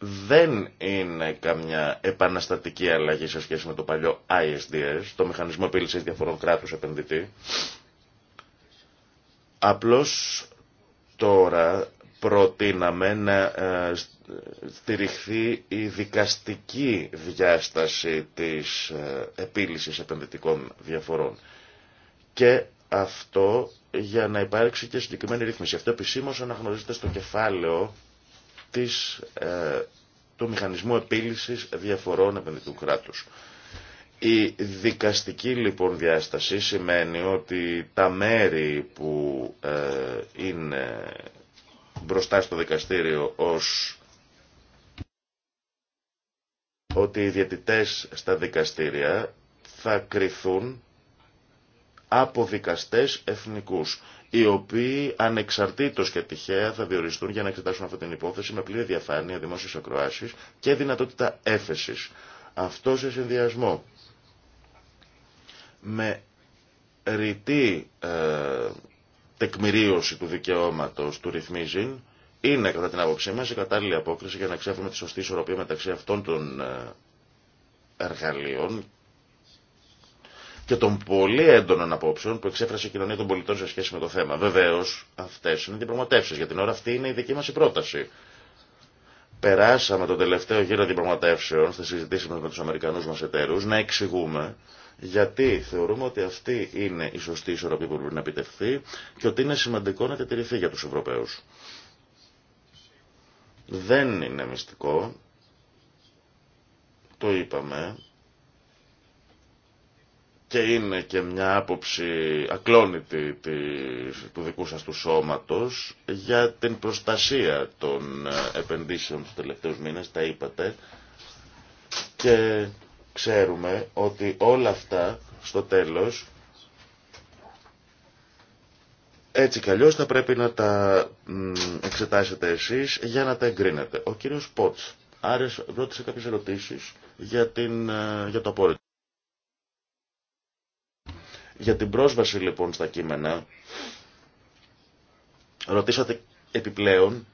δεν είναι καμιά επαναστατική αλλαγή σε σχέση με το παλιό ISDS, το Μηχανισμό Επίλυσης Διαφορών Κράτους Επενδυτή. Απλώς τώρα προτείναμε να ε, στηριχθεί η δικαστική διάσταση της ε, επίλυσης επενδυτικών διαφορών. Και αυτό για να υπάρξει και συγκεκριμένη ρύθμιση. Αυτό επισήμως αναγνωρίζεται στο κεφάλαιο της, ε, του μηχανισμού επίλυσης διαφορών επενδυτικού κράτους. Η δικαστική λοιπόν διάσταση σημαίνει ότι τα μέρη που ε, είναι μπροστά στο δικαστήριο ως ότι οι διαιτητές στα δικαστήρια θα κριθούν από δικαστές εθνικούς οι οποίοι ανεξαρτήτως και τυχαία θα διοριστούν για να εξετάσουν αυτή την υπόθεση με πλήρη διαφάνεια, δημόσιας ακροάσεις και δυνατότητα έφεσης. Αυτό σε συνδυασμό με ρητή ε, τεκμηρίωση του δικαιώματος του ρυθμίζει είναι κατά την άποψή μας η κατάλληλη απόκριση για να ξέρουμε τη σωστή ισορροπία μεταξύ αυτών των ε, εργαλείων και των πολύ έντονων απόψεων που εξέφρασε η κοινωνία των πολιτών σε σχέση με το θέμα. Βεβαίω, αυτέ είναι διαπραγματεύσει. Για την ώρα αυτή είναι η δική μα πρόταση. Περάσαμε τον τελευταίο γύρο διαπραγματεύσεων στι συζητήσει μα με του Αμερικανού μα εταίρου να εξηγούμε γιατί θεωρούμε ότι αυτή είναι η σωστή ισορροπία που πρέπει να επιτευχθεί και ότι είναι σημαντικό να διατηρηθεί για του Ευρωπαίου. Δεν είναι μυστικό. Το είπαμε και είναι και μια άποψη ακλόνητη του δικού σας του σώματος για την προστασία των ε, επενδύσεων του τελευταίου μήνες, τα είπατε, και ξέρουμε ότι όλα αυτά στο τέλος έτσι κι αλλιώς θα πρέπει να τα εξετάσετε εσείς για να τα εγκρίνετε. Ο κύριος Πότς άρεσε, ρώτησε κάποιες ερωτήσεις για, την, ε, για το απόρριτο. Για την πρόσβαση λοιπόν στα κείμενα, ρωτήσατε επιπλέον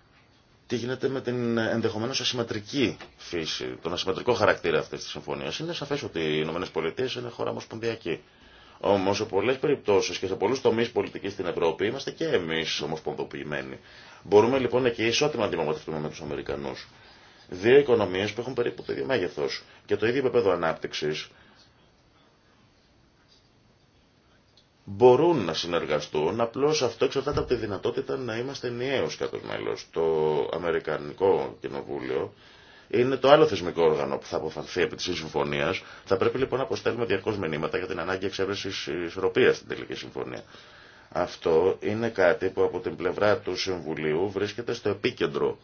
τι γίνεται με την ενδεχομένω ασυμμετρική φύση, τον ασυμμετρικό χαρακτήρα αυτή τη συμφωνία. Είναι σαφέ ότι οι ΗΠΑ είναι χώρα ομοσπονδιακή. Όμω σε πολλέ περιπτώσει και σε πολλού τομεί πολιτική στην Ευρώπη είμαστε και εμεί ομοσπονδοποιημένοι. Μπορούμε λοιπόν και ισότιμα να αντιμετωπιστούμε με του Αμερικανού. Δύο οικονομίε που έχουν περίπου το ίδιο μέγεθο και το ίδιο επίπεδο ανάπτυξη μπορούν να συνεργαστούν, απλώς αυτό εξαρτάται από τη δυνατότητα να είμαστε ενιαίος κάτω μέλος. Το Αμερικανικό Κοινοβούλιο είναι το άλλο θεσμικό όργανο που θα αποφανθεί επί τη συμφωνία. Θα πρέπει λοιπόν να αποστέλουμε διαρκώ μηνύματα για την ανάγκη εξέβρεση ισορροπία στην τελική συμφωνία. Αυτό είναι κάτι που από την πλευρά του Συμβουλίου βρίσκεται στο επίκεντρο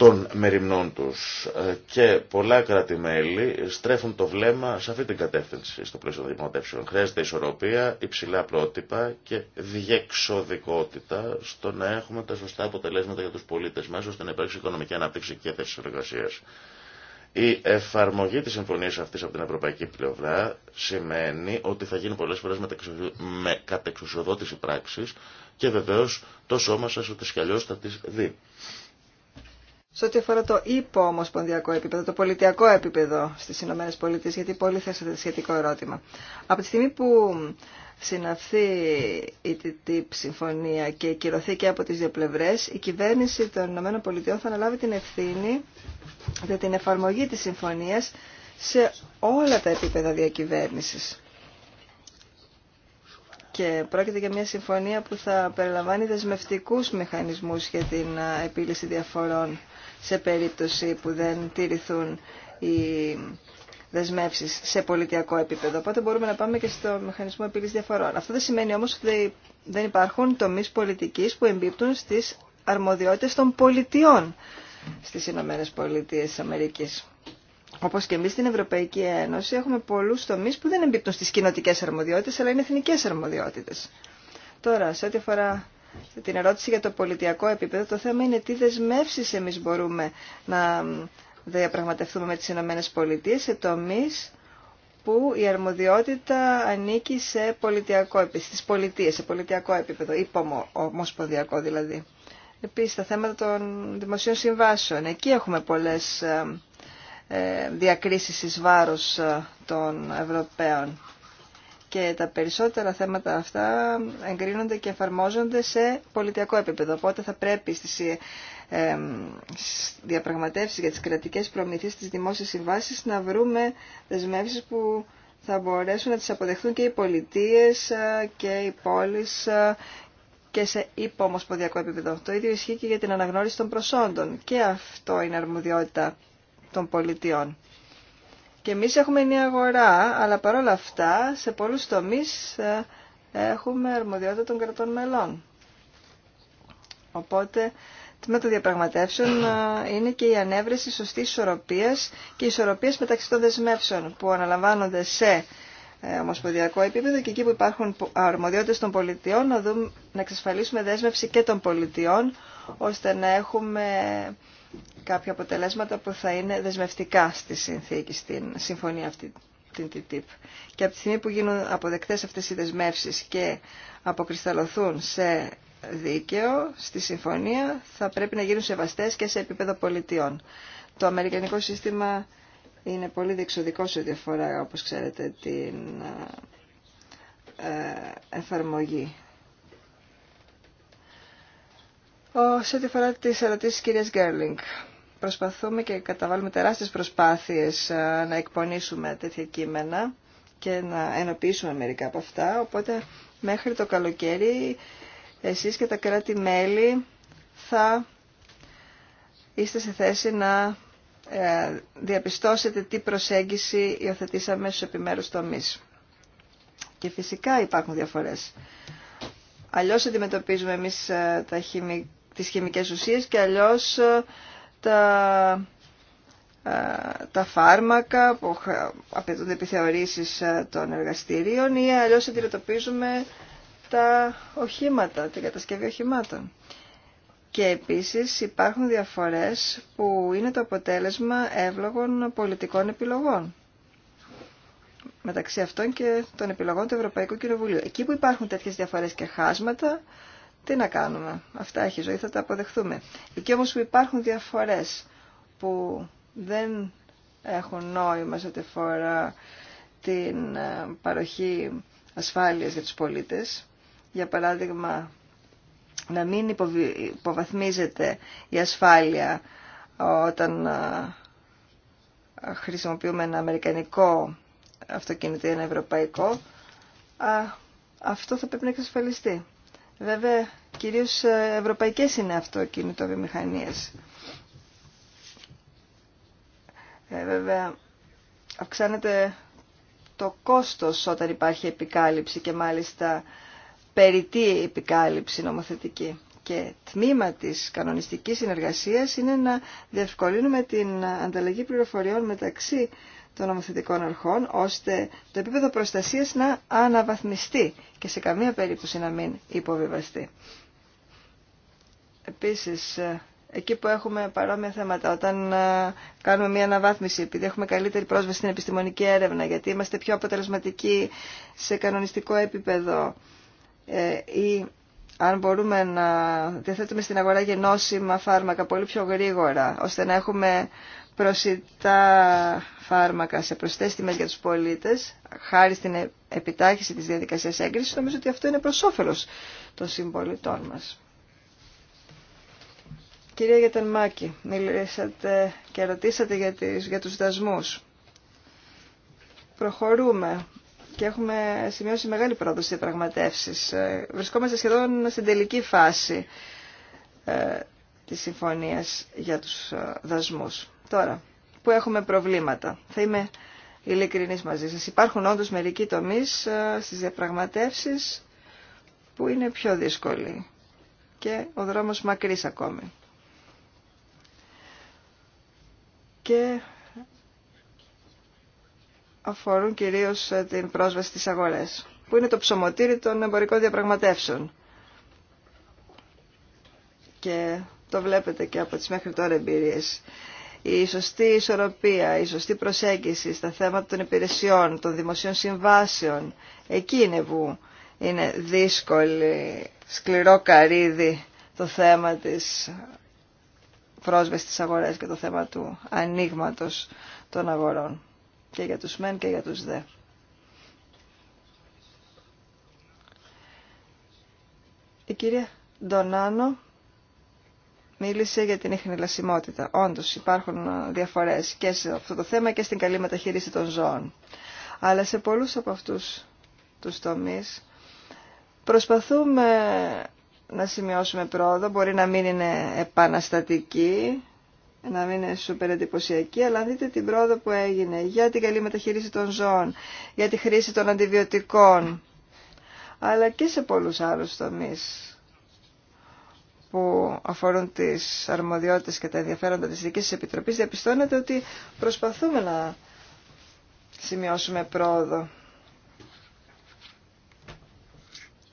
των μεριμνών τους ε, και πολλά κράτη-μέλη στρέφουν το βλέμμα σε αυτή την κατεύθυνση στο πλαίσιο των δημοτεύσεων. Χρειάζεται ισορροπία, υψηλά πρότυπα και διεξοδικότητα στο να έχουμε τα σωστά αποτελέσματα για τους πολίτες μας ώστε να υπάρξει οικονομική ανάπτυξη και θέσεις εργασίας. Η εφαρμογή της συμφωνίας αυτής από την ευρωπαϊκή πλευρά σημαίνει ότι θα γίνει πολλές φορές με κατεξουσιοδότηση πράξης και βεβαίως το σώμα σας ότι κι θα τις δει. Σε ό,τι αφορά το υπο επίπεδο, το πολιτιακό επίπεδο στι Ηνωμένες Πολιτείες, γιατί πολύ θέσατε σχετικό ερώτημα. Από τη στιγμή που συναυθεί η TTIP συμφωνία και κυρωθεί και από τις δύο πλευρές, η κυβέρνηση των Ηνωμένων Πολιτειών θα αναλάβει την ευθύνη για την εφαρμογή της συμφωνίας σε όλα τα επίπεδα διακυβέρνησης. Και πρόκειται για μια συμφωνία που θα περιλαμβάνει δεσμευτικούς μηχανισμούς για την επίλυση διαφορών σε περίπτωση που δεν τηρηθούν οι δεσμεύσει σε πολιτιακό επίπεδο. Οπότε μπορούμε να πάμε και στο μηχανισμό επίλυσης διαφορών. Αυτό δεν σημαίνει όμω ότι δεν υπάρχουν τομεί πολιτική που εμπίπτουν στι αρμοδιότητε των πολιτιών στι Ηνωμένε Πολιτείε Όπως και εμεί στην Ευρωπαϊκή Ένωση έχουμε πολλού τομεί που δεν εμπίπτουν στι κοινοτικέ αρμοδιότητε, αλλά είναι εθνικέ αρμοδιότητε. Τώρα, σε ό,τι αφορά την ερώτηση για το πολιτιακό επίπεδο, το θέμα είναι τι δεσμεύσει εμεί μπορούμε να διαπραγματευτούμε με τις ΗΠΑ σε τομεί που η αρμοδιότητα ανήκει σε πολιτιακό επίπεδο, στις πολιτείες, σε πολιτιακό επίπεδο, υπομοσπονδιακό δηλαδή. Επίσης, τα θέματα των δημοσίων συμβάσεων. Εκεί έχουμε πολλές ε, ε, διακρίσεις εις βάρος ε, των Ευρωπαίων. Και τα περισσότερα θέματα αυτά εγκρίνονται και εφαρμόζονται σε πολιτιακό επίπεδο. Οπότε θα πρέπει στις ε, διαπραγματεύσεις για τις κρατικές προμηθείς της δημόσιες συμβάσεις να βρούμε δεσμεύσεις που θα μπορέσουν να τις αποδεχθούν και οι πολιτείες ε, και οι πόλεις ε, και σε υπόμοσποδιακό επίπεδο. Το ίδιο ισχύει και για την αναγνώριση των προσόντων. Και αυτό είναι αρμοδιότητα των πολιτιών. Και εμείς έχουμε μια αγορά, αλλά παρόλα αυτά σε πολλούς τομείς ε, έχουμε αρμοδιότητα των κρατών μελών. Οπότε με το διαπραγματεύσεων ε, είναι και η ανέβρεση σωστής ισορροπίας και ισορροπίας μεταξύ των δεσμεύσεων που αναλαμβάνονται σε ε, ομοσπονδιακό επίπεδο και εκεί που υπάρχουν αρμοδιότητες των πολιτιών να, δούμε, να εξασφαλίσουμε δέσμευση και των πολιτιών ώστε να έχουμε κάποια αποτελέσματα που θα είναι δεσμευτικά στη συνθήκη, στην συμφωνία αυτή την TTIP. Και από τη στιγμή που γίνουν αποδεκτές αυτές οι δεσμεύσεις και αποκρισταλωθούν σε δίκαιο, στη συμφωνία, θα πρέπει να γίνουν σεβαστές και σε επίπεδο πολιτιών. Το αμερικανικό σύστημα είναι πολύ διεξοδικό σε ό,τι αφορά, όπως ξέρετε, την ε, εφαρμογή. Ο, σε ό,τι αφορά τις ερωτήσεις κυρίας Γκέρλινγκ, προσπαθούμε και καταβάλουμε τεράστιες προσπάθειες ε, να εκπονήσουμε τέτοια κείμενα και να ενοποιήσουμε μερικά από αυτά. Οπότε μέχρι το καλοκαίρι εσείς και τα κράτη-μέλη θα είστε σε θέση να ε, διαπιστώσετε τι προσέγγιση υιοθετήσαμε στους επιμέρους τομείς. Και φυσικά υπάρχουν διαφορές. Αλλιώς αντιμετωπίζουμε εμείς ε, τα χημικέ τις χημικές ουσίες και αλλιώς τα, ε, τα φάρμακα που απαιτούνται επιθεωρήσεις ε, των εργαστηρίων ή αλλιώς αντιμετωπίζουμε τα οχήματα, την κατασκευή οχημάτων. Και επίσης υπάρχουν διαφορές που είναι το αποτέλεσμα εύλογων πολιτικών επιλογών. Μεταξύ αυτών και των επιλογών του Ευρωπαϊκού Κοινοβουλίου. Εκεί που υπάρχουν τέτοιες διαφορές και χάσματα, τι να κάνουμε, αυτά έχει ζωή, θα τα αποδεχθούμε. Εκεί όμως που υπάρχουν διαφορές που δεν έχουν νόημα σε τη φορά την ε, παροχή ασφάλειας για τους πολίτες. Για παράδειγμα, να μην υποβαθμίζεται η ασφάλεια ε, όταν ε, χρησιμοποιούμε ένα αμερικανικό αυτοκίνητο ή ένα ευρωπαϊκό. Αυτό θα πρέπει να εξασφαλιστεί. Βέβαια, κυρίως ε, ευρωπαϊκές είναι αυτοκινητοβιομηχανίες. Ε, βέβαια, αυξάνεται το κόστος όταν υπάρχει επικάλυψη και μάλιστα περιττή επικάλυψη νομοθετική. Και τμήμα της κανονιστικής συνεργασία είναι να διευκολύνουμε την ανταλλαγή πληροφοριών μεταξύ των νομοθετικών αρχών, ώστε το επίπεδο προστασίας να αναβαθμιστεί και σε καμία περίπτωση να μην υποβιβαστεί. Επίσης, ε, εκεί που έχουμε παρόμοια θέματα, όταν ε, κάνουμε μια αναβάθμιση, επειδή έχουμε καλύτερη πρόσβαση στην επιστημονική έρευνα, γιατί είμαστε πιο αποτελεσματικοί σε κανονιστικό επίπεδο ε, ή αν μπορούμε να διαθέτουμε στην αγορά γενώσιμα φάρμακα πολύ πιο γρήγορα, ώστε να έχουμε προσιτά φάρμακα σε προσιτές τιμές για τους πολίτες, χάρη στην ε, επιτάχυση της διαδικασίας έγκρισης, νομίζω ότι αυτό είναι προς όφελος των συμπολιτών μας. Κυρία Γιατανμάκη, μιλήσατε και ρωτήσατε για, τις, για τους δασμούς. Προχωρούμε και έχουμε σημειώσει μεγάλη πρόοδο στις διαπραγματεύσεις. Ε, βρισκόμαστε σχεδόν στην τελική φάση ε, της συμφωνίας για τους δασμούς. Τώρα, που έχουμε προβλήματα. Θα είμαι ειλικρινής μαζί σας. Υπάρχουν όντως μερικοί τομείς ε, στις διαπραγματεύσεις που είναι πιο δύσκολοι και ο δρόμος μακρύς ακόμη. Και αφορούν κυρίως ε, την πρόσβαση στις αγορές, που είναι το ψωμοτήρι των εμπορικών διαπραγματεύσεων. Και το βλέπετε και από τις μέχρι τώρα εμπειρίες η σωστή ισορροπία, η σωστή προσέγγιση στα θέματα των υπηρεσιών, των δημοσίων συμβάσεων, εκεί είναι που είναι δύσκολη, σκληρό καρύδι το θέμα της πρόσβεσης της αγορές και το θέμα του ανοίγματο των αγορών και για τους μεν και για τους δε. Η κυρία Ντονάνο μίλησε για την ιχνηλασιμότητα. Όντως υπάρχουν ε, διαφορές και σε αυτό το θέμα και στην καλή μεταχείριση των ζώων. Αλλά σε πολλούς από αυτούς τους τομείς προσπαθούμε να σημειώσουμε πρόοδο. Μπορεί να μην είναι επαναστατική, να μην είναι σούπερ εντυπωσιακή, αλλά δείτε την πρόοδο που έγινε για την καλή μεταχείριση των ζώων, για τη χρήση των αντιβιωτικών, αλλά και σε πολλούς άλλους τομείς που αφορούν τις αρμοδιότητες και τα ενδιαφέροντα της δικής της Επιτροπής διαπιστώνεται ότι προσπαθούμε να σημειώσουμε πρόοδο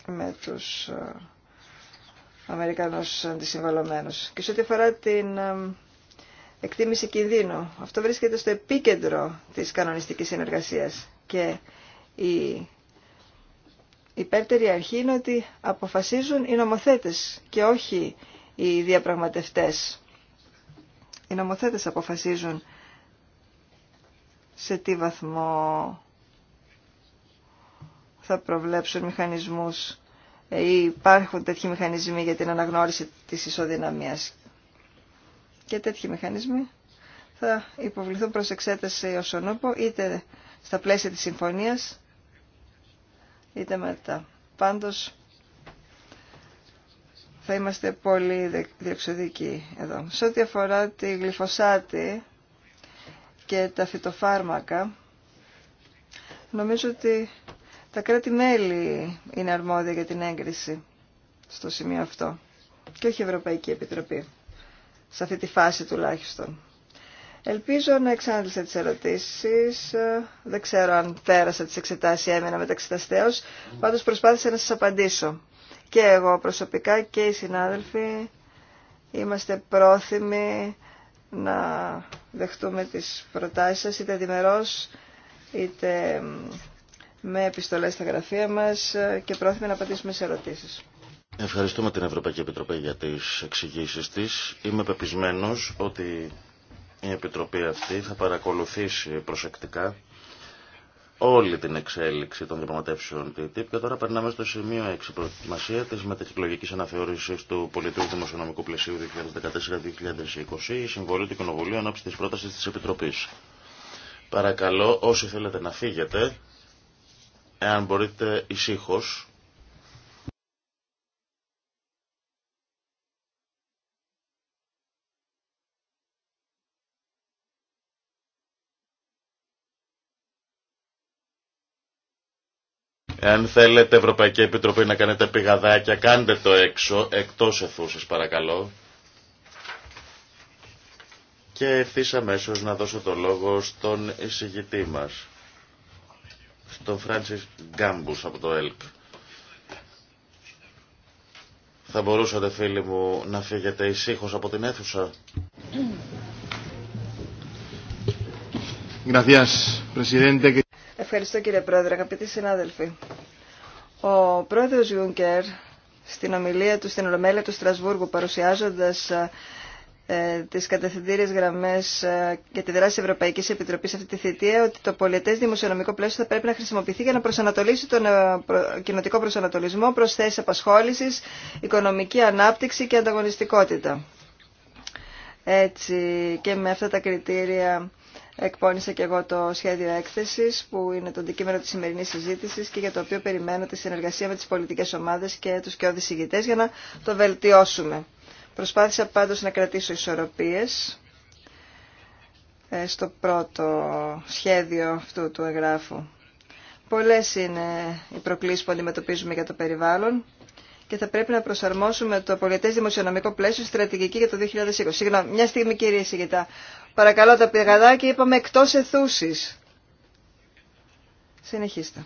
με τους ε, Αμερικανούς αντισυμβαλλομένους. Και σε ό,τι αφορά την ε, εκτίμηση κινδύνου, αυτό βρίσκεται στο επίκεντρο της κανονιστικής συνεργασίας και η υπέρτερη αρχή είναι ότι αποφασίζουν οι νομοθέτες και όχι οι διαπραγματευτές. Οι νομοθέτες αποφασίζουν σε τι βαθμό θα προβλέψουν μηχανισμούς ε, ή υπάρχουν τέτοιοι μηχανισμοί για την αναγνώριση της ισοδυναμίας. Και τέτοιοι μηχανισμοί θα υποβληθούν προς εξέταση ως ονοπο, είτε στα πλαίσια της συμφωνίας είτε μετά. Πάντως θα είμαστε πολύ διεξοδικοί εδώ. Σε ό,τι αφορά τη γλυφοσάτη και τα φυτοφάρμακα, νομίζω ότι τα κράτη-μέλη είναι αρμόδια για την έγκριση στο σημείο αυτό και όχι η Ευρωπαϊκή Επιτροπή, σε αυτή τη φάση τουλάχιστον. Ελπίζω να εξάντλησα τις ερωτήσεις. Ε, δεν ξέρω αν πέρασα τις εξετάσεις ή έμεινα μεταξυταστέως. Πάντως προσπάθησα να σας απαντήσω. Και εγώ προσωπικά και οι συνάδελφοι είμαστε πρόθυμοι να δεχτούμε τις προτάσεις σας είτε δημερός είτε με επιστολές στα γραφεία μας ε, και πρόθυμοι να απαντήσουμε σε ερωτήσεις. Ευχαριστούμε την Ευρωπαϊκή Επιτροπή για τις εξηγήσεις της. Είμαι πεπισμένος ότι η Επιτροπή αυτή θα παρακολουθήσει προσεκτικά όλη την εξέλιξη των διαπραγματεύσεων TTIP και τώρα περνάμε στο σημείο 6. Προετοιμασία τη μετακυκλογική αναθεώρηση του πολιτικού δημοσιονομικού πλαισίου 2014-2020, η συμβολή του Κοινοβουλίου ανάψη τη πρόταση τη Επιτροπή. Παρακαλώ όσοι θέλετε να φύγετε, εάν μπορείτε ησύχω, Εάν θέλετε Ευρωπαϊκή Επιτροπή να κάνετε πηγαδάκια, κάντε το έξω, εκτός σας παρακαλώ. Και ευθύ αμέσω να δώσω το λόγο στον εισηγητή μας, στον Φράνσις Γκάμπους από το ΕΛΚ. Θα μπορούσατε φίλοι μου να φύγετε ησύχως από την αίθουσα. Ευχαριστώ κύριε Πρόεδρε, αγαπητοί συνάδελφοι. Ο πρόεδρος Γιούνκερ στην ομιλία του στην Ολομέλεια του Στρασβούργου παρουσιάζοντας ε, τις κατευθυντήριες γραμμές για ε, τη δράση Ευρωπαϊκής Επιτροπής αυτή τη θητεία ότι το πολιτές δημοσιονομικό πλαίσιο θα πρέπει να χρησιμοποιηθεί για να προσανατολίσει τον ε, κοινοτικό προσανατολισμό προς θέσεις απασχόλησης, οικονομική ανάπτυξη και ανταγωνιστικότητα. Έτσι και με αυτά τα κριτήρια εκπώνησα και εγώ το σχέδιο Έκθεση, που είναι το αντικείμενο τη σημερινή συζήτηση και για το οποίο περιμένω τη συνεργασία με τι πολιτικέ ομάδε και του και ηγητές για να το βελτιώσουμε. Προσπάθησα πάντως να κρατήσω ισορροπίε ε, στο πρώτο σχέδιο αυτού του εγγράφου. Πολλές είναι οι προκλήσεις που αντιμετωπίζουμε για το περιβάλλον και θα πρέπει να προσαρμόσουμε το πολιτές δημοσιονομικό πλαίσιο στρατηγική για το 2020. Συγγνώμη, μια στιγμή κύριε Σιγητά. Παρακαλώ τα πηγαδάκια είπαμε εκτός εθούσης. Συνεχίστε.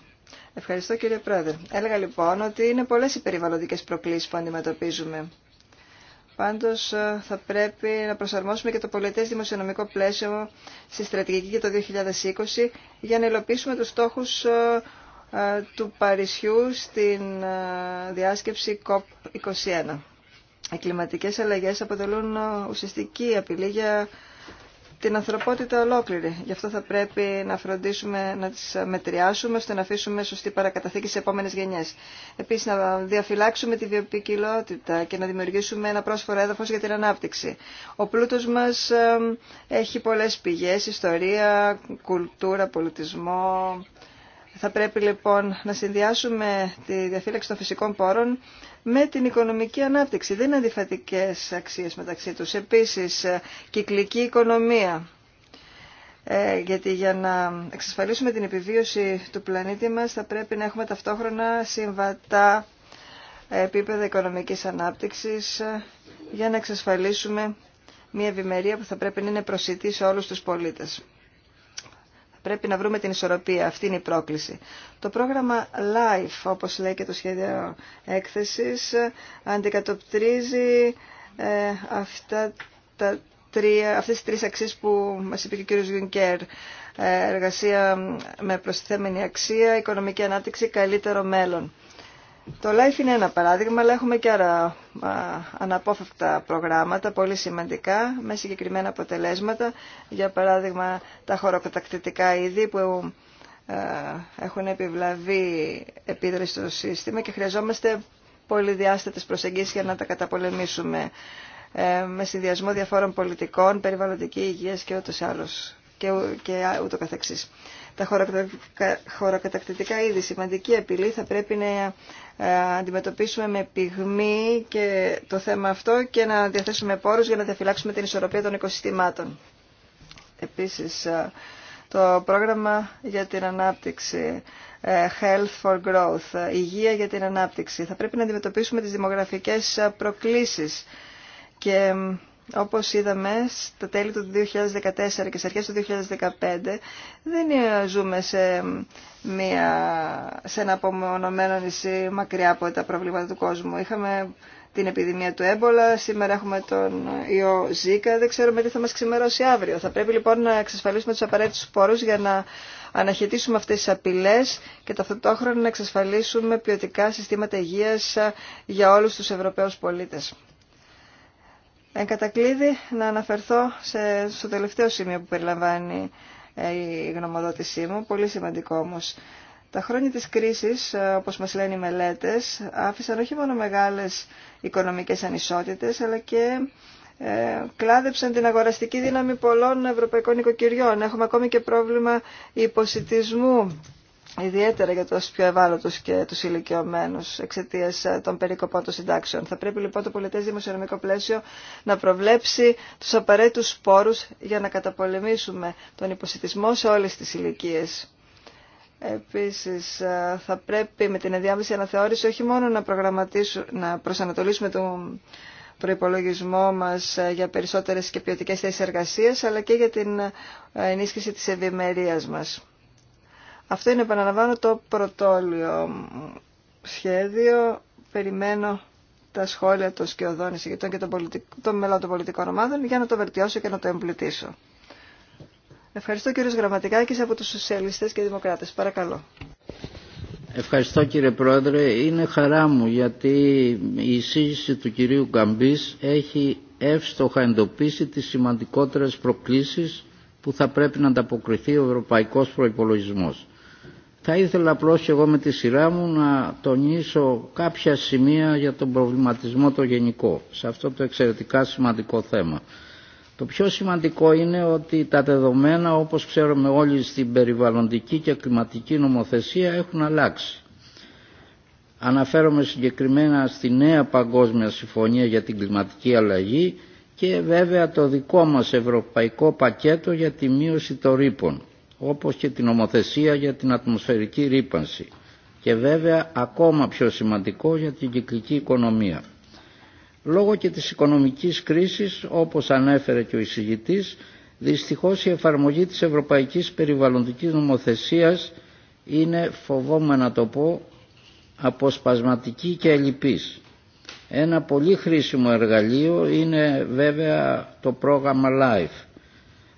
Ευχαριστώ κύριε Πρόεδρε. Έλεγα λοιπόν ότι είναι πολλές οι περιβαλλοντικές προκλήσεις που αντιμετωπίζουμε. Πάντως ε, θα πρέπει να προσαρμόσουμε και το πολιτές δημοσιονομικό πλαίσιο στη στρατηγική για το 2020 για να υλοποιήσουμε τους στόχους ε, ε, του Παρισιού στην διάσκεψη COP21. Οι κλιματικές αλλαγές αποτελούν ουσιαστική απειλή για την ανθρωπότητα ολόκληρη. Γι' αυτό θα πρέπει να φροντίσουμε να τι μετριάσουμε ώστε να αφήσουμε σωστή παρακαταθήκη σε επόμενες γενιές. Επίσης να διαφυλάξουμε τη βιοποικιλότητα και να δημιουργήσουμε ένα πρόσφορο έδαφος για την ανάπτυξη. Ο πλούτος μας έχει πολλές πηγές, ιστορία, κουλτούρα, πολιτισμό, θα πρέπει λοιπόν να συνδυάσουμε τη διαφύλαξη των φυσικών πόρων με την οικονομική ανάπτυξη. Δεν είναι αντιφατικές αξίες μεταξύ τους. Επίσης, ε, κυκλική οικονομία. Ε, γιατί για να εξασφαλίσουμε την επιβίωση του πλανήτη μας θα πρέπει να έχουμε ταυτόχρονα συμβατά επίπεδα οικονομικής ανάπτυξης ε, για να εξασφαλίσουμε μια ευημερία που θα πρέπει να είναι προσιτή σε όλους τους πολίτες. Πρέπει να βρούμε την ισορροπία. Αυτή είναι η πρόκληση. Το πρόγραμμα LIFE, όπως λέει και το σχέδιο έκθεσης, αντικατοπτρίζει ε, αυτά τα τρία, αυτές τις τρεις αξίες που μας είπε και ο κύριος Γιουνκέρ. Ε, εργασία με προσθέμενη αξία, οικονομική ανάπτυξη, καλύτερο μέλλον. Το LIFE είναι ένα παράδειγμα, αλλά έχουμε και άλλα αναπόφευκτα προγράμματα, πολύ σημαντικά, με συγκεκριμένα αποτελέσματα. Για παράδειγμα, τα χωροκατακτητικά είδη που έχουν επιβλαβεί επίδραση στο σύστημα και χρειαζόμαστε διάστατες προσεγγίσεις για να τα καταπολεμήσουμε ε, με συνδυασμό διαφόρων πολιτικών, περιβαλλοντική υγεία και ούτως άλλως και, και ούτω καθεξής. Τα χωροκατακτητικά είδη σημαντική απειλή θα πρέπει να ε, αντιμετωπίσουμε με πυγμή και το θέμα αυτό και να διαθέσουμε πόρους για να διαφυλάξουμε την ισορροπία των οικοσυστημάτων. Επίσης, ε, το πρόγραμμα για την ανάπτυξη, ε, Health for Growth, υγεία για την ανάπτυξη. Θα πρέπει να αντιμετωπίσουμε τις δημογραφικές προκλήσεις και όπως είδαμε στα τέλη του 2014 και στις αρχές του 2015 δεν ζούμε σε, μια, σε ένα απομονωμένο νησί μακριά από τα προβλήματα του κόσμου. Είχαμε την επιδημία του έμπολα, σήμερα έχουμε τον ιό Ζήκα, δεν ξέρουμε τι θα μας ξημερώσει αύριο. Θα πρέπει λοιπόν να εξασφαλίσουμε τους απαραίτητους πόρους για να αναχαιτήσουμε αυτές τις απειλές και ταυτόχρονα να εξασφαλίσουμε ποιοτικά συστήματα υγείας για όλους τους Ευρωπαίους πολίτες. Εν κατακλείδη, να αναφερθώ σε, στο τελευταίο σημείο που περιλαμβάνει ε, η γνωμοδότησή μου, πολύ σημαντικό όμως. Τα χρόνια της κρίσης, ε, όπως μας λένε οι μελέτες, άφησαν όχι μόνο μεγάλες οικονομικές ανισότητες, αλλά και ε, κλάδεψαν την αγοραστική δύναμη πολλών ευρωπαϊκών οικοκυριών. Έχουμε ακόμη και πρόβλημα υποσυτισμού ιδιαίτερα για τους πιο ευάλωτους και τους ηλικιωμένους εξαιτία ε, των περίκοπων των συντάξεων. Θα πρέπει λοιπόν το πολιτές δημοσιονομικό πλαίσιο να προβλέψει τους απαραίτητους σπόρους για να καταπολεμήσουμε τον υποσυτισμό σε όλες τις ηλικίε. Επίσης, ε, θα πρέπει με την ενδιάμεση αναθεώρηση όχι μόνο να, να προσανατολίσουμε τον προϋπολογισμό μας ε, για περισσότερες και ποιοτικές θέσεις εργασίας, αλλά και για την ενίσχυση της ευημερίας μας. Αυτό είναι, επαναλαμβάνω, το πρωτόλιο σχέδιο. Περιμένω τα σχόλια των σκιωδών εισηγητών και των, των μελών των πολιτικών ομάδων για να το βελτιώσω και να το εμπλουτίσω. Ευχαριστώ κύριος Γραμματικάκης από τους Σοσιαλιστές και Δημοκράτες. Παρακαλώ. Ευχαριστώ κύριε Πρόεδρε. Είναι χαρά μου γιατί η εισήγηση του κυρίου Καμπής έχει εύστοχα εντοπίσει τις σημαντικότερες προκλήσεις που θα πρέπει να ανταποκριθεί ο ευρωπαϊκός προϋπολογισμός. Θα ήθελα απλώ και εγώ με τη σειρά μου να τονίσω κάποια σημεία για τον προβληματισμό το γενικό σε αυτό το εξαιρετικά σημαντικό θέμα. Το πιο σημαντικό είναι ότι τα δεδομένα όπως ξέρουμε όλοι στην περιβαλλοντική και κλιματική νομοθεσία έχουν αλλάξει. Αναφέρομαι συγκεκριμένα στη νέα παγκόσμια συμφωνία για την κλιματική αλλαγή και βέβαια το δικό μας ευρωπαϊκό πακέτο για τη μείωση των ρήπων όπως και την ομοθεσία για την ατμοσφαιρική ρήπανση και βέβαια ακόμα πιο σημαντικό για την κυκλική οικονομία. Λόγω και της οικονομικής κρίσης, όπως ανέφερε και ο εισηγητής, δυστυχώς η εφαρμογή της Ευρωπαϊκής Περιβαλλοντικής Νομοθεσίας είναι, φοβόμαι να το πω, αποσπασματική και ελλειπής. Ένα πολύ χρήσιμο εργαλείο είναι βέβαια το πρόγραμμα LIFE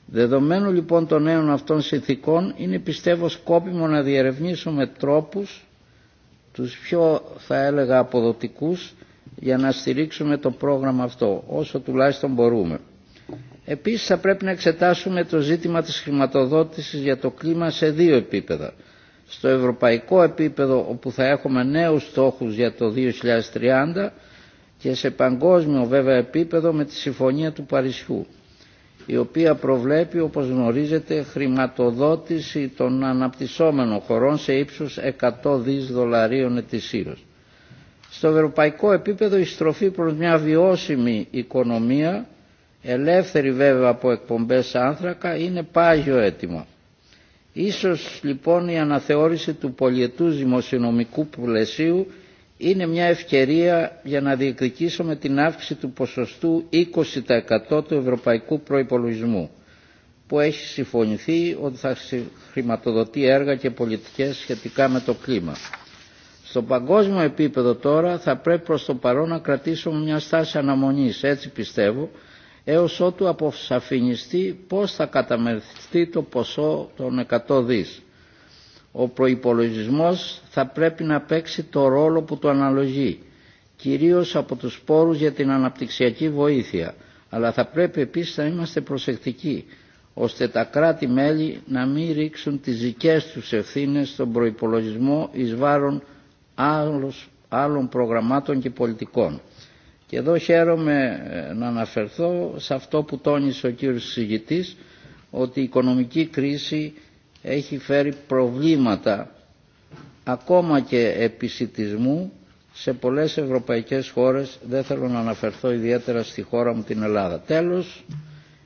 Δεδομένου λοιπόν των νέων αυτών συνθηκών είναι πιστεύω σκόπιμο να διερευνήσουμε τρόπους τους πιο θα έλεγα αποδοτικούς για να στηρίξουμε το πρόγραμμα αυτό όσο τουλάχιστον μπορούμε. Επίσης θα πρέπει να εξετάσουμε το ζήτημα της χρηματοδότησης για το κλίμα σε δύο επίπεδα. Στο ευρωπαϊκό επίπεδο όπου θα έχουμε νέους στόχους για το 2030 και σε παγκόσμιο βέβαια επίπεδο με τη Συμφωνία του Παρισιού η οποία προβλέπει όπως γνωρίζετε χρηματοδότηση των αναπτυσσόμενων χωρών σε ύψους 100 δις δολαρίων ετησίως. Στο ευρωπαϊκό επίπεδο η στροφή προς μια βιώσιμη οικονομία, ελεύθερη βέβαια από εκπομπές άνθρακα, είναι πάγιο έτοιμο. Ίσως λοιπόν η αναθεώρηση του πολιετούς δημοσιονομικού πλαισίου είναι μια ευκαιρία για να διεκδικήσουμε την αύξηση του ποσοστού 20% του ευρωπαϊκού προϋπολογισμού που έχει συμφωνηθεί ότι θα χρηματοδοτεί έργα και πολιτικές σχετικά με το κλίμα. Στο παγκόσμιο επίπεδο τώρα θα πρέπει προς το παρόν να κρατήσουμε μια στάση αναμονής, έτσι πιστεύω, έως ότου αποσαφινιστεί πώς θα καταμεριστεί το ποσό των 100 δις ο προϋπολογισμός θα πρέπει να παίξει το ρόλο που του αναλογεί, κυρίως από τους πόρους για την αναπτυξιακή βοήθεια, αλλά θα πρέπει επίσης να είμαστε προσεκτικοί, ώστε τα κράτη-μέλη να μην ρίξουν τις δικές τους ευθύνες στον προϋπολογισμό εις βάρον άλλων προγραμμάτων και πολιτικών. Και εδώ χαίρομαι ε, να αναφερθώ σε αυτό που τόνισε ο κύριος συζητητής, ότι η οικονομική κρίση έχει φέρει προβλήματα ακόμα και επισητισμού σε πολλές ευρωπαϊκές χώρες δεν θέλω να αναφερθώ ιδιαίτερα στη χώρα μου την Ελλάδα. Τέλος,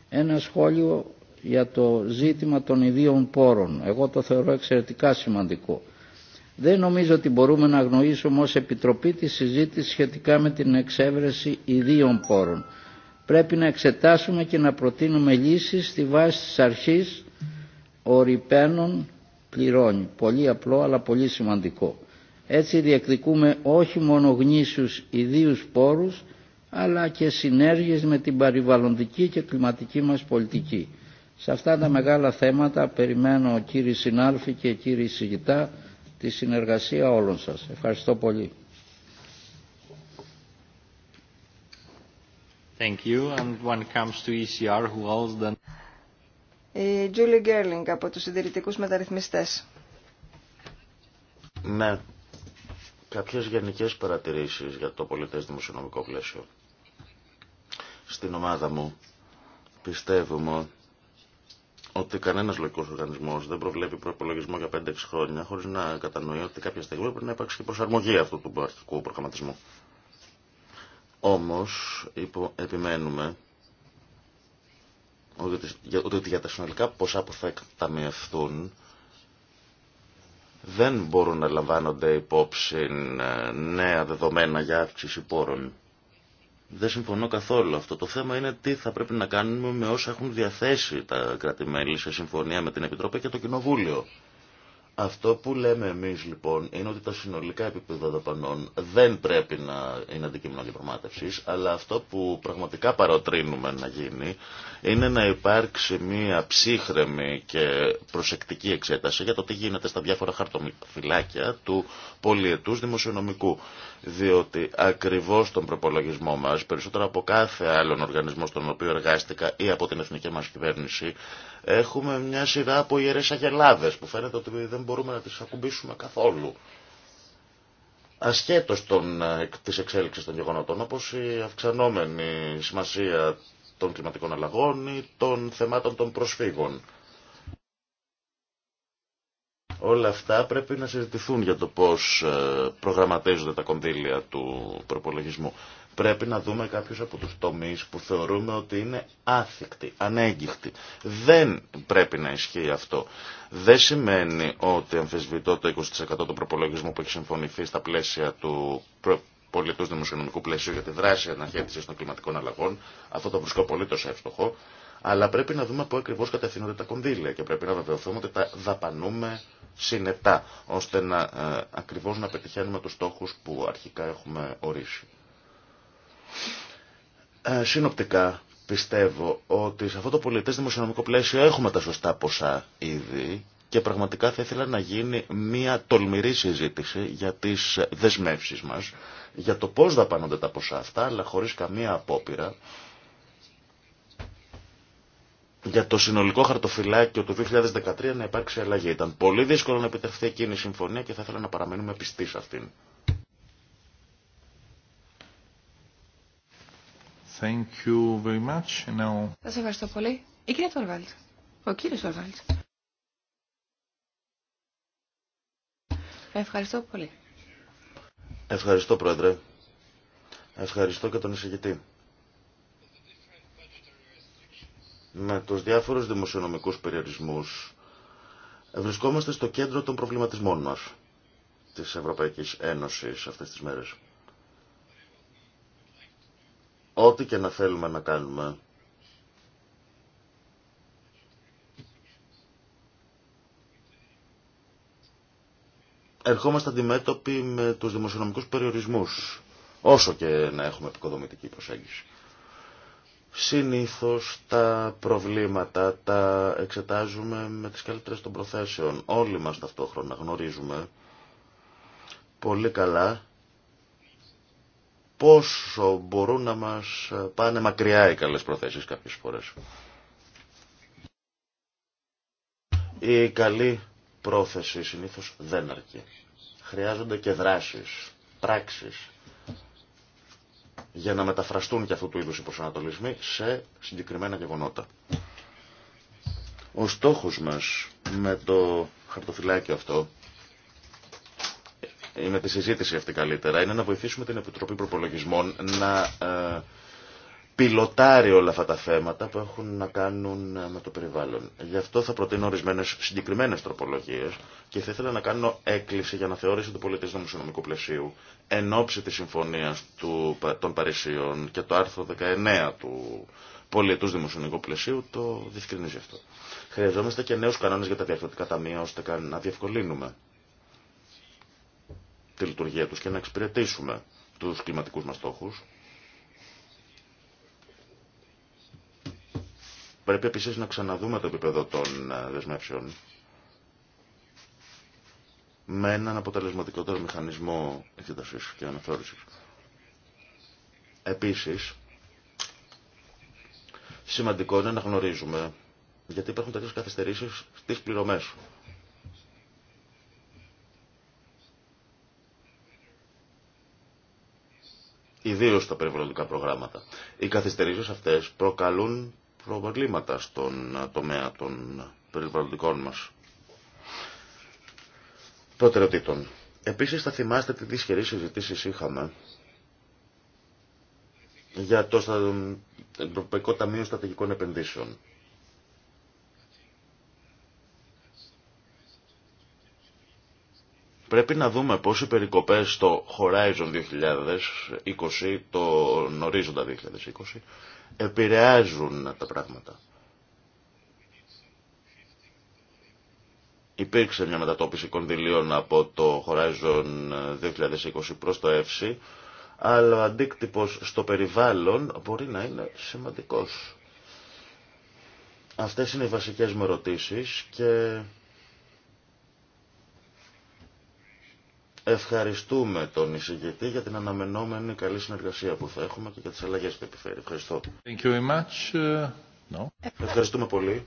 ένα σχόλιο για το ζήτημα των ιδίων πόρων. Εγώ το θεωρώ εξαιρετικά σημαντικό. Δεν νομίζω ότι μπορούμε να αγνοήσουμε ως Επιτροπή τη συζήτηση σχετικά με την εξέβρεση ιδίων πόρων. Πρέπει να εξετάσουμε και να προτείνουμε λύσεις στη βάση της αρχής ο Ριπένον πληρώνει. Πολύ απλό αλλά πολύ σημαντικό. Έτσι διεκδικούμε όχι μόνο γνήσιους ιδίους πόρους αλλά και συνέργειες με την περιβαλλοντική και κλιματική μας πολιτική. Σε αυτά τα μεγάλα θέματα περιμένω κύριοι συνάλφοι και κύριοι συγητά τη συνεργασία όλων σας. Ευχαριστώ πολύ. Η Julie Gerling από τους συντηρητικούς μεταρρυθμιστές. Ναι, κάποιες γενικές παρατηρήσεις για το πολιτές δημοσιονομικό πλαίσιο. Στην ομάδα μου πιστεύουμε ότι κανένα λογικό οργανισμό δεν προβλέπει προπολογισμό για 5-6 χρόνια χωρί να κατανοεί ότι κάποια στιγμή πρέπει να υπάρξει και προσαρμογή αυτού του αρχικού προγραμματισμού. Όμω, επιμένουμε ότι για τα συνολικά ποσά που θα εκταμιευθούν δεν μπορούν να λαμβάνονται υπόψη ε, νέα δεδομένα για αύξηση πόρων. Δεν συμφωνώ καθόλου αυτό. Το θέμα είναι τι θα πρέπει να κάνουμε με όσα έχουν διαθέσει τα κράτη-μέλη σε συμφωνία με την Επιτροπή και το Κοινοβούλιο. Αυτό που λέμε εμείς λοιπόν είναι ότι τα συνολικά επίπεδα δαπανών δεν πρέπει να είναι αντικείμενο διαπραγμάτευση, αλλά αυτό που πραγματικά παροτρύνουμε να γίνει είναι να υπάρξει μια ψύχρεμη και προσεκτική εξέταση για το τι γίνεται στα διάφορα χαρτοφυλάκια του πολιετούς δημοσιονομικού. Διότι ακριβώς τον προπολογισμό μας, περισσότερο από κάθε άλλον οργανισμό στον οποίο εργάστηκα ή από την εθνική μας κυβέρνηση, Έχουμε μια σειρά από ιερές αγελάδες που φαίνεται ότι δεν μπορούμε να τις ακουμπήσουμε καθόλου. Ασχέτως των, ε, της των γεγονότων, όπως η αυξανόμενη σημασία των κλιματικών αλλαγών ή των θεμάτων των προσφύγων. Όλα αυτά πρέπει να συζητηθούν για το πώς ε, προγραμματίζονται τα κονδύλια του προπολογισμού. Πρέπει να δούμε κάποιους από τους τομείς που θεωρούμε ότι είναι άθικτοι, ανέγκυχτοι. Δεν πρέπει να ισχύει αυτό. Δεν σημαίνει ότι αμφισβητώ το 20% του προπολογισμού που έχει συμφωνηθεί στα πλαίσια του πολιτού δημοσιονομικού πλαίσιου για τη δράση αναχέτηση των κλιματικών αλλαγών. Αυτό το βρίσκω απολύτω εύστοχο. Αλλά πρέπει να δούμε πού ακριβώ κατευθύνονται τα κονδύλια και πρέπει να βεβαιωθούμε ότι τα δαπανούμε συνετά, ώστε να, ε, ακριβώς να πετυχαίνουμε τους στόχους που αρχικά έχουμε ορίσει. Ε, συνοπτικά, πιστεύω ότι σε αυτό το πολιτές δημοσιονομικό πλαίσιο έχουμε τα σωστά ποσά ήδη και πραγματικά θα ήθελα να γίνει μια τολμηρή συζήτηση για τις δεσμεύσεις μας, για το πώς δαπανούνται τα ποσά αυτά, αλλά χωρίς καμία απόπειρα για το συνολικό χαρτοφυλάκιο του 2013 να υπάρξει αλλαγή. Ήταν πολύ δύσκολο να επιτευχθεί εκείνη η συμφωνία και θα ήθελα να παραμείνουμε πιστοί σε αυτήν. ευχαριστώ πολύ. Η κυρία Ο κύριος Τορβάλτ. Ευχαριστώ πολύ. Ευχαριστώ, Πρόεδρε. Ευχαριστώ και τον εισηγητή. με τους διάφορους δημοσιονομικούς περιορισμούς βρισκόμαστε στο κέντρο των προβληματισμών μας της Ευρωπαϊκής Ένωσης αυτές τις μέρες. Ό,τι και να θέλουμε να κάνουμε ερχόμαστε αντιμέτωποι με τους δημοσιονομικούς περιορισμούς όσο και να έχουμε επικοδομητική προσέγγιση. Συνήθως τα προβλήματα τα εξετάζουμε με τις καλύτερες των προθέσεων. Όλοι μας ταυτόχρονα γνωρίζουμε πολύ καλά πόσο μπορούν να μας πάνε μακριά οι καλές προθέσεις κάποιες φορές. Η καλή πρόθεση συνήθως δεν αρκεί. Χρειάζονται και δράσεις, πράξεις, για να μεταφραστούν και αυτού του είδους οι προσανατολισμοί σε συγκεκριμένα γεγονότα. Ο στόχος μας με το χαρτοφυλάκιο αυτό ή με τη συζήτηση αυτή καλύτερα είναι να βοηθήσουμε την Επιτροπή Προπολογισμών να ε, Πιλοτάρει όλα αυτά τα θέματα που έχουν να κάνουν με το περιβάλλον. Γι' αυτό θα προτείνω ορισμένε συγκεκριμένε τροπολογίε και θα ήθελα να κάνω έκκληση για να θεώρηση του πολιτή νομοσυνομικού πλαισίου εν ώψη τη συμφωνία των Παρισιών και το άρθρο 19 του πολιτού δημοσιονομικού πλαισίου το διευκρινίζει αυτό. Χρειαζόμαστε και νέου κανόνε για τα διαφορετικά ταμεία ώστε να διευκολύνουμε τη λειτουργία του και να εξυπηρετήσουμε του κλιματικού μα στόχου Πρέπει επίση να ξαναδούμε το επίπεδο των ε, δεσμεύσεων με έναν αποτελεσματικότερο μηχανισμό εξετασής και αναθεώρησης. Επίσης, σημαντικό είναι να γνωρίζουμε γιατί υπάρχουν τέτοιες καθυστερήσεις στις πληρωμές. Ιδίως στα περιβαλλοντικά προγράμματα. Οι καθυστερήσεις αυτές προκαλούν προβλήματα στον τομέα των περιβαλλοντικών μας προτεραιοτήτων. Επίσης θα θυμάστε τι δυσχερείς συζητήσει είχαμε για το Ευρωπαϊκό Ταμείο Στατηγικών Επενδύσεων. Πρέπει να δούμε πώς οι περικοπές στο Horizon 2020, το ορίζοντα 2020, επηρεάζουν τα πράγματα. Υπήρξε μια μετατόπιση κονδυλίων από το Horizon 2020 προς το ΕΦΣΥ, αλλά ο αντίκτυπος στο περιβάλλον μπορεί να είναι σημαντικός. Αυτές είναι οι βασικές μου ερωτήσεις και Ευχαριστούμε τον εισηγητή για την αναμενόμενη καλή συνεργασία που θα έχουμε και για τις αλλαγές που επιφέρει. Ευχαριστώ. Thank you very much. Ε, no. Ευχαριστούμε πολύ.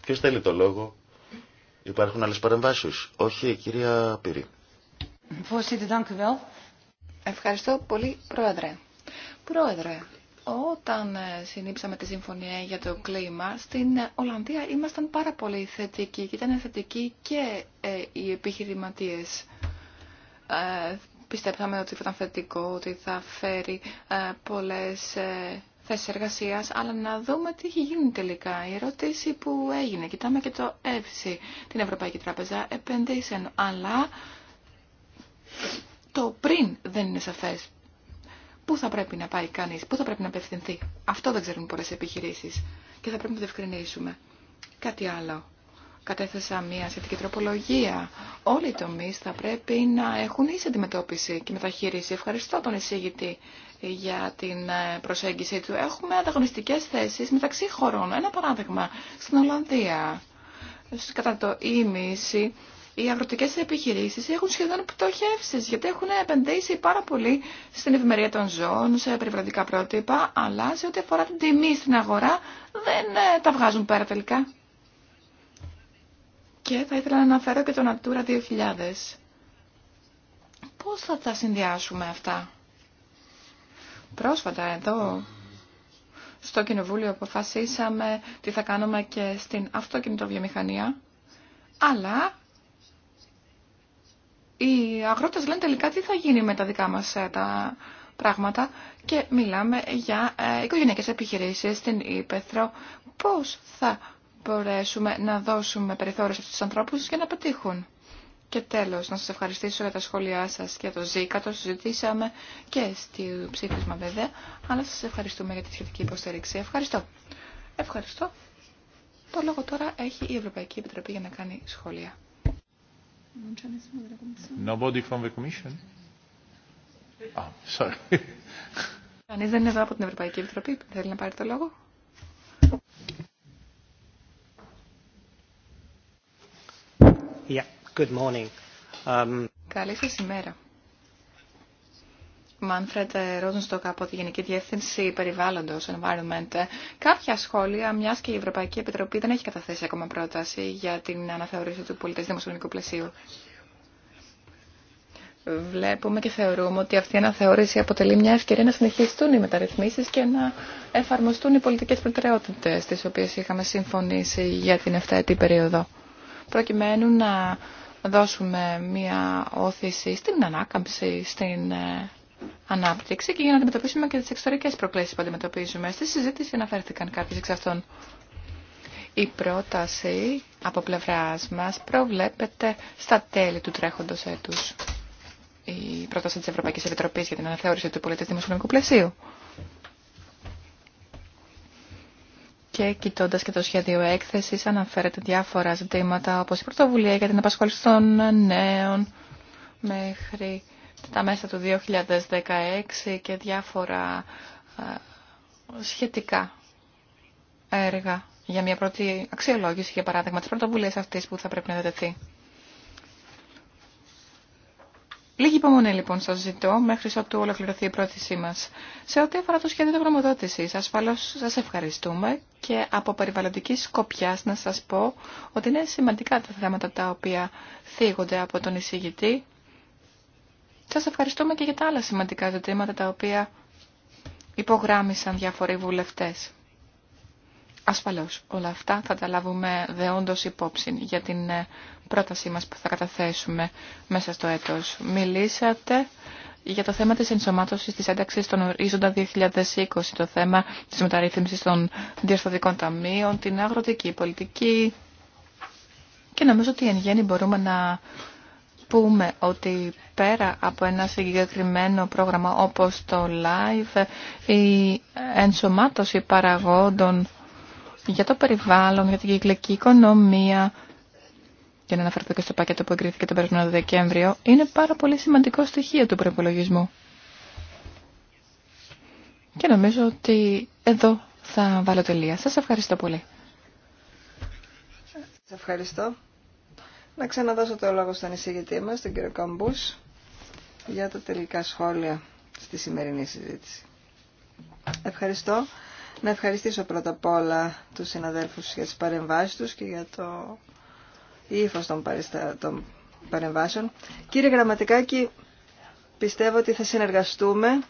Ποιο θέλει το λόγο. Υπάρχουν άλλες παρεμβάσεις. Όχι, κυρία Πύρη. Ευχαριστώ πολύ, Πρόεδρε. Πρόεδρε, όταν ε, συνήψαμε τη συμφωνία για το κλίμα, στην Ολλανδία ήμασταν πάρα πολύ θετικοί και ήταν θετικοί και ε, οι επιχειρηματίες. Ε, πιστέψαμε ότι θα ήταν θετικό, ότι θα φέρει πολλές θέσεις εργασίας, αλλά να δούμε τι έχει γίνει τελικά. Η ερώτηση που έγινε, κοιτάμε και το ΕΦΣΗ, την Ευρωπαϊκή Τράπεζα Επενδύσεων, αλλά το πριν δεν είναι σαφές Πού θα πρέπει να πάει κανεί, πού θα πρέπει να απευθυνθεί. Αυτό δεν ξέρουν πολλέ επιχειρήσει και θα πρέπει να το ευκρινίσουμε. Κάτι άλλο. Κατέθεσα μια σχετική τροπολογία. Όλοι οι τομεί θα πρέπει να έχουν ίση αντιμετώπιση και μεταχείριση. Ευχαριστώ τον εισήγητη για την ε, προσέγγιση του. Έχουμε ανταγωνιστικέ θέσει μεταξύ χωρών. Ένα παράδειγμα. Στην Ολλανδία, κατά το ίμιση, οι αγροτικέ επιχειρήσει έχουν σχεδόν πτωχεύσει, γιατί έχουν επενδύσει πάρα πολύ στην ευημερία των ζώων, σε περιβαλλοντικά πρότυπα, αλλά σε ό,τι αφορά την τιμή στην αγορά δεν ε, τα βγάζουν πέρα τελικά. Και θα ήθελα να αναφέρω και το Natura 2000. Πώς θα τα συνδυάσουμε αυτά. Πρόσφατα εδώ στο Κοινοβούλιο αποφασίσαμε τι θα κάνουμε και στην αυτοκινητοβιομηχανία. Αλλά οι αγρότες λένε τελικά τι θα γίνει με τα δικά μας ε, τα πράγματα και μιλάμε για ε, οικογενειακές επιχειρήσεις στην Ήπεθρο. Πώς θα μπορέσουμε να δώσουμε περιθώριο σε αυτούς ανθρώπους για να πετύχουν. Και τέλος, να σας ευχαριστήσω για τα σχόλιά σας και το ΖΙΚΑ, το συζητήσαμε και στη ψήφισμα βέβαια, αλλά σας ευχαριστούμε για τη σχετική υποστήριξη. Ευχαριστώ. Ευχαριστώ. Το λόγο τώρα έχει η Ευρωπαϊκή Επιτροπή για να κάνει σχόλια. Nobody from the Commission? Ah, sorry. Αν δεν είναι εδώ από την Ευρωπαϊκή Επιτροπή θέλει να πάρει το λόγο. Yeah, good morning. Um... Καλή σας ημέρα. Μάνφρετ ε, Ρόζενστοκ από τη Γενική Διεύθυνση περιβάλλοντο Environment. Ε, κάποια σχόλια, μια και η Ευρωπαϊκή Επιτροπή δεν έχει καταθέσει ακόμα πρόταση για την αναθεωρήση του πολιτισμού δημοσιονομικού πλαισίου. Βλέπουμε και θεωρούμε ότι αυτή η αναθεώρηση αποτελεί μια ευκαιρία να συνεχιστούν οι μεταρρυθμίσει και να εφαρμοστούν οι πολιτικέ προτεραιότητε τι οποίε είχαμε συμφωνήσει για την 7 περίοδο. Προκειμένου να δώσουμε μια όθηση στην ανάκαμψη, στην ε, ανάπτυξη και για να αντιμετωπίσουμε και τι εξωτερικέ προκλήσεις που αντιμετωπίζουμε. Στη συζήτηση αναφέρθηκαν κάποιε εξ αυτών. Η πρόταση από πλευρά μα προβλέπεται στα τέλη του τρέχοντο έτου. Η πρόταση τη Ευρωπαϊκή Επιτροπή για την αναθεώρηση του πολιτικού δημοσιονομικού πλαισίου. Και κοιτώντα και το σχέδιο έκθεση, αναφέρεται διάφορα ζητήματα όπω η πρωτοβουλία για την απασχόληση των νέων μέχρι τα μέσα του 2016 και διάφορα ε, σχετικά έργα για μια πρώτη αξιολόγηση, για παράδειγμα, της πρωτοβουλίας αυτής που θα πρέπει να δεδεθεί. Λίγη υπομονή λοιπόν σα ζητώ μέχρι ότου ολοκληρωθεί η πρότασή μα. Σε ό,τι αφορά το σχέδιο γνωμοδότηση, ασφαλώ σα ευχαριστούμε και από περιβαλλοντική σκοπιά να σα πω ότι είναι σημαντικά τα θέματα τα οποία θίγονται από τον εισηγητή σας ευχαριστούμε και για τα άλλα σημαντικά ζητήματα τα οποία υπογράμμισαν διάφοροι βουλευτές. Ασφαλώς, όλα αυτά θα τα λάβουμε δεόντως υπόψη για την ε, πρότασή μας που θα καταθέσουμε μέσα στο έτος. Μιλήσατε για το θέμα της ενσωμάτωσης της ένταξης των ορίζοντα 2020, το θέμα της μεταρρύθμισης των διαστατικών ταμείων, την αγροτική πολιτική και νομίζω ότι εν γέννη μπορούμε να πούμε ότι πέρα από ένα συγκεκριμένο πρόγραμμα όπως το live, η ενσωμάτωση παραγόντων για το περιβάλλον, για την κυκλική οικονομία, για να αναφερθώ και στο πακέτο που εγκρίθηκε τον περασμένο Δεκέμβριο, είναι πάρα πολύ σημαντικό στοιχείο του προπολογισμού. Και νομίζω ότι εδώ θα βάλω τελεία. Σας ευχαριστώ πολύ. Σας ευχαριστώ. Να ξαναδώσω το λόγο στον εισηγητή μας, τον κύριο Καμπούς, για τα τελικά σχόλια στη σημερινή συζήτηση. Ευχαριστώ. Να ευχαριστήσω πρώτα απ' όλα τους συναδέλφους για τις παρεμβάσεις τους και για το ύφος των, των παρεμβάσεων. Κύριε Γραμματικάκη, πιστεύω ότι θα συνεργαστούμε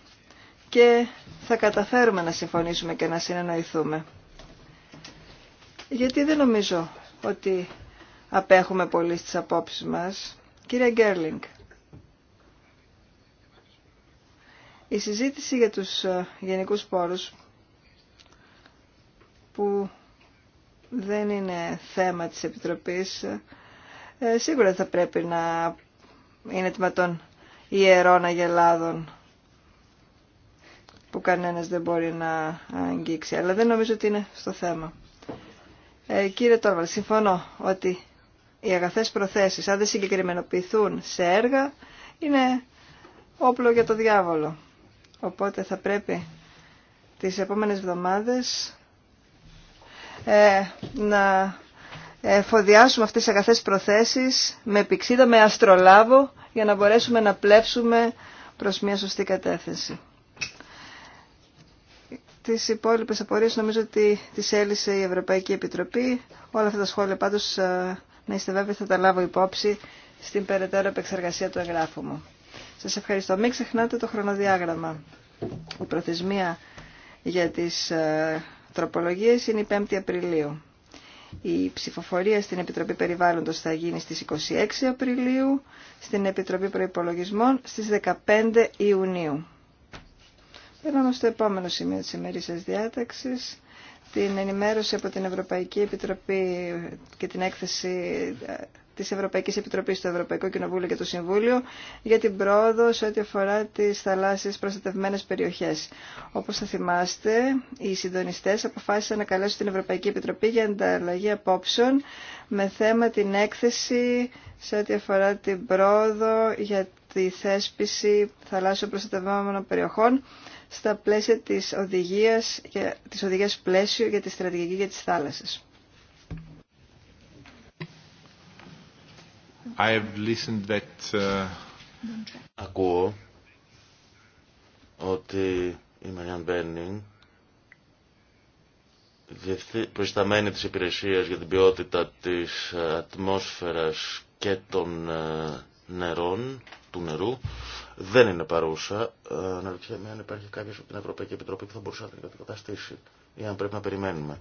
και θα καταφέρουμε να συμφωνήσουμε και να συνεννοηθούμε. Γιατί δεν νομίζω ότι απέχουμε πολύ στις απόψεις μας. Κύριε Γκέρλινγκ, η συζήτηση για τους ε, γενικούς πόρους που δεν είναι θέμα της Επιτροπής ε, σίγουρα θα πρέπει να είναι τμήμα των ιερών αγελάδων που κανένας δεν μπορεί να αγγίξει. Αλλά δεν νομίζω ότι είναι στο θέμα. Ε, κύριε Τόρβαλ, συμφωνώ ότι οι αγαθές προθέσεις, αν δεν συγκεκριμενοποιηθούν σε έργα, είναι όπλο για το διάβολο. Οπότε θα πρέπει τις επόμενες εβδομάδες ε, να φοδιάσουμε αυτές τις αγαθές προθέσεις με πηξίδα, με αστρολάβο, για να μπορέσουμε να πλέψουμε προς μια σωστή κατεύθυνση. Τις υπόλοιπες απορίες νομίζω ότι τις έλυσε η Ευρωπαϊκή Επιτροπή. Όλα αυτά τα σχόλια πάντως ε, να είστε βέβαιοι θα τα λάβω υπόψη στην περαιτέρω επεξεργασία του εγγράφου μου. Σας ευχαριστώ. Μην ξεχνάτε το χρονοδιάγραμμα. Η προθεσμία για τις ε, τροπολογίες είναι η 5η Απριλίου. Η ψηφοφορία στην Επιτροπή Περιβάλλοντος θα γίνει στις 26 Απριλίου, στην Επιτροπή Προϋπολογισμών στις 15 Ιουνίου. Περνάμε στο επόμενο σημείο της ημερήσιας διάταξης την ενημέρωση από την Ευρωπαϊκή Επιτροπή και την έκθεση ε, της Ευρωπαϊκής Επιτροπής στο Ευρωπαϊκό Κοινοβούλιο και το Συμβούλιο για την πρόοδο σε ό,τι αφορά τις θαλάσσιες προστατευμένες περιοχές. Όπως θα θυμάστε, οι συντονιστές αποφάσισαν να καλέσουν την Ευρωπαϊκή Επιτροπή για ανταλλαγή απόψεων με θέμα την έκθεση σε ό,τι αφορά την πρόοδο για τη θέσπιση θαλάσσιων προστατευμένων περιοχών στα πλαίσια της οδηγίας, της οδηγίας πλαίσιο για τη στρατηγική για τις θάλασσες. I uh, Ακούω ότι η Μαριάν Μπέρνινγκ προϊσταμένη της υπηρεσίας για την ποιότητα της ε, ατμόσφαιρας και των ε, νερών, του νερού, δεν είναι παρούσα. Ε, αναρωτιέμαι αν υπάρχει κάποιο από την Ευρωπαϊκή Επιτροπή που θα μπορούσε να την καταστήσει ή αν πρέπει να περιμένουμε.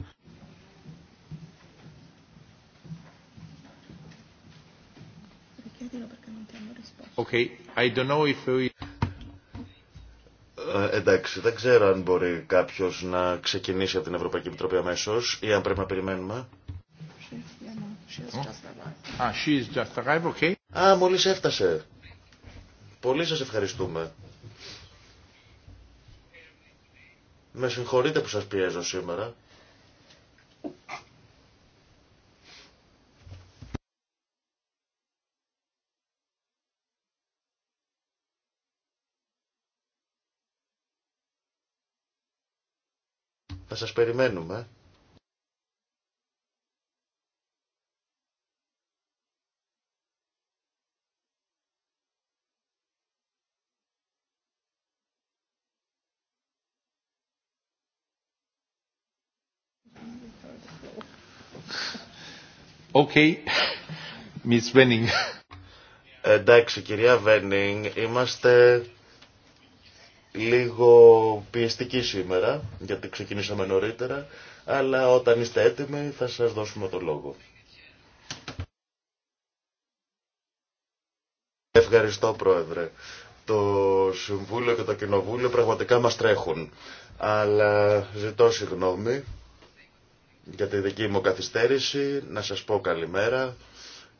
Okay. I don't know if we... Ε, εντάξει, δεν ξέρω αν μπορεί κάποιο να ξεκινήσει από την Ευρωπαϊκή Επιτροπή αμέσω ή αν πρέπει να περιμένουμε. Α, okay. ah, μόλι έφτασε. Πολύ σας ευχαριστούμε. Με συγχωρείτε που σας πιέζω σήμερα. Θα σας περιμένουμε. Οκ, Miss Εντάξει, κυρία Βένινγκ, είμαστε λίγο πιεστικοί σήμερα, γιατί ξεκινήσαμε νωρίτερα, αλλά όταν είστε έτοιμοι θα σας δώσουμε το λόγο. Ευχαριστώ, Πρόεδρε. Το Συμβούλιο και το Κοινοβούλιο πραγματικά μας τρέχουν, αλλά ζητώ συγγνώμη για τη δική μου καθυστέρηση, να σας πω καλημέρα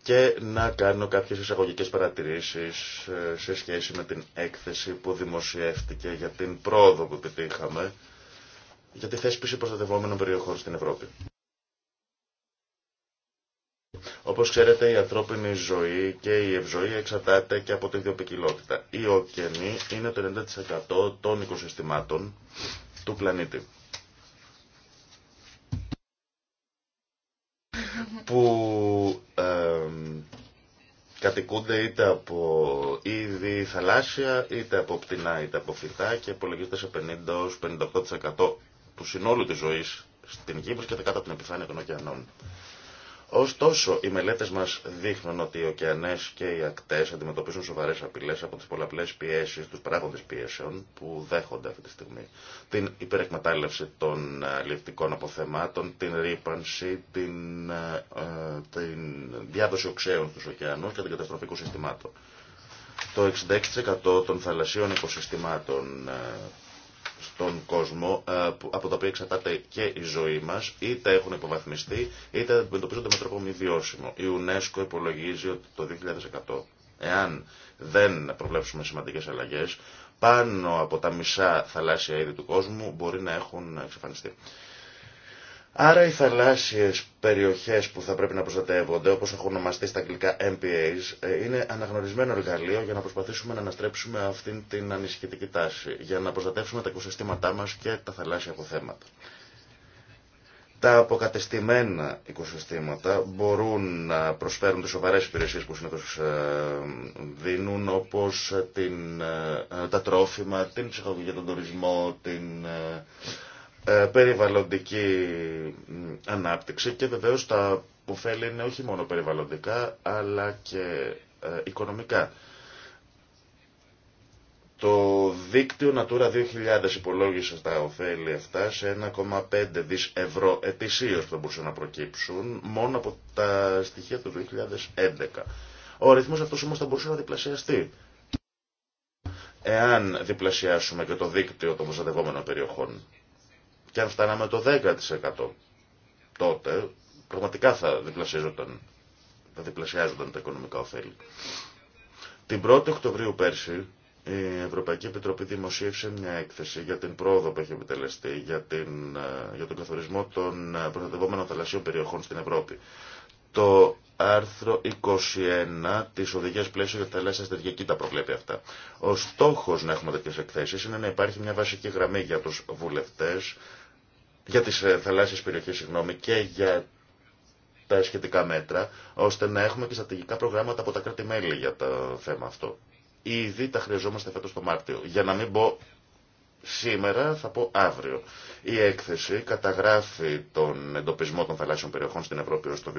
και να κάνω κάποιες εισαγωγικέ παρατηρήσεις ε, σε σχέση με την έκθεση που δημοσιεύτηκε για την πρόοδο που επιτύχαμε για τη θέσπιση προστατευόμενων περιοχών στην Ευρώπη. Όπως ξέρετε η ανθρώπινη ζωή και η ευζωή εξαρτάται και από τη διοπικιλότητα. Η ωκεανή είναι το 90% των οικοσυστημάτων του πλανήτη. που κατοικούνται είτε από είδη θαλάσσια, είτε από πτηνά, είτε από φυτά και υπολογίζεται σε 50-58% του συνόλου της ζωής στην γη και κάτω από την επιφάνεια των ωκεανών. Ωστόσο, οι μελέτε μα δείχνουν ότι οι ωκεανέ και οι ακτέ αντιμετωπίζουν σοβαρέ απειλέ από τι πολλαπλέ πιέσει, του παράγοντε πιέσεων που δέχονται αυτή τη στιγμή. Την υπερεκμετάλλευση των ε, ληφτικών αποθεμάτων, την ρήπανση, την, ε, ε την διάδοση οξέων στου ωκεανού και την καταστροφή συστημάτων. Το 66% των θαλασσίων οικοσυστημάτων ε, στον κόσμο ε, από τα οποία εξαρτάται και η ζωή μας, είτε έχουν υποβαθμιστεί, είτε αντιμετωπίζονται με τρόπο μη βιώσιμο. Η UNESCO υπολογίζει ότι το 2100, εάν δεν προβλέψουμε σημαντικές αλλαγές, πάνω από τα μισά θαλάσσια είδη του κόσμου μπορεί να έχουν εξαφανιστεί. Άρα οι θαλάσσιες περιοχές που θα πρέπει να προστατεύονται, όπως έχουν ονομαστεί στα αγγλικά MPAs, ε, είναι αναγνωρισμένο εργαλείο για να προσπαθήσουμε να αναστρέψουμε αυτήν την ανησυχητική τάση, για να προστατεύσουμε τα οικοσυστήματά μας και τα θαλάσσια αποθέματα. Τα αποκατεστημένα οικοσυστήματα μπορούν να προσφέρουν τις σοβαρές υπηρεσίες που συνήθως ε, δίνουν, όπως την, ε, τα τρόφιμα, την ψυχολογία, τον τουρισμό, την ε, περιβαλλοντική ανάπτυξη και βεβαίως τα ωφέλη είναι όχι μόνο περιβαλλοντικά αλλά και ε, οικονομικά. Το δίκτυο Natura 2000 υπολόγισε τα ωφέλη αυτά σε 1,5 δις ευρώ ετησίως που θα μπορούσαν να προκύψουν μόνο από τα στοιχεία του 2011. Ο αριθμός αυτός όμως θα μπορούσε να διπλασιαστεί. Εάν διπλασιάσουμε και το δίκτυο των προστατευόμενων περιοχών. Και αν φτάναμε το 10% τότε, πραγματικά θα διπλασιάζονταν, θα διπλασιάζονταν τα οικονομικά ωφέλη. Την 1η Οκτωβρίου πέρσι, η Ευρωπαϊκή Επιτροπή δημοσίευσε μια έκθεση για την πρόοδο που έχει επιτελεστεί για, την, ε, για τον καθορισμό των ε, προστατευόμενων θαλασσίων περιοχών στην Ευρώπη. Το άρθρο 21 της Οδηγίας Πλαίσιο για τα Θαλάσσια Στεργική τα προβλέπει αυτά. Ο στόχος να έχουμε τέτοιες εκθέσεις είναι να υπάρχει μια βασική γραμμή για τους βουλευτές για τις ε, θαλάσσιες περιοχές συγγνώμη, και για τα σχετικά μέτρα, ώστε να έχουμε και στρατηγικά προγράμματα από τα κράτη-μέλη για το θέμα αυτό. Ήδη τα χρειαζόμαστε φέτος το Μάρτιο, για να μην πω σήμερα, θα πω αύριο. Η έκθεση καταγράφει τον εντοπισμό των θαλάσσιων περιοχών στην Ευρώπη ως το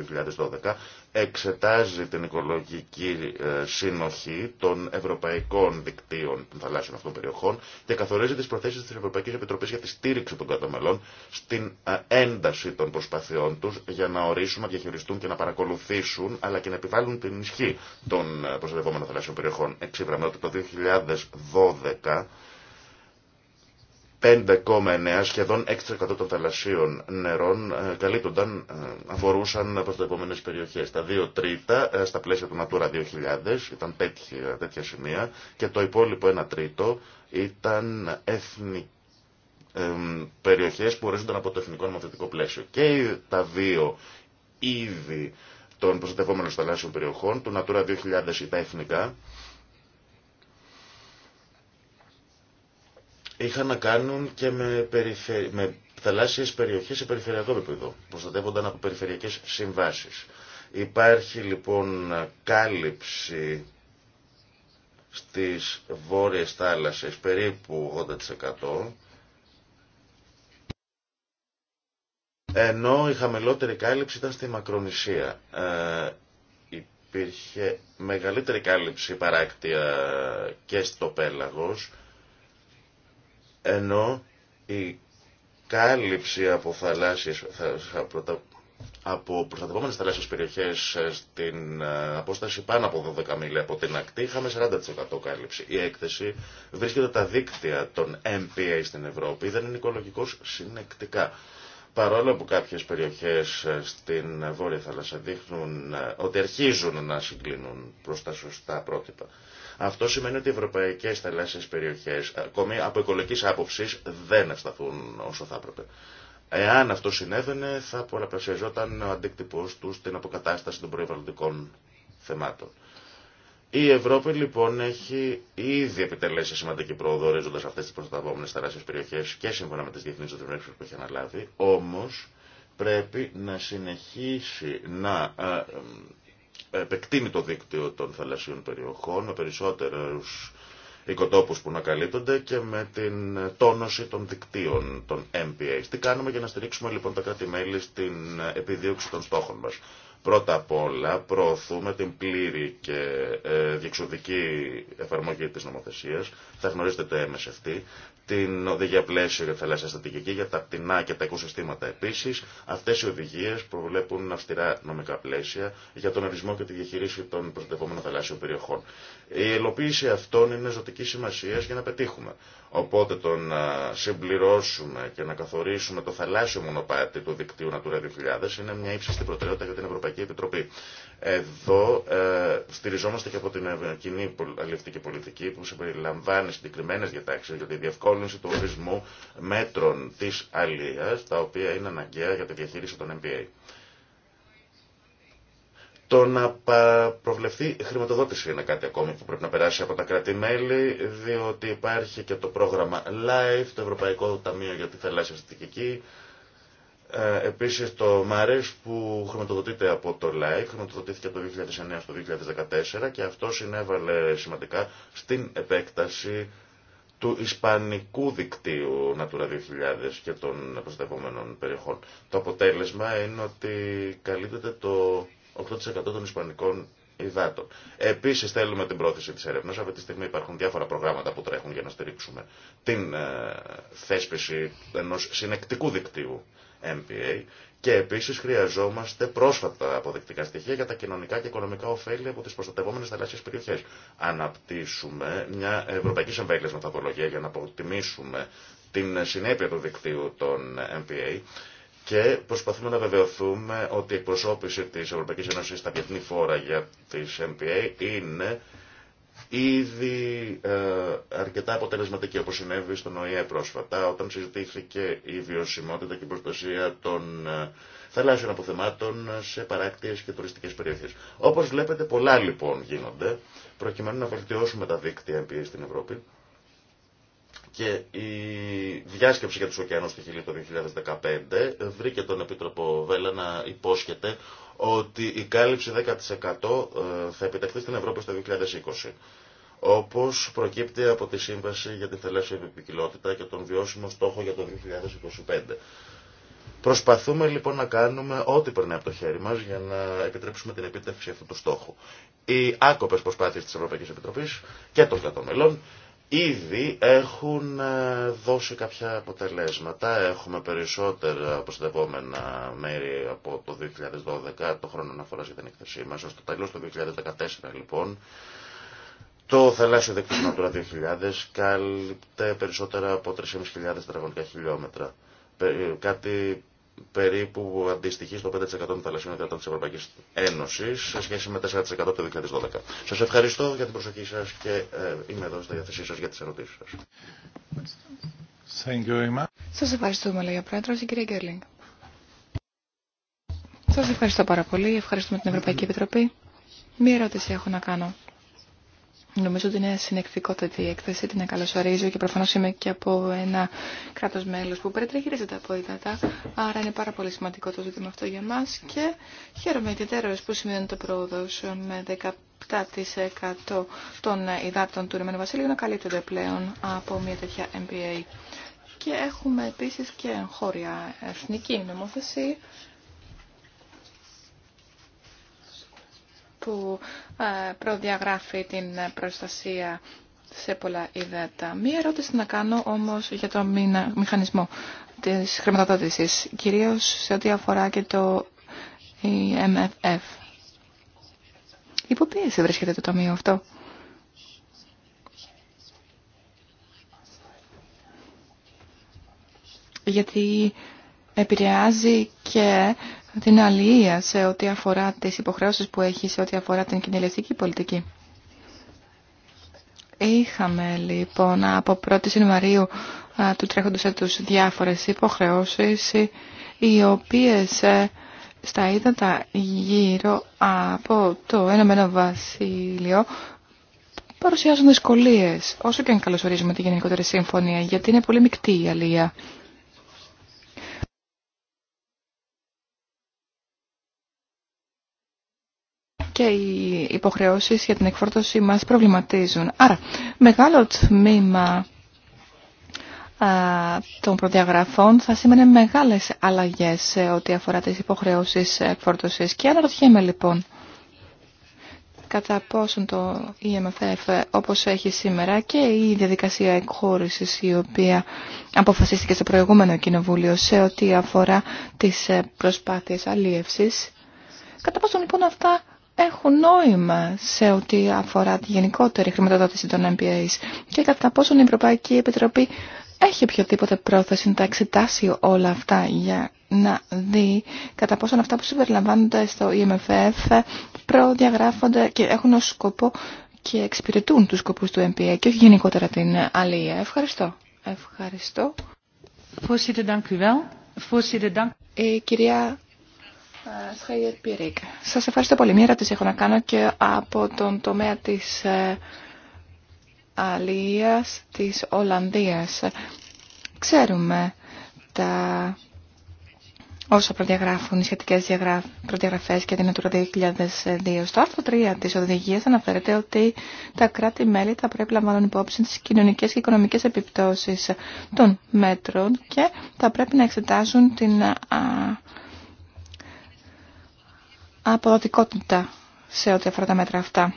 2012, εξετάζει την οικολογική ε, σύνοχη των ευρωπαϊκών δικτύων των θαλάσσιων αυτών περιοχών και καθορίζει τις προθέσεις της Ευρωπαϊκής Επιτροπής για τη στήριξη των κατομελών στην ε, ένταση των προσπαθειών τους για να ορίσουν, να διαχειριστούν και να παρακολουθήσουν αλλά και να επιβάλλουν την ισχύ των ε, προστατευόμενων θαλάσσιων περιοχών. Εξήβραμε ότι το 2012 5,9 σχεδόν 6% των θαλασσίων νερών ε, καλύπτονταν, ε, αφορούσαν προς τα επόμενες περιοχές. Τα 2 τρίτα ε, στα πλαίσια του Natura 2000 ήταν τέτοια, τέτοια σημεία και το υπόλοιπο 1 τρίτο ήταν εθνική περιοχές που ορίζονταν από το εθνικό νομοθετικό πλαίσιο. Και τα δύο είδη των προστατευόμενων θαλάσσιων περιοχών, του Natura 2000 ή τα εθνικά, είχαν να κάνουν και με, περιφε... με θαλάσσιες περιοχές σε περιφερειακό επίπεδο. Προστατεύονταν από περιφερειακές συμβάσεις. Υπάρχει λοιπόν κάλυψη στις βόρειες θάλασσες περίπου 80% ενώ η χαμηλότερη κάλυψη ήταν στη Μακρονησία. Ε, υπήρχε μεγαλύτερη κάλυψη παράκτια και στο Πέλαγος ενώ η κάλυψη από, θαλάσσιες, από προστατευόμενες θαλάσσιες περιοχές ε, στην ε, απόσταση πάνω από 12 μίλια από την ακτή είχαμε 40% κάλυψη. Η έκθεση βρίσκεται τα δίκτυα των MPA στην Ευρώπη, δεν είναι οικολογικός συνεκτικά. Παρόλο που κάποιες περιοχές ε, στην Βόρεια Θάλασσα δείχνουν ότι αρχίζουν να συγκλίνουν προς τα σωστά πρότυπα. Αυτό σημαίνει ότι οι ευρωπαϊκές θαλάσσιες περιοχές, ακόμη από οικολογικής άποψης, δεν ευσταθούν όσο θα έπρεπε. Εάν αυτό συνέβαινε, θα πολλαπλασιαζόταν ο αντίκτυπος του στην αποκατάσταση των προϋβαλλοντικών θεμάτων. Η Ευρώπη λοιπόν έχει ήδη επιτελέσει σημαντική πρόοδο ορίζοντα αυτέ τι προστατευόμενε θαλάσσιε περιοχέ και σύμφωνα με τι διεθνεί δεσμεύσει που έχει αναλάβει. Όμω πρέπει να συνεχίσει να ε, ε, επεκτείνει το δίκτυο των θαλασσίων περιοχών με περισσότερους οικοτόπους που να καλύπτονται και με την τόνωση των δικτύων των MPA. Τι κάνουμε για να στηρίξουμε λοιπόν τα κράτη-μέλη στην επιδίωξη των στόχων μας. Πρώτα απ' όλα προωθούμε την πλήρη και ε, διεξοδική εφαρμογή της νομοθεσίας. Θα γνωρίζετε το MSFT την οδηγία πλαίσιο για τη θαλάσσια στρατηγική, για τα πτηνά και τα οικοσυστήματα επίση. Αυτέ οι οδηγίε προβλέπουν αυστηρά νομικά πλαίσια για τον ορισμό και τη διαχείριση των προστατευόμενων θαλάσσιων περιοχών. Η ελοποίηση αυτών είναι ζωτική σημασία για να πετύχουμε. Οπότε το να συμπληρώσουμε και να καθορίσουμε το θαλάσσιο μονοπάτι του δικτύου Natura 2000 είναι μια ύψιστη προτεραιότητα για την Ευρωπαϊκή Επιτροπή. Εδώ ε, στηριζόμαστε και από την ε, κοινή αλληλευτική πολιτική που συμπεριλαμβάνει συγκεκριμένε διατάξει για τη διευκόλυνση του ορισμού μέτρων τη αλληλεία, τα οποία είναι αναγκαία για τη διαχείριση των MPA. Το να προβλεφθεί χρηματοδότηση είναι κάτι ακόμη που πρέπει να περάσει από τα κράτη-μέλη, διότι υπάρχει και το πρόγραμμα LIFE, το Ευρωπαϊκό Ταμείο για τη Θαλάσσια ε, Επίση το ΜΑΡΕΣ που χρηματοδοτείται από το ΛΑΕΚ, χρηματοδοτήθηκε από το 2009 στο 2014 και αυτό συνέβαλε σημαντικά στην επέκταση του ισπανικού δικτύου Natura 2000 και των προστατευόμενων περιοχών. Το αποτέλεσμα είναι ότι καλύπτεται το 8% των ισπανικών υδάτων. Επίση, θέλουμε την πρόθεση τη έρευνα. Αυτή τη στιγμή υπάρχουν διάφορα προγράμματα που τρέχουν για να στηρίξουμε την ε, θέσπιση ενό συνεκτικού δικτύου MPA και επίσης χρειαζόμαστε πρόσφατα αποδεικτικά στοιχεία για τα κοινωνικά και οικονομικά ωφέλη από τις προστατευόμενες θαλάσσιες περιοχές. Αναπτύσσουμε μια ευρωπαϊκή συμβέλεια μεθοδολογία για να αποτιμήσουμε την συνέπεια του δικτύου των MPA και προσπαθούμε να βεβαιωθούμε ότι η εκπροσώπηση της Ευρωπαϊκής Ένωσης στα διεθνή φόρα για τις MPA είναι ήδη ε, αρκετά αποτελεσματική όπως συνέβη στον ΟΗΕ πρόσφατα όταν συζητήθηκε η βιωσιμότητα και η προστασία των ε, θαλάσσιων αποθεμάτων σε παράκτιες και τουριστικές περιοχές. Όπως βλέπετε πολλά λοιπόν γίνονται προκειμένου να βελτιώσουμε τα δίκτυα MPA στην Ευρώπη και η διάσκεψη για τους ωκεανούς στη Χιλή το 2015 βρήκε τον Επίτροπο Βέλα να υπόσχεται ότι η κάλυψη 10% ε, θα επιτευχθεί στην Ευρώπη στο 2020 όπως προκύπτει από τη Σύμβαση για την Θελέσσια Επιπικιλότητα και τον βιώσιμο στόχο για το 2025. Προσπαθούμε λοιπόν να κάνουμε ό,τι περνάει από το χέρι μας για να επιτρέψουμε την επίτευξη αυτού του στόχου. Οι άκοπες προσπάθειες της Ευρωπαϊκής Επιτροπής και των κρατών μελών ήδη έχουν ε, δώσει κάποια αποτελέσματα. Έχουμε περισσότερα προστατευόμενα μέρη από το 2012, το χρόνο αναφοράς για την εκθεσή μας, ως το τέλος του 2014 λοιπόν. Το θαλάσσιο δίκτυο Natura 2000 κάλυπτε περισσότερα από 3.500 τετραγωνικά χιλιόμετρα. Ε, κάτι περίπου αντιστοιχεί στο 5% των θαλασσίων τη Ευρωπαϊκή Ένωση, σε σχέση με 4% το 2012. Σα ευχαριστώ για την προσοχή σα και ε, είμαι εδώ στη διάθεσή σα για τι ερωτήσει σα. Σα ευχαριστούμε, λέει ο πρόεδρο, η κυρία Γκέρλινγκ. Σας ευχαριστώ πάρα πολύ. Ευχαριστούμε την Ευρωπαϊκή Επιτροπή. Μία ερώτηση έχω να κάνω. Νομίζω ότι είναι συνεκτικότητα η έκθεση, την καλωσορίζω και προφανώ είμαι και από ένα κράτο μέλο που περιτριγυρίζεται από υδατά. Άρα είναι πάρα πολύ σημαντικό το ζήτημα αυτό για μα και χαίρομαι ιδιαίτερω που σημαίνει το πρόοδο με 17% των υδάτων του Ρημένου Βασίλειου να καλύπτονται πλέον από μια τέτοια MPA. Και έχουμε επίση και χώρια εθνική νομοθεσία που ε, προδιαγράφει την προστασία σε πολλά ιδέα. Μία ερώτηση να κάνω όμως για το μηχανισμό της χρηματοδότησης, κυρίως σε ό,τι αφορά και το e MFF. Υπό πίεση βρίσκεται το τομείο αυτό. Γιατί επηρεάζει και την αλληλεία σε ό,τι αφορά τις υποχρεώσεις που έχει σε ό,τι αφορά την κοινωνιστική πολιτική. Είχαμε λοιπόν από 1η Ιανουαρίου του τρέχοντος έτους διάφορες υποχρεώσεις οι οποίες ε, στα είδατα γύρω από το Ενωμένο Βασίλειο παρουσιάζουν δυσκολίε, όσο και αν καλωσορίζουμε τη γενικότερη σύμφωνια, γιατί είναι πολύ μεικτή η αλληλεία. και οι υποχρεώσεις για την εκφόρτωση μας προβληματίζουν. Άρα, μεγάλο τμήμα των προδιαγραφών θα σήμαινε μεγάλες αλλαγές σε ό,τι αφορά τις υποχρεώσεις εκφόρτωσης. Και αναρωτιέμαι λοιπόν κατά πόσον το EMFF όπως έχει σήμερα και η διαδικασία εκχώρησης η οποία αποφασίστηκε στο προηγούμενο κοινοβούλιο σε ό,τι αφορά τις προσπάθειες αλίευσης. Κατά πόσον λοιπόν αυτά έχουν νόημα σε ό,τι αφορά τη γενικότερη χρηματοδότηση των MPAs και κατά πόσον η Ευρωπαϊκή Επιτροπή έχει οποιοδήποτε πρόθεση να τα εξετάσει όλα αυτά για να δει κατά πόσον αυτά που συμπεριλαμβάνονται στο EMFF προδιαγράφονται και έχουν ως σκοπό και εξυπηρετούν τους σκοπούς του MPA και όχι γενικότερα την αλληλεία. Ευχαριστώ. Ευχαριστώ. Η κυρία Σα Σας ευχαριστώ πολύ. Μία ερώτηση έχω να κάνω και από τον τομέα της ε, αλίας της Ολλανδίας. Ξέρουμε τα όσα προδιαγράφουν οι σχετικές προδιαγραφές και την Natura 2002. Στο άρθρο 3 της οδηγίας αναφέρεται ότι τα κράτη-μέλη θα πρέπει να λαμβάνουν υπόψη τι κοινωνικές και οικονομικές επιπτώσεις των μέτρων και θα πρέπει να εξετάσουν την αποδοτικότητα σε ό,τι αφορά τα μέτρα αυτά.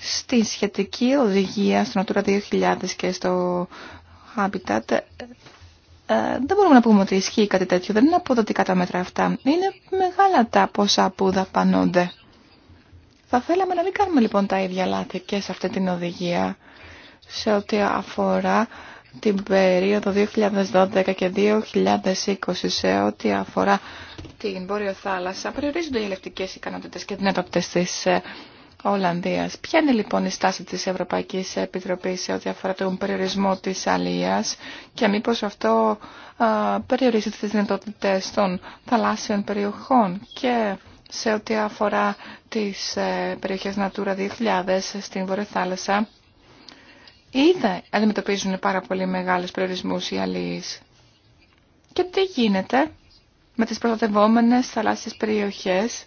Στη σχετική οδηγία, στο Natura 2000 και στο Habitat, ε, δεν μπορούμε να πούμε ότι ισχύει κάτι τέτοιο. Δεν είναι αποδοτικά τα μέτρα αυτά. Είναι μεγάλα τα ποσά που δαπανώνται. Θα θέλαμε να μην κάνουμε λοιπόν τα ίδια λάθη και σε αυτή την οδηγία σε ό,τι αφορά την περίοδο 2012 και 2020 σε ό,τι αφορά την Βόρειο Θάλασσα περιορίζονται οι ελευτικέ ικανότητες και δυνατότητες της ε, Ολλανδίας. Ποια είναι λοιπόν η στάση της Ευρωπαϊκής Επιτροπής σε ό,τι αφορά τον περιορισμό της αλίας και μήπως αυτό α, ε, περιορίζει τις δυνατότητες των θαλάσσιων περιοχών και σε ό,τι αφορά τις ε, περιοχές Natura 2000 στην Βόρειο Θάλασσα Είδα αντιμετωπίζουν πάρα πολύ μεγάλες περιορισμούς οι Και τι γίνεται με τις προστατευόμενες θαλάσσιες περιοχές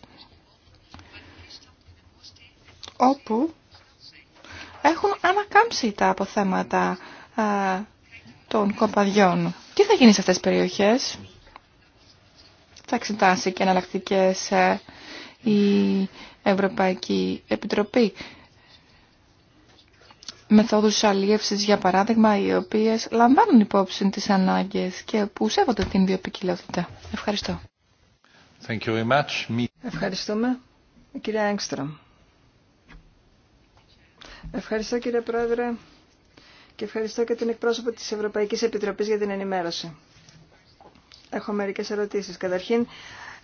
όπου έχουν ανακάμψει τα αποθέματα των κομπαδιών. Τι θα γίνει σε αυτές τις περιοχές. Θα εξετάσει και εναλλακτικέ ε, η Ευρωπαϊκή Επιτροπή μεθόδους αλίευσης για παράδειγμα οι οποίες λαμβάνουν υπόψη τις ανάγκες και που σέβονται την βιοπικιλότητα. Ευχαριστώ. Thank you very much. Ευχαριστούμε. Κυρία Έγκστρομ. Ευχαριστώ κύριε Πρόεδρε και ευχαριστώ και την εκπρόσωπο της Ευρωπαϊκής Επιτροπής για την ενημέρωση. Έχω μερικές ερωτήσεις. Καταρχήν,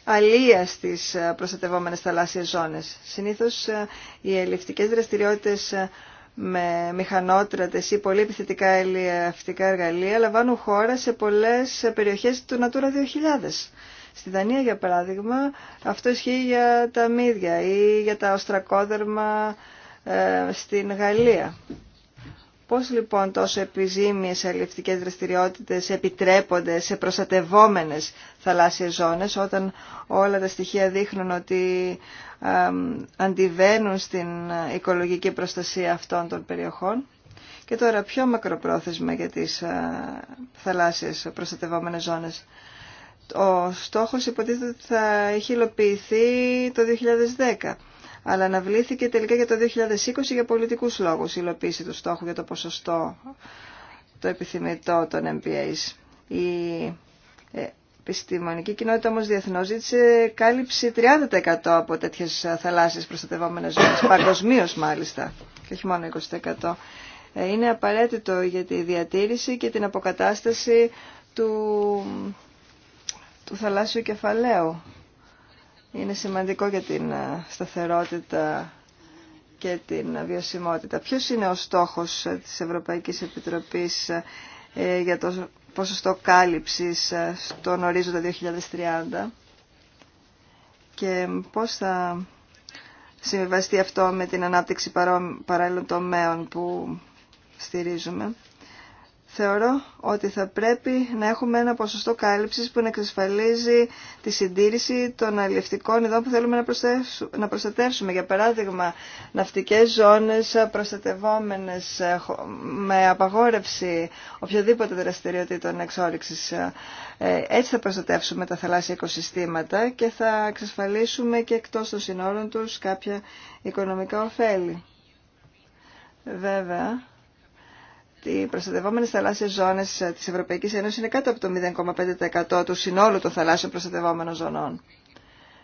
αλία στις ε, προστατευόμενες θαλάσσιες ζώνες. Συνήθως ε, οι ελληνικές δραστηριότητες ε, με μηχανότρατες ή πολύ επιθετικά ελιαυτικά εργαλεία λαμβάνουν χώρα σε πολλές περιοχές του Natura 2000. Στη Δανία, για παράδειγμα, αυτό ισχύει για τα μύδια ή για τα οστρακόδερμα ε, στην Γαλλία. Πώς λοιπόν τόσο επιζήμιες αλληλευτικές δραστηριότητες επιτρέπονται σε προστατευόμενες θαλάσσιες ζώνες όταν όλα τα στοιχεία δείχνουν ότι αντιβαίνουν στην οικολογική προστασία αυτών των περιοχών. Και τώρα πιο μακροπρόθεσμα για τις ε, θαλάσσιες προστατευόμενες ζώνες. Ο στόχος υποτίθεται ότι θα έχει υλοποιηθεί το 2010 αλλά αναβλήθηκε τελικά για το 2020 για πολιτικούς λόγους η υλοποίηση του στόχου για το ποσοστό το επιθυμητό των MPAs. Η ε, επιστημονική κοινότητα όμως διεθνώς ζήτησε κάλυψη 30% από τέτοιες θαλάσσιες προστατευόμενες ζώνες, παγκοσμίω μάλιστα, και όχι μόνο 20%. Ε, είναι απαραίτητο για τη διατήρηση και την αποκατάσταση του, του θαλάσσιου κεφαλαίου είναι σημαντικό για την ε, σταθερότητα και την βιωσιμότητα. Ποιος είναι ο στόχος ε, της Ευρωπαϊκής Επιτροπής ε, για το ποσοστό κάλυψης στον ορίζοντα 2030 και πώς θα συμβιβαστεί αυτό με την ανάπτυξη παράλληλων τομέων που στηρίζουμε θεωρώ ότι θα πρέπει να έχουμε ένα ποσοστό κάλυψης που να εξασφαλίζει τη συντήρηση των αλληλευτικών ειδών που θέλουμε να προστατεύσουμε. Για παράδειγμα, ναυτικές ζώνες προστατευόμενες με απαγόρευση οποιοδήποτε δραστηριοτήτων εξόριξης. Ε, έτσι θα προστατεύσουμε τα θαλάσσια οικοσυστήματα και θα εξασφαλίσουμε και εκτός των συνόρων τους κάποια οικονομικά ωφέλη. Βέβαια, οι προστατευόμενε θαλάσσιες ζώνες ε, τη Ευρωπαϊκή Ένωση είναι κάτω από το 0,5% του συνόλου των θαλάσσιων προστατευόμενων ζωνών.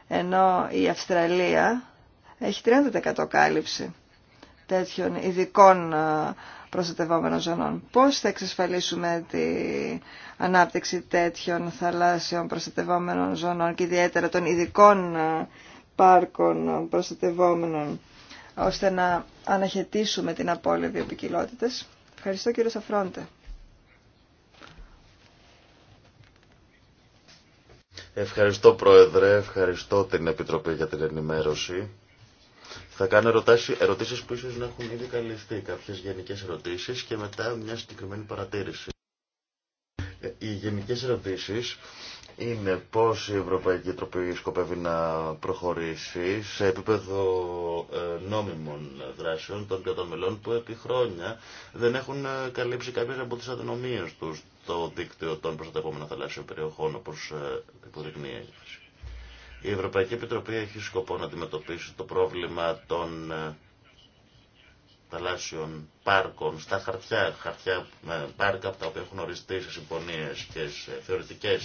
Ενώ η Αυστραλία έχει 30% κάλυψη τέτοιων ειδικών ε, προστατευόμενων ζωνών. Πώς θα εξασφαλίσουμε την ανάπτυξη τέτοιων θαλάσσιων προστατευόμενων ζωνών και ιδιαίτερα των ειδικών ε, πάρκων προστατευόμενων ώστε να αναχαιτήσουμε την απόλυτη επικοινότητας. Ευχαριστώ κύριε Σαφρόντε. Ευχαριστώ Πρόεδρε, ευχαριστώ την Επιτροπή για την ενημέρωση. Θα κάνω ερωτάσεις, ερωτήσεις που ίσως να έχουν ήδη καλυφθεί, κάποιες γενικές ερωτήσεις και μετά μια συγκεκριμένη παρατήρηση. Ε, οι γενικές ερωτήσεις είναι πώς η Ευρωπαϊκή Τροπή σκοπεύει να προχωρήσει σε επίπεδο ε, νόμιμων δράσεων των κατομελών μελών που επί χρόνια δεν έχουν ε, καλύψει κάποιες από τις αδυνομίες τους το δίκτυο των προστατευόμενων θαλάσσιων περιοχών όπως ε, υποδεικνύει η Η Ευρωπαϊκή Επιτροπή έχει σκοπό να αντιμετωπίσει το πρόβλημα των θαλάσσιων πάρκων στα χαρτιά, χαρτιά με πάρκα από τα οποία έχουν οριστεί σε συμφωνίε και σε ε,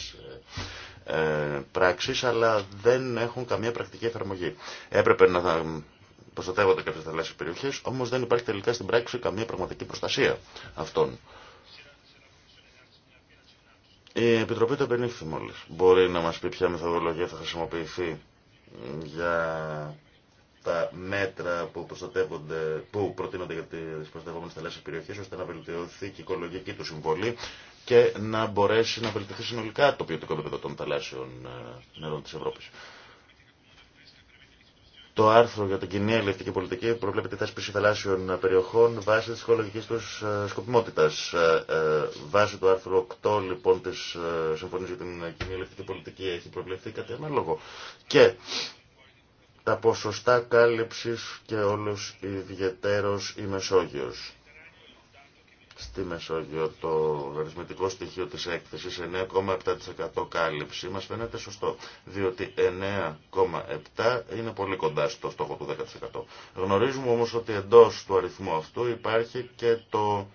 ε πράξει, αλλά δεν έχουν καμία πρακτική εφαρμογή. Έπρεπε να προστατεύονται κάποιες θαλάσσιε περιοχέ, όμω δεν υπάρχει τελικά στην πράξη καμία πραγματική προστασία αυτών. Η Επιτροπή το επενήχθη μόλι. Μπορεί να μα πει ποια μεθοδολογία θα χρησιμοποιηθεί για μέτρα που, προστατεύονται, που προτείνονται για τις προστατευόμενες θαλάσσιε περιοχέ ώστε να βελτιωθεί και η οικολογική του συμβολή και να μπορέσει να βελτιωθεί συνολικά το ποιοτικό επίπεδο των θαλάσσιων ε, νερών της Ευρώπης. Το άρθρο για την κοινή ελευθερική πολιτική προβλέπει τη θέσπιση θαλάσσιων περιοχών βάσει τη οικολογική του ε, σκοπιμότητα. Ε, βάσει του άρθρου 8 λοιπόν τη Συμφωνία για την Κοινή Ελευθερική Πολιτική έχει προβλεφθεί κάτι ανάλογο. Και τα ποσοστά κάλυψης και όλους ιδιαιτέρως η Μεσόγειος. Στη Μεσόγειο το αριθμητικό στοιχείο της έκθεσης 9,7% κάλυψη μας φαίνεται σωστό, διότι 9,7% είναι πολύ κοντά στο στόχο του 10%. Γνωρίζουμε όμως ότι εντός του αριθμού αυτού υπάρχει και το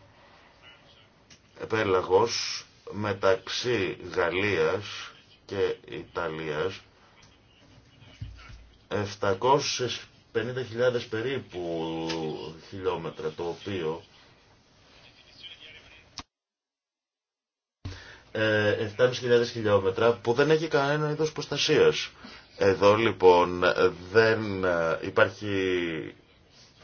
επέλαγος μεταξύ Γαλλίας και Ιταλίας 750.000 περίπου χιλιόμετρα, το οποίο 7.500 ε, χιλιόμετρα που δεν έχει κανένα είδος προστασίας. Εδώ λοιπόν δεν ε, υπάρχει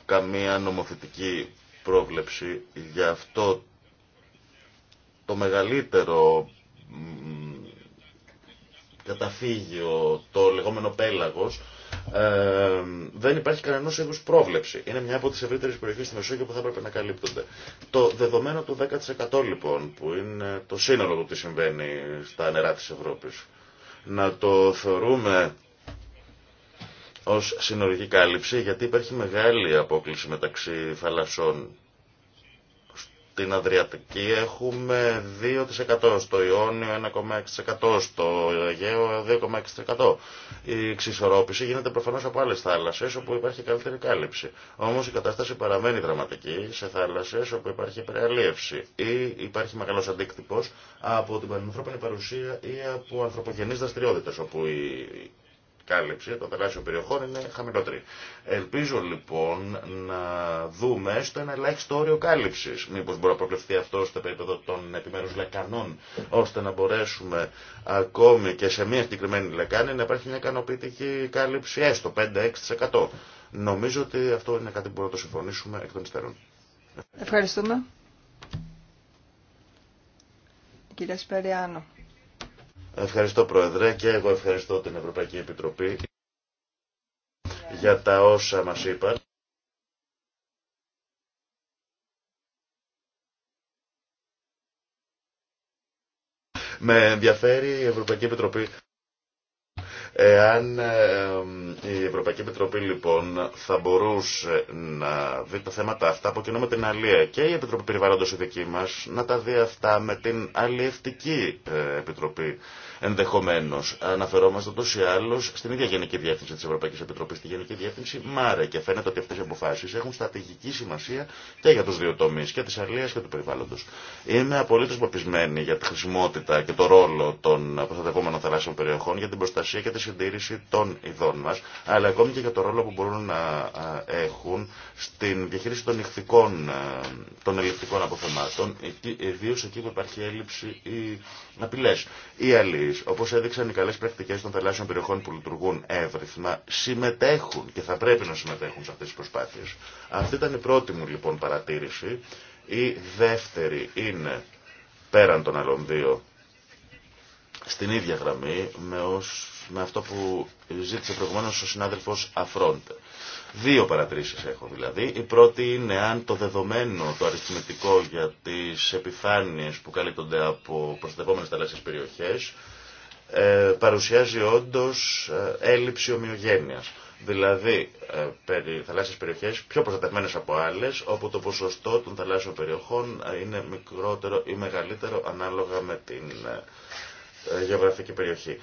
καμία νομοθετική πρόβλεψη για αυτό το μεγαλύτερο καταφύγιο, το λεγόμενο πέλαγος, ε, δεν υπάρχει κανένα είδου πρόβλεψη. Είναι μια από τι ευρύτερε περιοχέ στη Μεσόγειο που θα έπρεπε να καλύπτονται. Το δεδομένο του 10% λοιπόν, που είναι το σύνολο του τι συμβαίνει στα νερά τη Ευρώπη, να το θεωρούμε ω συνολική κάλυψη, γιατί υπάρχει μεγάλη απόκληση μεταξύ θαλασσών στην Αδριατική έχουμε 2%, στο Ιόνιο 1,6%, στο Αιγαίο 2,6%. Η εξισορρόπηση γίνεται προφανώς από άλλες θάλασσες όπου υπάρχει καλύτερη κάλυψη. Όμως η κατάσταση παραμένει δραματική σε θάλασσες όπου υπάρχει υπεραλίευση ή υπάρχει μεγάλος αντίκτυπος από την πανεπιστήμια παρουσία ή από ανθρωπογενείς δραστηριότητες όπου η υπαρχει μεγαλος αντικτυπος απο την ανθρωπινη παρουσια η απο ανθρωπογενεις δραστηριοτητες οπου η κάλυψη το τεράστιο περιοχών είναι χαμηλότερη. Ελπίζω λοιπόν να δούμε στο ένα ελάχιστο όριο κάλυψη. Μήπω μπορεί να προκληθεί αυτό στο επίπεδο των επιμέρου λεκανών, ώστε να μπορέσουμε ακόμη και σε μια συγκεκριμένη λεκάνη να υπάρχει μια ικανοποιητική κάλυψη έστω 5-6%. Νομίζω ότι αυτό είναι κάτι που μπορούμε να το συμφωνήσουμε εκ των υστέρων. Ευχαριστούμε. Κύριε Σπεριάνο. Ευχαριστώ Πρόεδρε και εγώ ευχαριστώ την Ευρωπαϊκή Επιτροπή για τα όσα μας είπαν. Με ενδιαφέρει η Ευρωπαϊκή Επιτροπή Εάν ε, ε, η Ευρωπαϊκή Επιτροπή λοιπόν θα μπορούσε να δει τα θέματα αυτά από με την Αλία και η Επιτροπή Περιβάλλοντος η δική μας να τα δει αυτά με την Αλιευτική ε, Επιτροπή ενδεχομένως. Αναφερόμαστε τόσο ή άλλως στην ίδια Γενική Διεύθυνση της Ευρωπαϊκής Επιτροπής, στη Γενική Διεύθυνση ΜΑΡΕ και φαίνεται ότι αυτές οι αποφάσεις έχουν στρατηγική σημασία και για τους δύο τομείς, και της Αλίας και του περιβάλλοντος. Είμαι απολύτως για τη χρησιμότητα και το ρόλο των προστατευόμενων θαλάσσιων περιοχών για την προστασία και τη συντήρηση των ειδών μας, αλλά ακόμη και για το ρόλο που μπορούν να έχουν στην διαχείριση των ηχθικών, των ελληνικών αποθεμάτων, ιδίω εκεί που υπάρχει έλλειψη ή απειλές. Οι αλληλείς, όπως έδειξαν οι καλές πρακτικές των θαλάσσιων περιοχών που λειτουργούν εύρυθμα, συμμετέχουν και θα πρέπει να συμμετέχουν σε αυτές τις προσπάθειες. Αυτή ήταν η πρώτη μου λοιπόν παρατήρηση. Η δεύτερη είναι πέραν των άλλων δύο στην ίδια γραμμή με ω με αυτό που ζήτησε προηγουμένω ο συνάδελφο Αφρόντε. Δύο παρατηρήσεις έχω δηλαδή. Η πρώτη είναι αν το δεδομένο, το αριθμητικό για τι επιφάνειε που καλύπτονται από θαλάσσιε θαλάσσιες περιοχές ε, παρουσιάζει όντως ε, έλλειψη ομοιογένεια. Δηλαδή, ε, περι, θαλάσσιες περιοχές πιο προστατευμένες από άλλες, όπου το ποσοστό των θαλάσσιων περιοχών ε, είναι μικρότερο ή μεγαλύτερο ανάλογα με την γεωγραφική περιοχή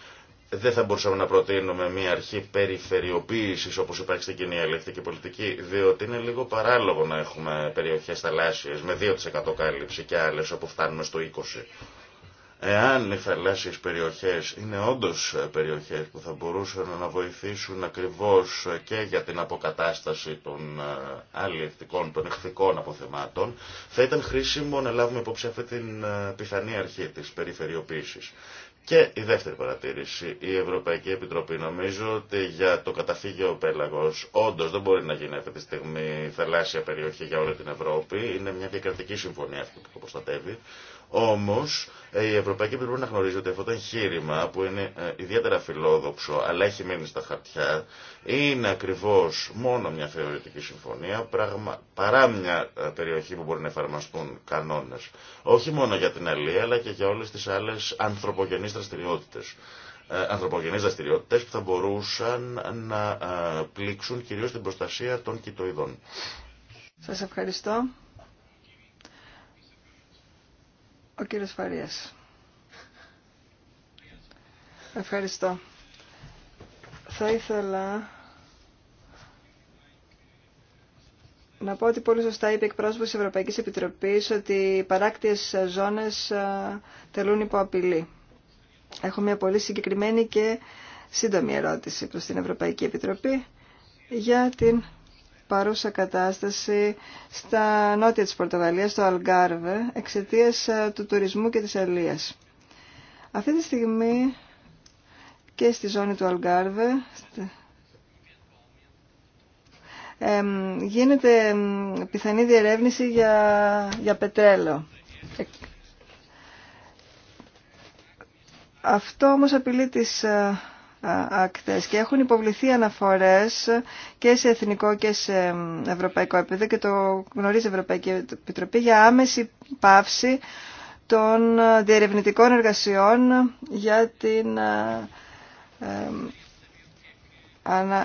δεν θα μπορούσαμε να προτείνουμε μια αρχή περιφερειοποίησης όπως υπάρχει στην κοινή ελεκτική πολιτική, διότι είναι λίγο παράλογο να έχουμε περιοχές θαλάσσιες με 2% κάλυψη και άλλες όπου φτάνουμε στο 20%. Εάν οι θαλάσσιες περιοχές είναι όντως περιοχές που θα μπορούσαν να βοηθήσουν ακριβώς και για την αποκατάσταση των ε, αλληλεκτικών, των εχθικών αποθεμάτων, θα ήταν χρήσιμο να λάβουμε υπόψη αυτή την ε, πιθανή αρχή της περιφερειοποίησης. Και η δεύτερη παρατήρηση, η Ευρωπαϊκή Επιτροπή νομίζω ότι για το καταφύγιο Πέλαγος όντως δεν μπορεί να γίνει αυτή τη στιγμή θαλάσσια περιοχή για όλη την Ευρώπη. Είναι μια διακρατική συμφωνία αυτή που το προστατεύει. Όμως, ε, η Ευρωπαϊκή Επιτροπή να γνωρίζει ότι αυτό το εγχείρημα που είναι ε, ιδιαίτερα φιλόδοξο αλλά έχει μείνει στα χαρτιά είναι ακριβώς μόνο μια θεωρητική συμφωνία πραγμα... παρά μια ε, περιοχή που μπορεί να εφαρμοστούν κανόνες. Όχι μόνο για την Αλία αλλά και για όλες τις άλλες ανθρωπογενείς δραστηριότητες ανθρωπογενείς δραστηριότητες που θα μπορούσαν να πλήξουν κυρίως την προστασία των κοιτοειδών. Σας ευχαριστώ. Ο κύριος Φαρίας. Ευχαριστώ. Θα ήθελα να πω ότι πολύ σωστά είπε εκπρόσωπο τη Ευρωπαϊκή Επιτροπή ότι οι παράκτιε ζώνε ε, τελούν υπό απειλή. Έχω μια πολύ συγκεκριμένη και σύντομη ερώτηση προ την Ευρωπαϊκή Επιτροπή για την παρούσα κατάσταση στα νότια της Πορτογαλίας, στο Αλγκάρβε, εξαιτίας ε, του τουρισμού και της αλίας. Αυτή τη στιγμή και στη ζώνη του Αλγκάρβε γίνεται πιθανή διερεύνηση για, για πετρέλαιο. Αυτό όμως απειλεί τις ε, ακτές και έχουν υποβληθεί αναφορές και σε εθνικό και σε ευρωπαϊκό επίπεδο και το γνωρίζει η Ευρωπαϊκή Επιτροπή για άμεση πάυση των διερευνητικών εργασιών για την, ε, ε,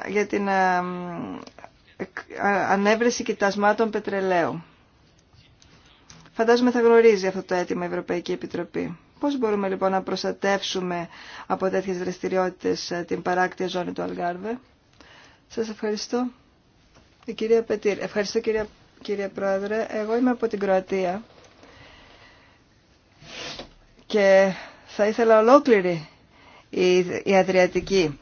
για την ε, ανέβρεση κοιτασμάτων πετρελαίου. Φαντάζομαι θα γνωρίζει αυτό το αίτημα η Ευρωπαϊκή Επιτροπή. Πώς μπορούμε λοιπόν να προστατεύσουμε από τέτοιες δραστηριότητες ε, την παράκτια ζώνη του Αλγάρβε. Σας ευχαριστώ. Η κυρία Πετήρ. Ευχαριστώ κυρία, κυρία Πρόεδρε. Εγώ είμαι από την Κροατία και θα ήθελα ολόκληρη η, η Αδριατική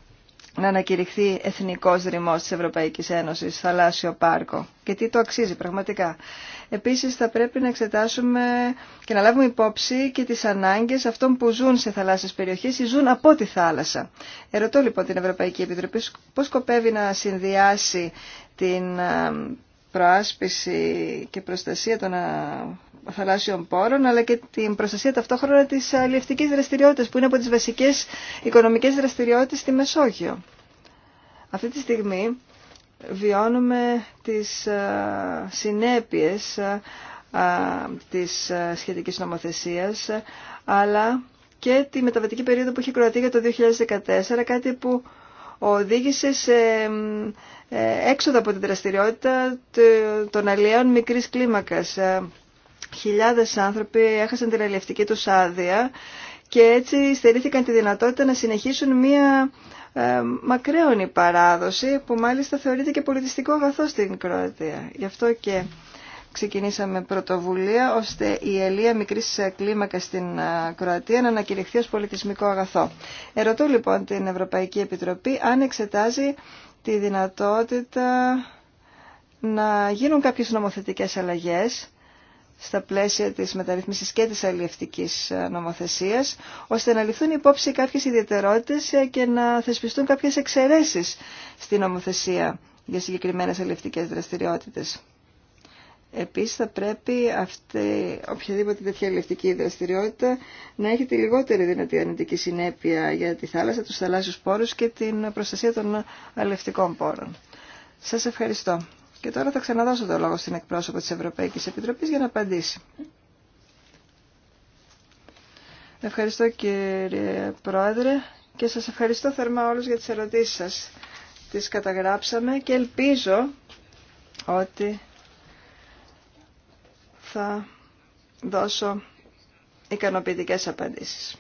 να ανακηρυχθεί εθνικός ρημός της Ευρωπαϊκής Ένωσης, θαλάσσιο πάρκο και τι το αξίζει πραγματικά. Επίσης θα πρέπει να εξετάσουμε και να λάβουμε υπόψη και τις ανάγκες αυτών που ζουν σε θαλάσσιες περιοχές ή ζουν από τη θάλασσα. Ερωτώ λοιπόν την Ευρωπαϊκή Επιτροπή πώς σκοπεύει να συνδυάσει την προάσπιση και προστασία των θαλάσσιων πόρων, αλλά και την προστασία ταυτόχρονα της αλληλευτικής δραστηριότητας, που είναι από τις βασικές οικονομικές δραστηριότητες στη Μεσόγειο. Αυτή τη στιγμή βιώνουμε τις συνέπειες της σχετικής νομοθεσίας, αλλά και τη μεταβατική περίοδο που έχει κροατεί για το 2014, κάτι που οδήγησε σε ε, έξοδο από την δραστηριότητα των αλλιέων μικρής κλίμακας. Ε, χιλιάδες άνθρωποι έχασαν την αλλιευτική τους άδεια και έτσι στερήθηκαν τη δυνατότητα να συνεχίσουν μία ε, μακραίωνη παράδοση που μάλιστα θεωρείται και πολιτιστικό αγαθό στην Κροατία. Γι' αυτό και ξεκινήσαμε πρωτοβουλία ώστε η ελία μικρής κλίμακα στην Κροατία να ανακηρυχθεί ως πολιτισμικό αγαθό. Ερωτώ λοιπόν την Ευρωπαϊκή Επιτροπή αν εξετάζει τη δυνατότητα να γίνουν κάποιες νομοθετικές αλλαγές στα πλαίσια της μεταρρυθμίσης και της αλληλευτικής νομοθεσίας, ώστε να ληφθούν υπόψη κάποιες ιδιαιτερότητες και να θεσπιστούν κάποιες εξαιρέσεις στη νομοθεσία για συγκεκριμένες αλληλευτικές δραστηριότητες. Επίσης θα πρέπει αυτή, οποιαδήποτε τέτοια ελευτική δραστηριότητα να έχει τη λιγότερη δυνατή αρνητική συνέπεια για τη θάλασσα, τους θαλάσσιους πόρους και την προστασία των αλευτικών πόρων. Σας ευχαριστώ. Και τώρα θα ξαναδώσω το λόγο στην εκπρόσωπο της Ευρωπαϊκής Επιτροπής για να απαντήσει. Ευχαριστώ κύριε Πρόεδρε και σας ευχαριστώ θερμά όλους για τις ερωτήσεις σας. Τις καταγράψαμε και ελπίζω ότι θα δώσω ικανοποιητικές απαντήσεις.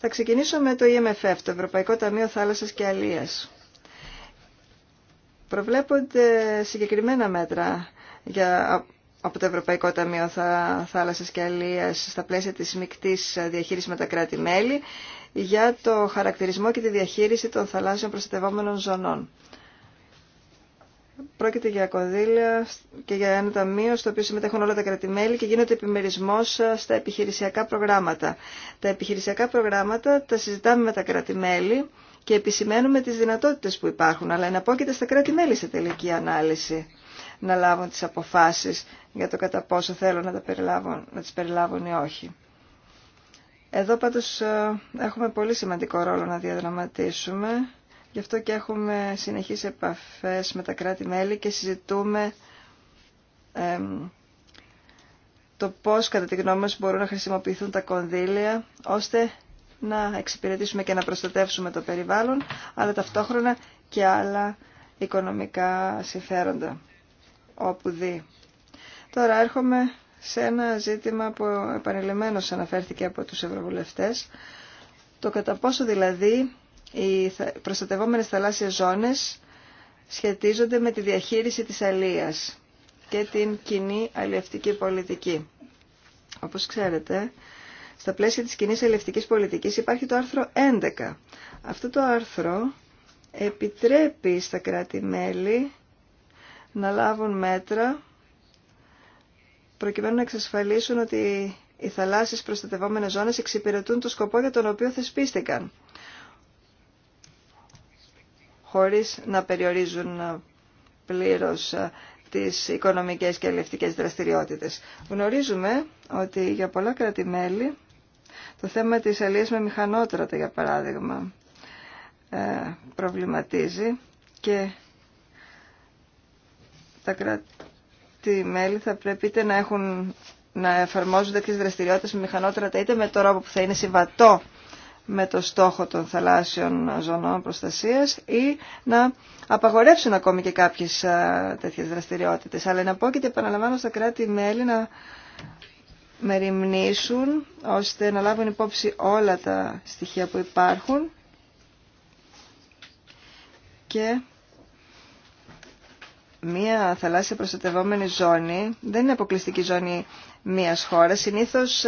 Θα ξεκινήσω με το EMFF, το Ευρωπαϊκό Ταμείο Θάλασσας και Αλίας. Προβλέπονται συγκεκριμένα μέτρα για, από το Ευρωπαϊκό Ταμείο Θάλασσας και Αλίας στα πλαίσια της μικτής διαχείρισης με τα κράτη-μέλη για το χαρακτηρισμό και τη διαχείριση των θαλάσσιων προστατευόμενων ζωνών. Πρόκειται για κονδύλια και για ένα ταμείο στο οποίο συμμετέχουν όλα τα κρατημέλη και γίνεται επιμερισμό στα επιχειρησιακά προγράμματα. Τα επιχειρησιακά προγράμματα τα συζητάμε με τα κρατημέλη και επισημαίνουμε τις δυνατότητες που υπάρχουν, αλλά εναπόκειται στα κρατημέλη σε τελική ανάλυση να λάβουν τις αποφάσεις για το κατά πόσο θέλουν να, τα περιλάβουν, να τις περιλάβουν ή όχι. Εδώ πάντως ε, έχουμε πολύ σημαντικό ρόλο να διαδραματίσουμε Γι' αυτό και έχουμε συνεχείς επαφές με τα κράτη-μέλη και συζητούμε το πώς κατά τη γνώμη μας μπορούν να χρησιμοποιηθούν τα κονδύλια ώστε να εξυπηρετήσουμε και να προστατεύσουμε το περιβάλλον αλλά ταυτόχρονα και άλλα οικονομικά συμφέροντα όπου δει. Τώρα έρχομαι σε ένα ζήτημα που επανειλημμένως αναφέρθηκε από τους ευρωβουλευτές το κατά πόσο δηλαδή οι προστατευόμενες θαλάσσιες ζώνες σχετίζονται με τη διαχείριση της αλίας και την κοινή αλληλευτική πολιτική. Όπως ξέρετε, στα πλαίσια της κοινής αλληλευτικής πολιτικής υπάρχει το άρθρο 11. Αυτό το άρθρο επιτρέπει στα κράτη-μέλη να λάβουν μέτρα προκειμένου να εξασφαλίσουν ότι οι θαλάσσιες προστατευόμενες ζώνες εξυπηρετούν το σκοπό για τον οποίο θεσπίστηκαν χωρίς να περιορίζουν ε, πλήρως ε, τις οικονομικές και ελευτικές δραστηριότητες. Γνωρίζουμε ότι για πολλά κράτη-μέλη το θέμα της αλλίας με μηχανότρατα, για παράδειγμα, ε, προβληματίζει και τα κράτη-μέλη θα πρέπει είτε να, έχουν, να εφαρμόζουν τέτοιες δραστηριότητες με μηχανότρατα είτε με τρόπο που θα είναι συμβατό με το στόχο των θαλάσσιων ζωνών προστασίας ή να απαγορεύσουν ακόμη και κάποιες τέτοιες δραστηριότητες. Αλλά να πω και επαναλαμβάνω στα κράτη-μέλη να μεριμνήσουν ώστε να λάβουν υπόψη όλα τα στοιχεία που υπάρχουν και μία θαλάσσια προστατευόμενη ζώνη δεν είναι αποκλειστική ζώνη μίας χώρας. Συνήθως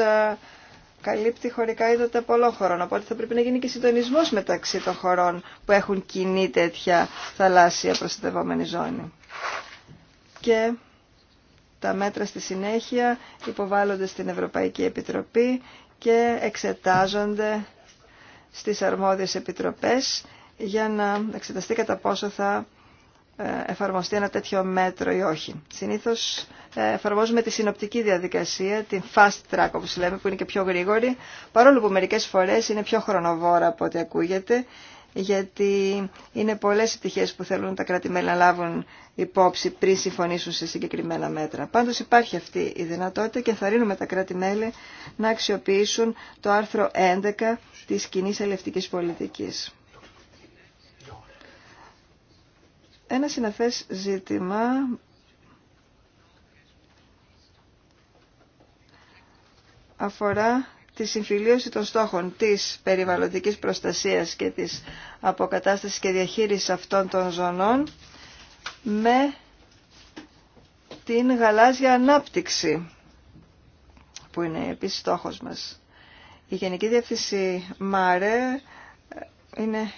καλύπτει χωρικά τα πολλών χωρών. Οπότε θα πρέπει να γίνει και συντονισμός μεταξύ των χωρών που έχουν κοινή τέτοια θαλάσσια προστατευόμενη ζώνη. Και τα μέτρα στη συνέχεια υποβάλλονται στην Ευρωπαϊκή Επιτροπή και εξετάζονται στις αρμόδιες επιτροπές για να εξεταστεί κατά πόσο θα ε, εφαρμοστεί ένα τέτοιο μέτρο ή όχι. Συνήθως ε, εφαρμόζουμε τη συνοπτική διαδικασία, την fast track όπως λέμε, που είναι και πιο γρήγορη, παρόλο που μερικές φορές είναι πιο χρονοβόρα από ό,τι ακούγεται, γιατί είναι πολλές οι που θέλουν τα κράτη-μέλη να λάβουν υπόψη πριν συμφωνήσουν σε συγκεκριμένα μέτρα. Πάντως υπάρχει αυτή η δυνατότητα και θα τα κράτη-μέλη να αξιοποιήσουν το άρθρο 11 της κοινή ελευτικής πολιτικής. Ένα συναφές ζήτημα αφορά τη συμφιλίωση των στόχων της περιβαλλοντικής προστασίας και της αποκατάστασης και διαχείρισης αυτών των ζωνών με την γαλάζια ανάπτυξη που είναι επίσης στόχος μας. Η Γενική Διεύθυνση ΜΑΡΕ είναι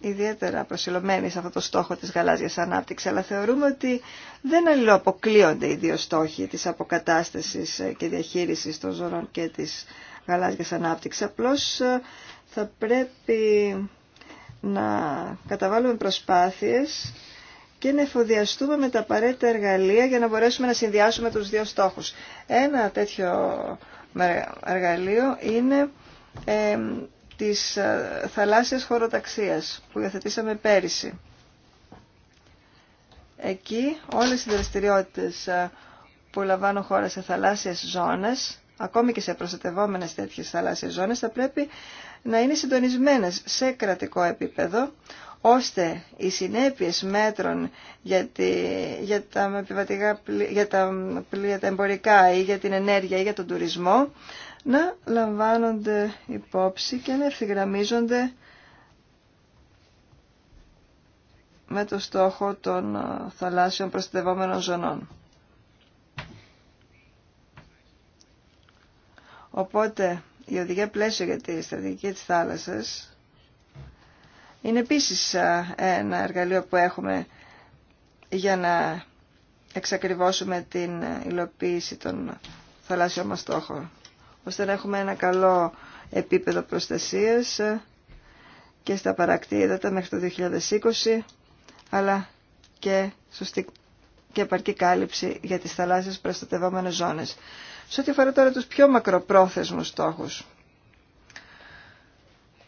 ιδιαίτερα προσιλωμένοι σε αυτό το στόχο της γαλάζιας ανάπτυξης, αλλά θεωρούμε ότι δεν αλληλοαποκλείονται οι δύο στόχοι της αποκατάστασης και διαχείρισης των ζωρών και της γαλάζιας ανάπτυξης. Απλώς ε, θα πρέπει να καταβάλουμε προσπάθειες και να εφοδιαστούμε με τα απαραίτητα εργαλεία για να μπορέσουμε να συνδυάσουμε τους δύο στόχους. Ένα τέτοιο εργαλείο είναι ε, της ε, θαλάσσιας χωροταξίας που υιοθετήσαμε πέρυσι. Εκεί όλες οι δραστηριότητες ε, που λαμβάνουν χώρα σε θαλάσσιες ζώνες, ακόμη και σε προστατευόμενες τέτοιες θαλάσσιες ζώνες, θα πρέπει να είναι συντονισμένες σε κρατικό επίπεδο, ώστε οι συνέπειες μέτρων για, τη, για, τα, για τα τα εμπορικά ή για την ενέργεια ή για τον τουρισμό να λαμβάνονται υπόψη και να ευθυγραμμίζονται με το στόχο των ε, θαλάσσιων προστατευόμενων ζωνών. Οπότε η οδηγία πλαίσιο για τη στρατηγική της θάλασσας είναι επίσης ε, ένα εργαλείο που έχουμε για να εξακριβώσουμε την υλοποίηση των θαλάσσιων μας στόχων ώστε να έχουμε ένα καλό επίπεδο προστασίας και στα παρακτή μέχρι το 2020, αλλά και σωστή και επαρκή κάλυψη για τις θαλάσσιες προστατευόμενες ζώνες. Σε ό,τι αφορά τώρα τους πιο μακροπρόθεσμους στόχους.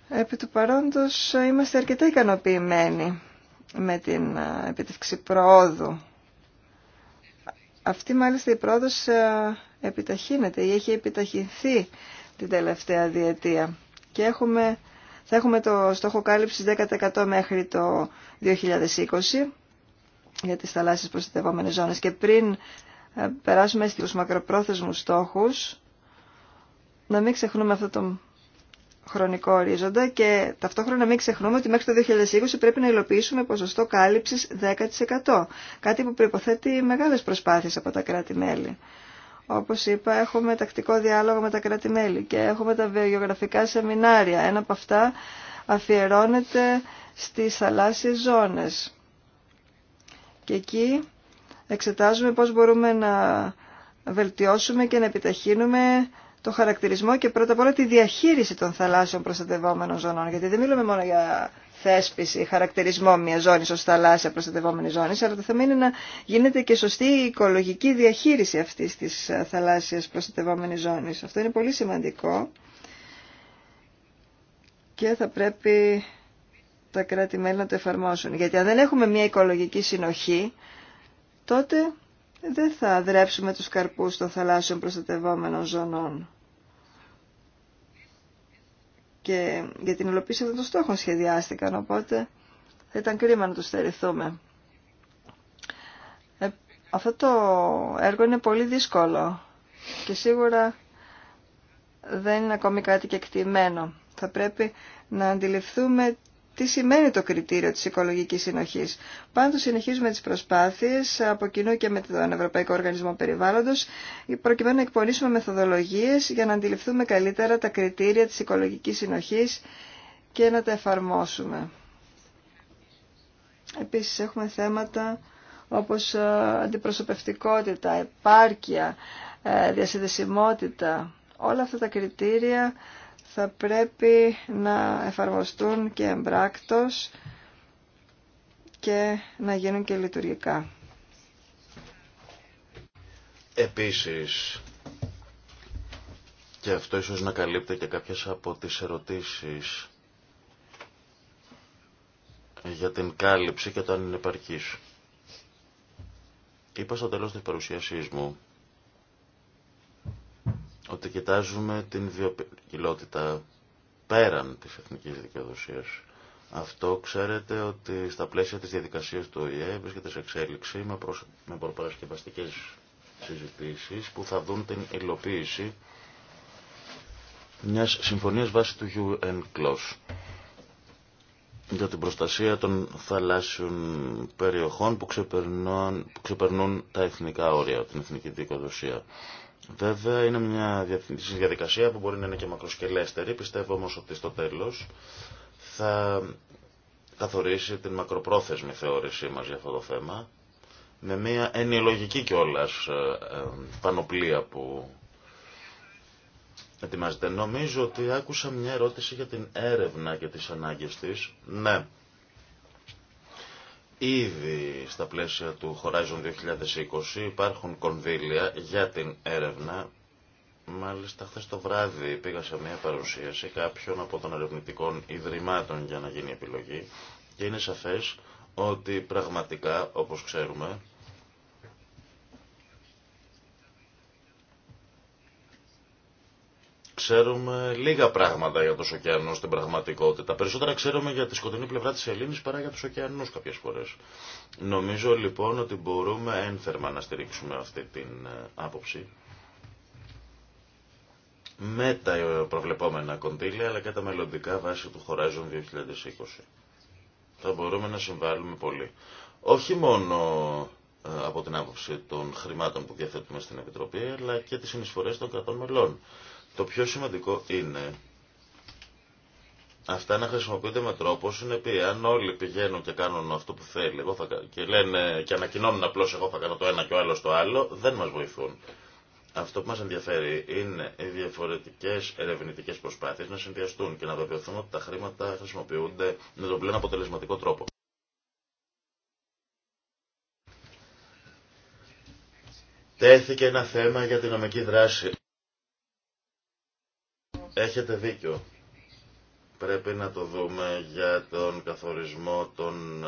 Επί του παρόντος είμαστε αρκετά ικανοποιημένοι με την επίτευξη προόδου. Αυτή μάλιστα η πρόοδος επιταχύνεται ή έχει επιταχυνθεί την τελευταία διετία. Και έχουμε, θα έχουμε το στόχο κάλυψης 10% μέχρι το 2020 για τις θαλάσσιες προστατευόμενες ζώνες. Και πριν ε, περάσουμε στους μακροπρόθεσμους στόχους, να μην ξεχνούμε αυτό το χρονικό ορίζοντα και ταυτόχρονα μην ξεχνούμε ότι μέχρι το 2020 πρέπει να υλοποιήσουμε ποσοστό κάλυψης 10%. Κάτι που προϋποθέτει μεγάλες προσπάθειες από τα κράτη-μέλη. Όπως είπα, έχουμε τακτικό διάλογο με τα κράτη-μέλη και έχουμε τα βιογραφικά σεμινάρια. Ένα από αυτά αφιερώνεται στις θαλάσσιες ζώνες. Και εκεί εξετάζουμε πώς μπορούμε να βελτιώσουμε και να επιταχύνουμε το χαρακτηρισμό και πρώτα απ' όλα τη διαχείριση των θαλάσσιων προστατευόμενων ζωνών. Γιατί δεν μιλούμε μόνο για θέσπιση, χαρακτηρισμό μια ζώνη ω θαλάσσια προστατευόμενη ζώνη, αλλά το θέμα είναι να γίνεται και σωστή η οικολογική διαχείριση αυτή τη ε, θαλάσσια προστατευόμενη ζώνη. Αυτό είναι πολύ σημαντικό και θα πρέπει τα κράτη-μέλη να το εφαρμόσουν. Γιατί αν δεν έχουμε μια οικολογική συνοχή, τότε δεν θα δρέψουμε τους καρπούς των θαλάσσιων προστατευόμενων ζωνών και για την υλοποίηση αυτών των στόχων σχεδιάστηκαν, οπότε θα ήταν κρίμα να το στερηθούμε. Ε, αυτό το έργο είναι πολύ δύσκολο και σίγουρα δεν είναι ακόμη κάτι κεκτημένο. Θα πρέπει να αντιληφθούμε τι σημαίνει το κριτήριο της οικολογικής συνοχής. Πάντως συνεχίζουμε τις προσπάθειες από κοινού και με τον Ευρωπαϊκό Οργανισμό Περιβάλλοντος προκειμένου να εκπονήσουμε μεθοδολογίες για να αντιληφθούμε καλύτερα τα κριτήρια της οικολογικής συνοχής και να τα εφαρμόσουμε. Επίσης έχουμε θέματα όπως ε, αντιπροσωπευτικότητα, επάρκεια, ε, διασυνδεσιμότητα. Όλα αυτά τα κριτήρια θα πρέπει να εφαρμοστούν και εμπράκτος και να γίνουν και λειτουργικά. Επίσης, και αυτό ίσως να καλύπτει και κάποιες από τις ερωτήσεις για την κάλυψη και το αν είναι επαρκής. Είπα στο τέλος της παρουσίασής μου ότι κοιτάζουμε την βιοποικιλότητα πέραν της εθνικής δικαιοδοσίας. Αυτό ξέρετε ότι στα πλαίσια της διαδικασίας του ΟΗΕ βρίσκεται σε εξέλιξη με, προσ... με προπαρασκευαστικές συζητήσεις που θα δουν την υλοποίηση μιας συμφωνίας βάσει του UN CLOS για την προστασία των θαλάσσιων περιοχών που ξεπερνούν, που ξεπερνούν τα εθνικά όρια, την εθνική δικαιοδοσία. Βέβαια είναι μια διαδικασία που μπορεί να είναι και μακροσκελέστερη, πιστεύω όμως ότι στο τέλος θα καθορίσει την μακροπρόθεσμη θεώρησή μας για αυτό το θέμα με μια ενιολογική κιόλας ε, ε, πανοπλία που ετοιμάζεται. Νομίζω ότι άκουσα μια ερώτηση για την έρευνα και τις ανάγκες της. Ναι, Ήδη στα πλαίσια του Horizon 2020 υπάρχουν κονδύλια για την έρευνα. Μάλιστα χθε το βράδυ πήγα σε μια παρουσίαση κάποιων από των ερευνητικών ιδρυμάτων για να γίνει επιλογή και είναι σαφές ότι πραγματικά, όπως ξέρουμε, Ξέρουμε λίγα πράγματα για τους ωκεανούς στην πραγματικότητα. Περισσότερα ξέρουμε για τη σκοτεινή πλευρά της Ελλήνης παρά για τους ωκεανούς κάποιες φορές. Νομίζω λοιπόν ότι μπορούμε ένθερμα να στηρίξουμε αυτή την ε, άποψη με τα ε, προβλεπόμενα κονδύλια αλλά και τα μελλοντικά βάση του Horizon 2020. Θα μπορούμε να συμβάλλουμε πολύ. Όχι μόνο ε, από την άποψη των χρημάτων που διαθέτουμε στην Επιτροπή αλλά και τις συνεισφορές των κρατών μελών. Το πιο σημαντικό είναι αυτά να χρησιμοποιούνται με τρόπο συνεπή. Αν όλοι πηγαίνουν και κάνουν αυτό που θέλει θα, και, λένε, και ανακοινώνουν απλώ εγώ θα κάνω το ένα και ο άλλο το άλλο, δεν μα βοηθούν. Αυτό που μα ενδιαφέρει είναι οι διαφορετικέ ερευνητικέ προσπάθειε να συνδυαστούν και να βεβαιωθούν ότι τα χρήματα χρησιμοποιούνται με τον πλέον αποτελεσματικό τρόπο. Τέθηκε ένα θέμα για την νομική δράση. Έχετε δίκιο. Πρέπει να το δούμε για τον καθορισμό των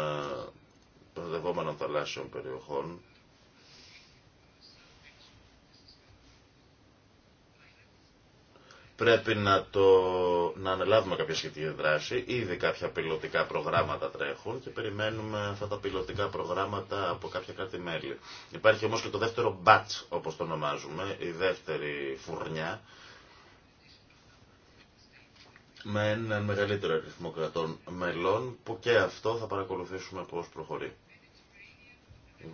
προδευόμενων ε, θαλάσσιων περιοχών. Πρέπει να, το, να ανελάβουμε κάποια σχετική δράση. Ήδη κάποια πιλωτικά προγράμματα τρέχουν και περιμένουμε αυτά τα πιλωτικά προγράμματα από κάποια κάτι μέλη. Υπάρχει όμως και το δεύτερο batch, όπως το ονομάζουμε, η δεύτερη φουρνιά, με έναν μεγαλύτερο αριθμό κρατών μελών που και αυτό θα παρακολουθήσουμε πώς προχωρεί.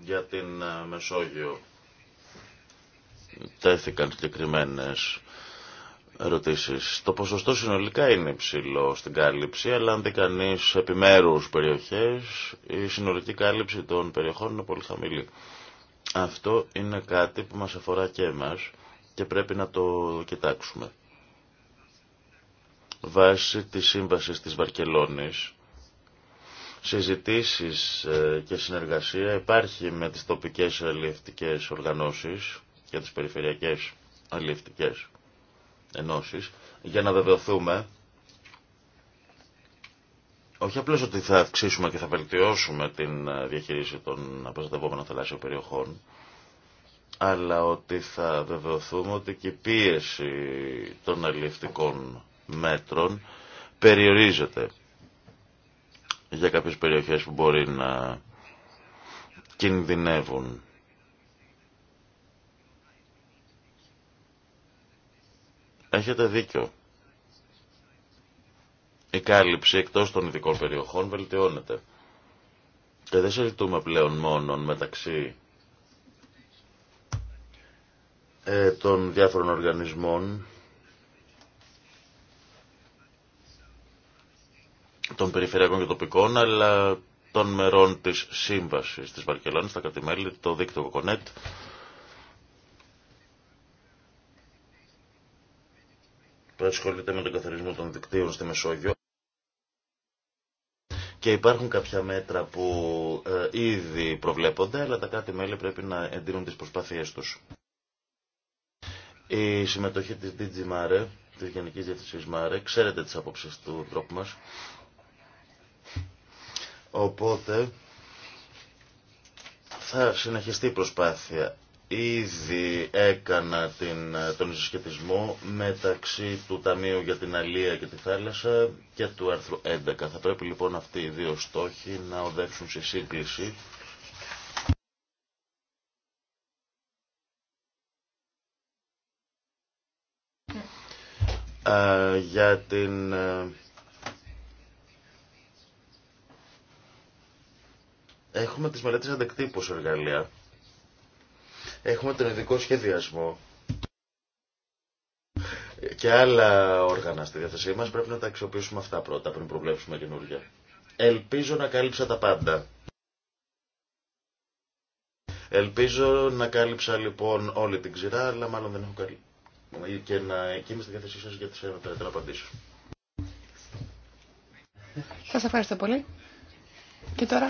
Για την ε, Μεσόγειο τέθηκαν συγκεκριμένε ερωτήσει. Το ποσοστό συνολικά είναι υψηλό στην κάλυψη, αλλά αν δει κανεί επιμέρους περιοχές, η συνολική κάλυψη των περιοχών είναι πολύ χαμηλή. Αυτό είναι κάτι που μας αφορά και εμάς και πρέπει να το κοιτάξουμε βάσει της σύμβασης της Βαρκελόνης συζητήσεις ε, και συνεργασία υπάρχει με τις τοπικές αλληλευτικές οργανώσεις και τις περιφερειακές αλληλευτικές ενώσεις για να βεβαιωθούμε όχι απλώς ότι θα αυξήσουμε και θα βελτιώσουμε την ε, διαχείριση των αποστατευόμενων θαλάσσιων περιοχών, αλλά ότι θα βεβαιωθούμε ότι και η πίεση των αλληλευτικών μέτρων περιορίζεται για κάποιες περιοχές που μπορεί να κινδυνεύουν. Έχετε δίκιο. Η κάλυψη εκτός των ειδικών περιοχών βελτιώνεται. Και δεν συζητούμε πλέον μόνο μεταξύ ε, των διάφορων οργανισμών των περιφερειακών και τοπικών, αλλά των μερών της σύμβασης της Βαρκελόνης, τα κατημέλη, το δίκτυο Κοκονέτ. που ασχολείται με τον καθαρισμό των δικτύων στη Μεσόγειο. Και υπάρχουν κάποια μέτρα που ε, ήδη προβλέπονται, αλλά τα κάτι μελη πρέπει να εντείνουν τις προσπάθειές τους. Η συμμετοχή της DG Mare, της Γενικής Διευθυνσής Mare, ξέρετε τις απόψεις του τρόπου μας, Οπότε θα συνεχιστεί η προσπάθεια. Ήδη έκανα την, τον συσχετισμό μεταξύ του Ταμείου για την Αλία και τη Θάλασσα και του άρθρου 11. Θα πρέπει λοιπόν αυτοί οι δύο στόχοι να οδεύσουν σε σύγκληση για την ε, Έχουμε τις μελέτες αντεκτύπου εργαλεία. Έχουμε τον ειδικό σχεδιασμό και άλλα όργανα στη διάθεσή μας. Πρέπει να τα αξιοποιήσουμε αυτά πρώτα πριν προβλέψουμε καινούργια. Ελπίζω να κάλυψα τα πάντα. Ελπίζω να κάλυψα λοιπόν όλη την ξηρά, αλλά μάλλον δεν έχω καλύψει. Και να εκείνη στη διάθεσή σας για τις ερωτές απαντήσεις. Σας ευχαριστώ πολύ. Και τώρα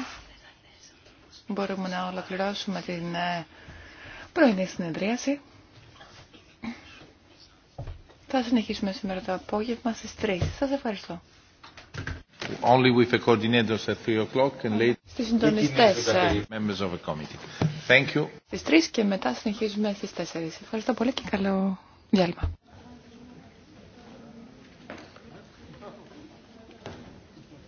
μπορούμε να ολοκληρώσουμε την ε, πρωινή συνεδρίαση. Θα συνεχίσουμε σήμερα το απόγευμα στις 3. Σας ευχαριστώ. Only with the coordinators at 3 o'clock and Στις συντονιστές. Ε. Members of committee. Thank you. Στις 3 και μετά συνεχίζουμε στις 4. Ευχαριστώ πολύ και καλό διάλειμμα.